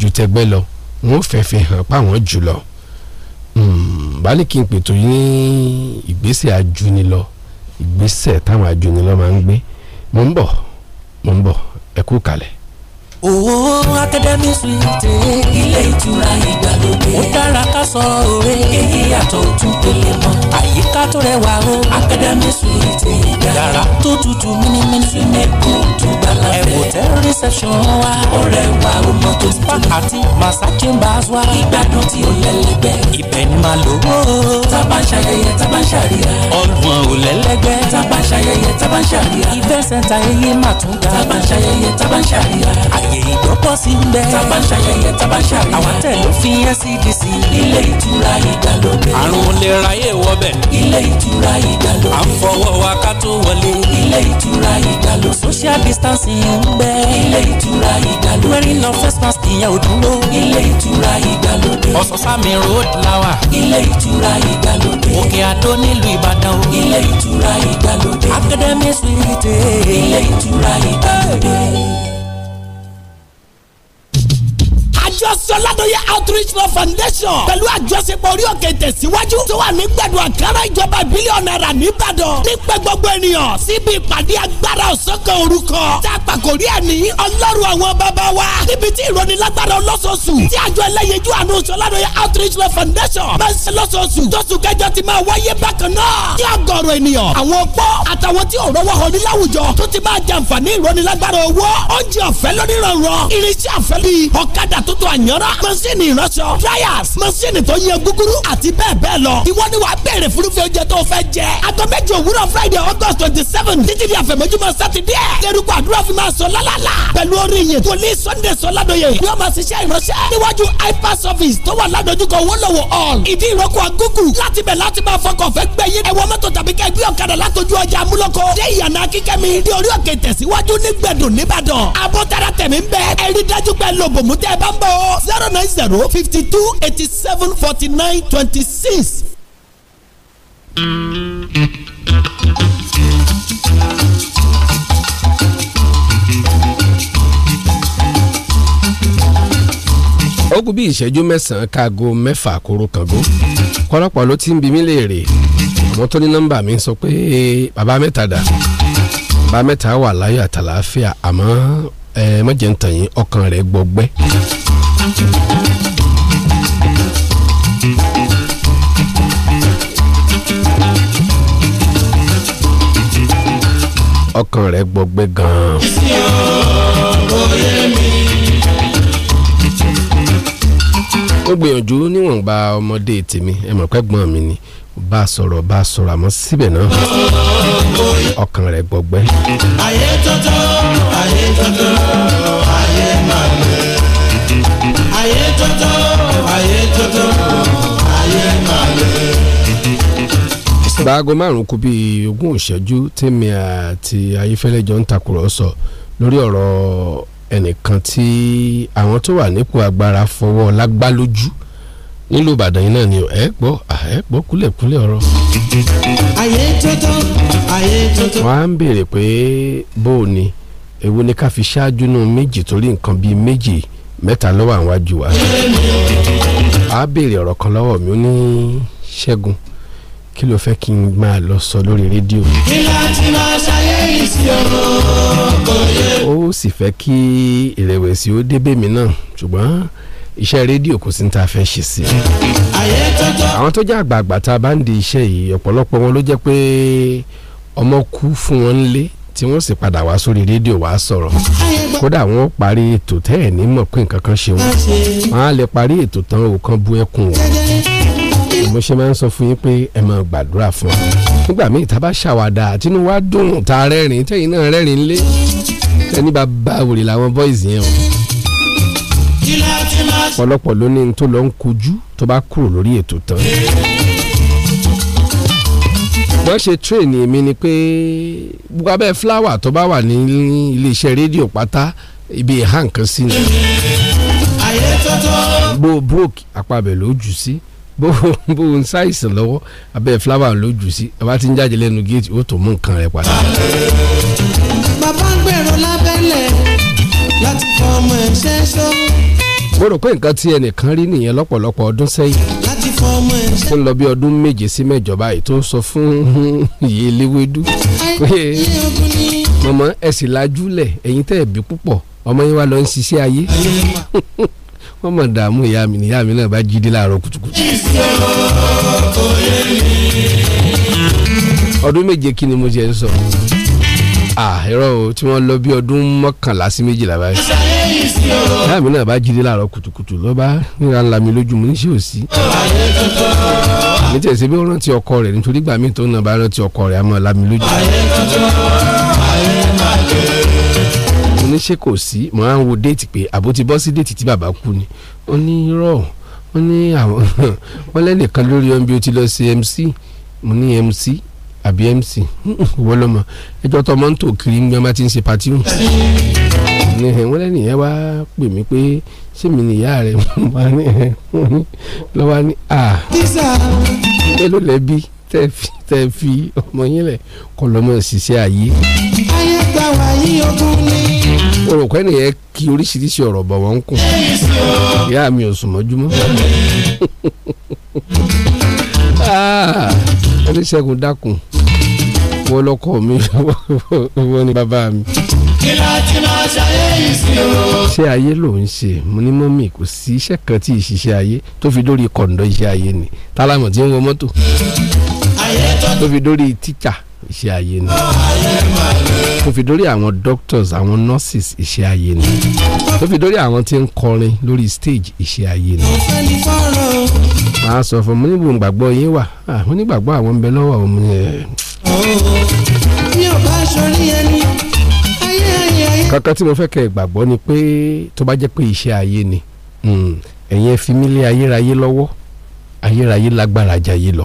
ju tẹgbẹ́ lọ wọn ò fẹ́ fi hàn páwọn jù lọ hmm, baálé kí n pètò yín ìgbésẹ̀ ajuni lọ ìgbésẹ̀ táwọn ajuni lọ máa ń gbé mò ń bọ̀ mò ń bọ̀ ẹ kú kalẹ̀. Owó Akademi Suite. Ilé ìtura ìgbàlódé. Ó dára ká sọ òwe. Èyí yàtọ̀ ojú pele mọ́. Àyíká tó rẹwà o. Akademi Suite ìgbà. Yàrá tó tutù mímímí. Súnmẹ́kù tó gbàlá fẹ́. Ẹ̀wò tẹ́ rìsẹ̀pṣọ̀n wa. Ó rẹwà o mọ tó tutù. Spark àti Massa Chambers wa. Ìgbádùn tí ó lẹ́lẹ́gbẹ́. Ibẹ̀ ni màá lò ó. Tábà ń ṣayẹyẹ, tábà ń ṣàríyá. Ọ̀gbun ò lẹ́lẹ́gbẹ́. Tábà ń ṣayẹyẹ, tábà ń ṣàríyá. Ìfẹ́ sẹ́ńtà eyé mà tún ga. Tábà ń ṣayẹyẹ, tábà ààyè ìgbọ́pọ̀ sí ń bẹ́ẹ̀. tábà ń ṣayẹyẹ tábà ń ṣàríyá. àwọn tẹ̀ ló fi NCDC. E ilé ìtura ìgbàlódé. àrùn lè ra yé wọbẹ̀. ilé ìtura ìgbàlódé. à ń fọwọ́ wa ká tó wọlé. ilé ìtura ìgbàlódé. social distancing ń bẹ. ilé ìtura ìgbàlódé. wearing no face mask ìyẹn ò dúró. ilé ìtura ìgbàlódé. ọ̀sán-sámi road lawa. ilé ìtura ìgbàlódé. òkè àdó nílùú ìbàdàn o. ilé ìtura ìgbàlódé. academy suite. ilé ìtura ìgbàlódé àjọ sọládọ́yẹ outreach law foundation pẹ̀lú àjọṣepọ̀ orí òkè tẹ̀síwájú tó wà ní gbẹ̀dọ̀ àkàrà ìjọba bílíọ̀nù náírà nìbàdàn nípẹ́ gbogbo ènìyàn síbi ìpàdé agbára ọ̀sọ́kan orúkọ tá a pàkórí ẹ̀ ní ọlọ́run àwọn bàbá wa níbi tí ìrónilágbára ọlọ́sọ̀ọ̀sù tí àjọ ẹlẹ́yinjú àánú sọládọ́yẹ outreach law foundation máa ń ṣe lọ́sọ̀ọ̀sù tóṣù kẹjọ ti máa wáyé bákan náà kí àgọ̀rọ̀ ènìyàn àwọn pọ́ àtàwọn tí ò rọwọ́ hàn ní láwùjọ tó ti máa jàǹfààní ìrónilágbára owó oúnjẹ ọ̀fẹ́ lónìí rọrùn irinṣẹ́ ọ̀fẹ́ bíi ọ̀kadà tó aṣọ àyànrá mọ́síìnì ìránṣọ dryers mọ́síìnì tó yẹ gúgúrú àti bẹ́ẹ̀ bẹ́ẹ̀ lọ ìwọ ni wàá bẹ̀rẹ̀ fúrufú oúnjẹ tó fẹ́ jẹ àtọ méjì òwúrọ̀ friday august twenty seven títí di àfẹ̀mọ́júmọ́ sátidé lẹ́rùkọ àdúrà fi máa sọ lálàlà pẹ̀lú orí yẹn wòlíì sunday sọ ládòye ni wọ́n máa ṣiṣẹ́ ìránṣẹ́ níwájú hyper service tó wà ládojúkọ wọ́lọ́wọ́ all ìdí ìrọ́kọ̀ agúgù láti bẹ̀ láti máa fọkàn fẹ́ gbẹ yín ẹ̀wọ́ mọ́tò tàbí kẹ́ gbé ọ̀kadà látọjú ọjà amúlọ́kọ dé ìyànà akíkẹ́mi ní orí òkè tẹ̀síwájú nígbẹ̀dùn níbàdàn abọ́tara tẹ̀mí ń bẹ ẹ̀rí dájú pẹ́ lóbòmù tẹ́ bá ń bọ̀ call zero nine zero fifty two eighty seven forty nine twenty six. ó kù bí ìṣẹ́jú mẹ́sàn-án káago mẹ́fà kóró kango kọ́lọ́pọ̀ ló ti ń bi léèrè àwọn tó ní nọ́mbà mi sọ pé bàbá mẹ́ta dà bàbá mẹ́ta wà láyọ̀ àtàlàáfíà àmọ́ ẹ mọ̀jẹ̀ ń tàn yín ọkàn rẹ̀ gbọgbẹ́ ọkàn rẹ gbọgbẹ́ gan-an. ó gbìyànjú níwọ̀nba ọmọdé tèmi ẹ mọ̀ pé gbọ́n mi ni bá a sọ̀rọ̀ bá a sọ̀rọ̀ àmọ́ síbẹ̀ náà ọkàn rẹ gbọgbẹ́. ayé tọ́tọ́ ayé tọ́tọ́ tótó ayé tótó ayé máa lè. báago márùn-ún kù bíi ogún ìṣẹ́jú tèmi àti ayífẹ́lẹ́ jọ ń takùrọ̀sọ lórí ọ̀rọ̀ ẹnìkan tí àwọn tó wà nípò agbára fọwọ́ lágbálójú nílùú ìbàdàn yìí náà ni ẹ gbọ́ ẹ gbọ́ kúlẹ̀kúlẹ̀ ọ̀rọ̀. ayé tótó ayé tótó. wọ́n á ń béèrè pé bó ni èwo ni ká fi ṣáájú nù méjì torí nǹkan bíi méjì yìí mẹ́ta ló wà níwájú wa a béèrè ọ̀rọ̀ kan lọ́wọ́ mi ó ní ṣẹ́gun kí ló fẹ́ kí n máa lọ sọ lórí rédíò. kí láti máa ṣayé ìsì ọ̀rọ̀ kò yé. ó sì fẹ́ kí ìrẹ̀wẹ̀sì ó débè mí náà ṣùgbọ́n iṣẹ́ rédíò kò sí ní ta fẹ́ ṣe sí i. àwọn tó jẹ́ àgbààgbà tá a bá ń di iṣẹ́ yìí ọ̀pọ̀lọpọ̀ wọn ló jẹ́ pé ọmọ kú fún wọn lé tí wọ́n sì padà wá sórí rédíò wá sọ̀rọ̀ kódà wọ́n parí ètò tẹ́ ẹ̀ ní mọ̀ pé nǹkan kan ṣe wọ́n wọ́n á lè parí ètò tán òkan bu ẹkùn wọn mo ṣe máa ń sọ fún yín pé ẹ máa gbàdúrà fún wa nígbà míì tá a bá ṣàwàdà àtinú wa dùn tá a rẹ́rìn tẹ́yìn náà rẹ́rìn lé tẹ́ni bá bá wòlé làwọn boys yẹn o ọ̀pọ̀lọpọ̀ ló ní tó lọ ń kojú tó bá kúrò lórí ètò tán bọ́n ṣe train mi ni pé gbogbo abẹ́ fúláwà tó bá wà ní iléeṣẹ́ rédíò pátá ibi ìhà nǹkan sí ni. bó o broke apabẹ̀ ló jù sí bó o ń ṣàìsàn lọ́wọ́ abẹ́ fúláwà ló jù sí ọba tí ń jáde lẹ́nu géètì ó tó mú nǹkan rẹ̀ padà. bàbá ń gbèrò lábẹ́lẹ̀ láti fọmọ ẹ̀ṣẹ́ sọ. mo rò pé nǹkan tí ẹnìkan rí nìyẹn lọ́pọ̀lọpọ̀ ọdún sẹ́yìn tó ń lọ bí ọdún méje sí mẹ́jọ báyìí tó ń sọ fún iye léwédú pé mọ̀mọ́ ẹ sì lajúlẹ̀ ẹ̀yin tẹ́ ẹ̀ bí púpọ̀ ọmọ yín wá lọ ń ṣiṣẹ́ ayé wọ́n mọ̀ dààmú ìyá mi ìyá mi náà bá jí láàárọ̀ kùtùkùtù. ọdún méje kí ni mo ṣe ń sọ ah irọ́ o tí wọ́n lọ bí ọdún mọ́kànlá sí méjìlá báyìí. táyà mi náà bá jíde láàárọ̀ kùtùkùtù ló bá ríra ńlá mi lójú mi níṣẹ́ òsì. mi tẹ̀sí bí ó rántí ọkọ rẹ̀ nítorí gbà mí tó náà bá rántí ọkọ rẹ̀ àmọ́ ńlá mi lójú. mo ní ṣé kò sí mo máa ń wo déètì pé àbó ti bọ́ sí déètì tí bàbá kú ni ó ní irọ́ ó ní àwọn wọ́n lẹ́nìkan lórí ọ́n bí ó ti lọ ṣe MC mo ní MC àbí mc wọ́n lọ́mọ ẹjọ́ tó ọmọ ń tò kiri ń gbẹ́ bá ti ń ṣe patí hù wọ́n lẹ́nu yẹn wá pè mí pé ṣé mi nìyá rẹ̀ lọ́wọ́ ní à mélòó lẹ́bí tẹ́ fi ọmọ yín lẹ̀ kọ́ lọ́mọ ṣiṣẹ́ ayé. ayé gbà wá yí ogún ni. orúkọ ènìyàn kí oríṣiríṣi ọ̀rọ̀ bọ̀ wọ́n ń kùn ìyá mi ò sùn mọ́júmọ́ oníṣègùn ah, dákun wọ́n lọ́kọ mi wọ́n ní bàbá mi. kí la ti máa ṣayé yìí sí o. iṣẹ́ ayé ló ń ṣe mo ní mọ́mì kò sí iṣẹ́ kan tí ìṣiṣẹ́ ayé tó fi dórí kọ̀ǹdọ̀ iṣẹ́ ayé ni tálámọ̀ tí ń wọ mọ́tò tó fi dórí tíjà iṣẹ́ ayé ni tó fi dórí àwọn doctors àwọn nurses iṣẹ́ ayé ni tó fi dórí àwọn tí ń kọrin lórí stage iṣẹ́ ayé ni màá sọ fún mi níbo gbàgbọ́ yín wà ah, mo nígbàgbọ́ àwọn ń bẹ lọ́wọ́ àwọn ọmọ eh, kankan tí mo fẹ́ kẹ́ gbàgbọ́ ni pé tó bá jẹ́ pé iṣẹ́ ayé ni hmm, ẹ̀yin ẹ fi mí lé ayérayé lọ́wọ́ ayérayé lágbára jayé lọ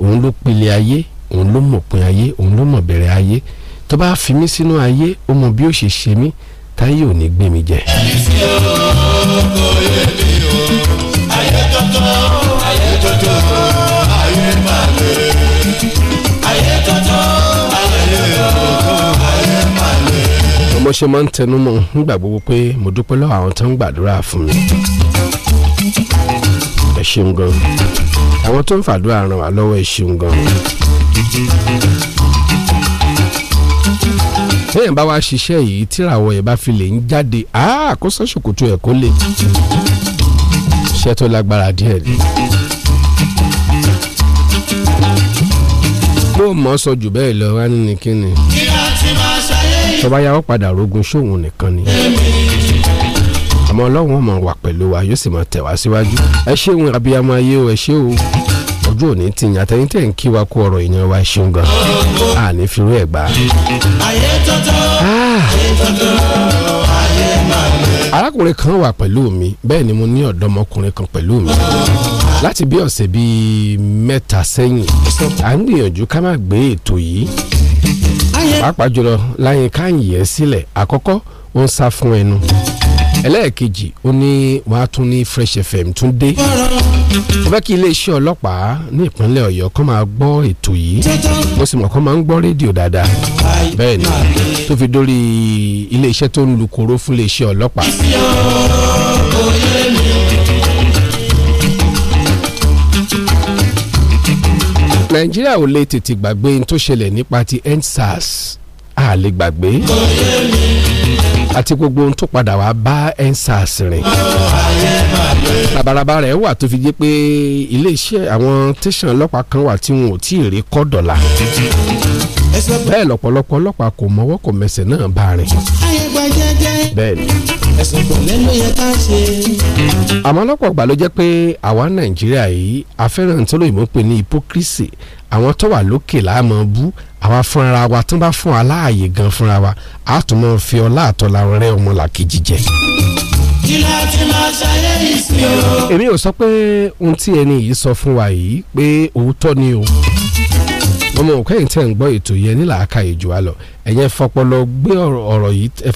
òun ló pilẹ̀ ayé òun ló mọ̀ pin ayé òun ló mọ̀ bẹ̀rẹ̀ ayé tó bá fi mí sínú ayé ó mọ bí ó ṣe ṣe mí táyé ò ní gbé mi jẹ. o ayé tọ́tọ́ ayé tọ́tọ́ ayé máa lè mo ṣe máa ń tẹnu mọ́ nígbà gbogbo pé mo dúpẹ́ lọ́wọ́ àwọn tó ń gbàdúrà fún mi ẹ ṣeun gan àwọn tó ń fàdúrà ràn wá lọ́wọ́ ẹ ṣeun gan téèyàn bá wá ṣiṣẹ́ yìí tíràwọ̀ ẹ̀ bá fi lè ń jáde àkóso ṣòkòtò ẹ̀ kó lè ṣe tó lágbára díẹ̀ ni. bó mọ̀ sọ jù bẹ́ẹ̀ lọ wá nínú kíni. tọ́ba yà ó padà rogun sóhun nìkan ni. àmọ́ ọlọ́run ọmọ wà pẹ̀lú wa yóò sì mọ̀ tẹ̀ wá síwájú. ẹ ṣeun abiyamọ ayé o ẹ ṣe o ojú òní ti yàn àtẹ̀yìn tẹ̀ ń kí wa kó ọ̀rọ̀ ìyẹn wa ṣeun gan. a ní fi ẹ̀ gbà. Ah! arákùnrin kan wà pẹ̀lú mi bẹ́ẹ̀ ni mo ní ọ̀dọ́mọkùnrin kan pẹ̀lú mi láti bí ọ̀sẹ̀ bíi mẹ́ta sẹ́yìn à ń gbìyànjú ká má gbé ètò yìí pàápàá jùlọ láyìn káyìn ẹ̀ sílẹ̀ àkọ́kọ́ ó ń sá fún ẹnu ẹlẹ́ẹ̀kejì ó ní wọ́n á tún ní Fresh FM tún dé mo fẹ́ kí iléeṣẹ́ ọlọ́pàá ní ìpínlẹ̀ Ọ̀yọ́ kó máa gbọ́ ètò yìí mo sì mọ̀ kó máa ń gbọ́ rédíò dáadáa bẹ́ẹ̀ ni tó fi dórí iléeṣẹ́ tó ń lu koro fún iléeṣẹ́ ọlọ́pàá. nàìjíríà ò lè tètè gbàgbé n tó ṣẹlẹ̀ nípa ti endsars a lè gbàgbé àti gbogbo ohun tó padà wá bá endsars rìn labalábá rẹ̀ wà tó fi jẹ́ pé iléeṣẹ́ àwọn tẹ̀sán ọlọ́pàá kan wà tí wọn ò tí ì rí kọ́ dọ̀la bẹ́ẹ̀ lọ́pọ̀lọpọ̀ ọlọ́pàá kò mọwọ́ kò mẹsẹ̀ náà bá rìn bẹ́ẹ̀ ni ẹ̀sùn pẹ̀lẹ́ ló yẹ ká ṣe. àmọ́ lọ́pọ̀ ìgbà ló jẹ́ pé àwa nàìjíríà yìí afẹ́ràn tó lóyìnbó pè ní hypocrisy àwọn tó wà lókè láàmú bú àwa fúnra wa tó bá fún wa láàyè gan fúnra wa a tún máa fi ọlá àtọ́lá rẹ ọmọ làkejì jẹ. kí la ti máa ṣayé yìí o. èmi ò sọ pé ohun tí ẹni yìí sọ fún wa yìí pé òótọ́ ni o ọmọ òkèyìn tẹ̀ ń gbọ́ ètò yẹn ní làákà ìjọ wa lọ fọpọlọ gbé ọ̀rọ̀ yìí ẹ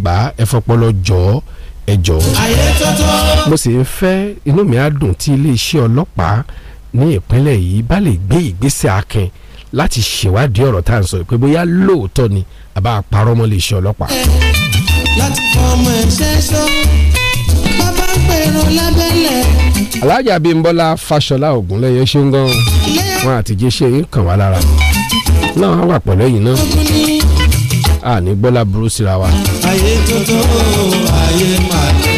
gbà á ẹ jọ ọ́ ẹ jọ ọ́. mo sì ń fẹ́ inú mi á dùn tí iléeṣẹ́ ọlọ́pàá ní ìpínlẹ̀ yìí bá lè gbé ìgbésẹ̀ akin láti ṣèwádìí ọ̀rọ̀ tá à ń sọ pé bóyá lóòótọ́ ni àbá parọ́ mọ́ iléeṣẹ́ ọlọ́pàá alájà Bímbọ́lá Fáṣọlá Ògúnlẹ́yẹ ṣe ń gan wọn àtijọ́ ṣe é kàn wá lára náà wà pẹ̀lú ẹ̀yìn náà a ní gbọ́lá burú síra wa. ayé tótó ayé máa lè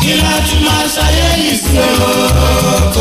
kí láti máa ṣayé yìí sí o.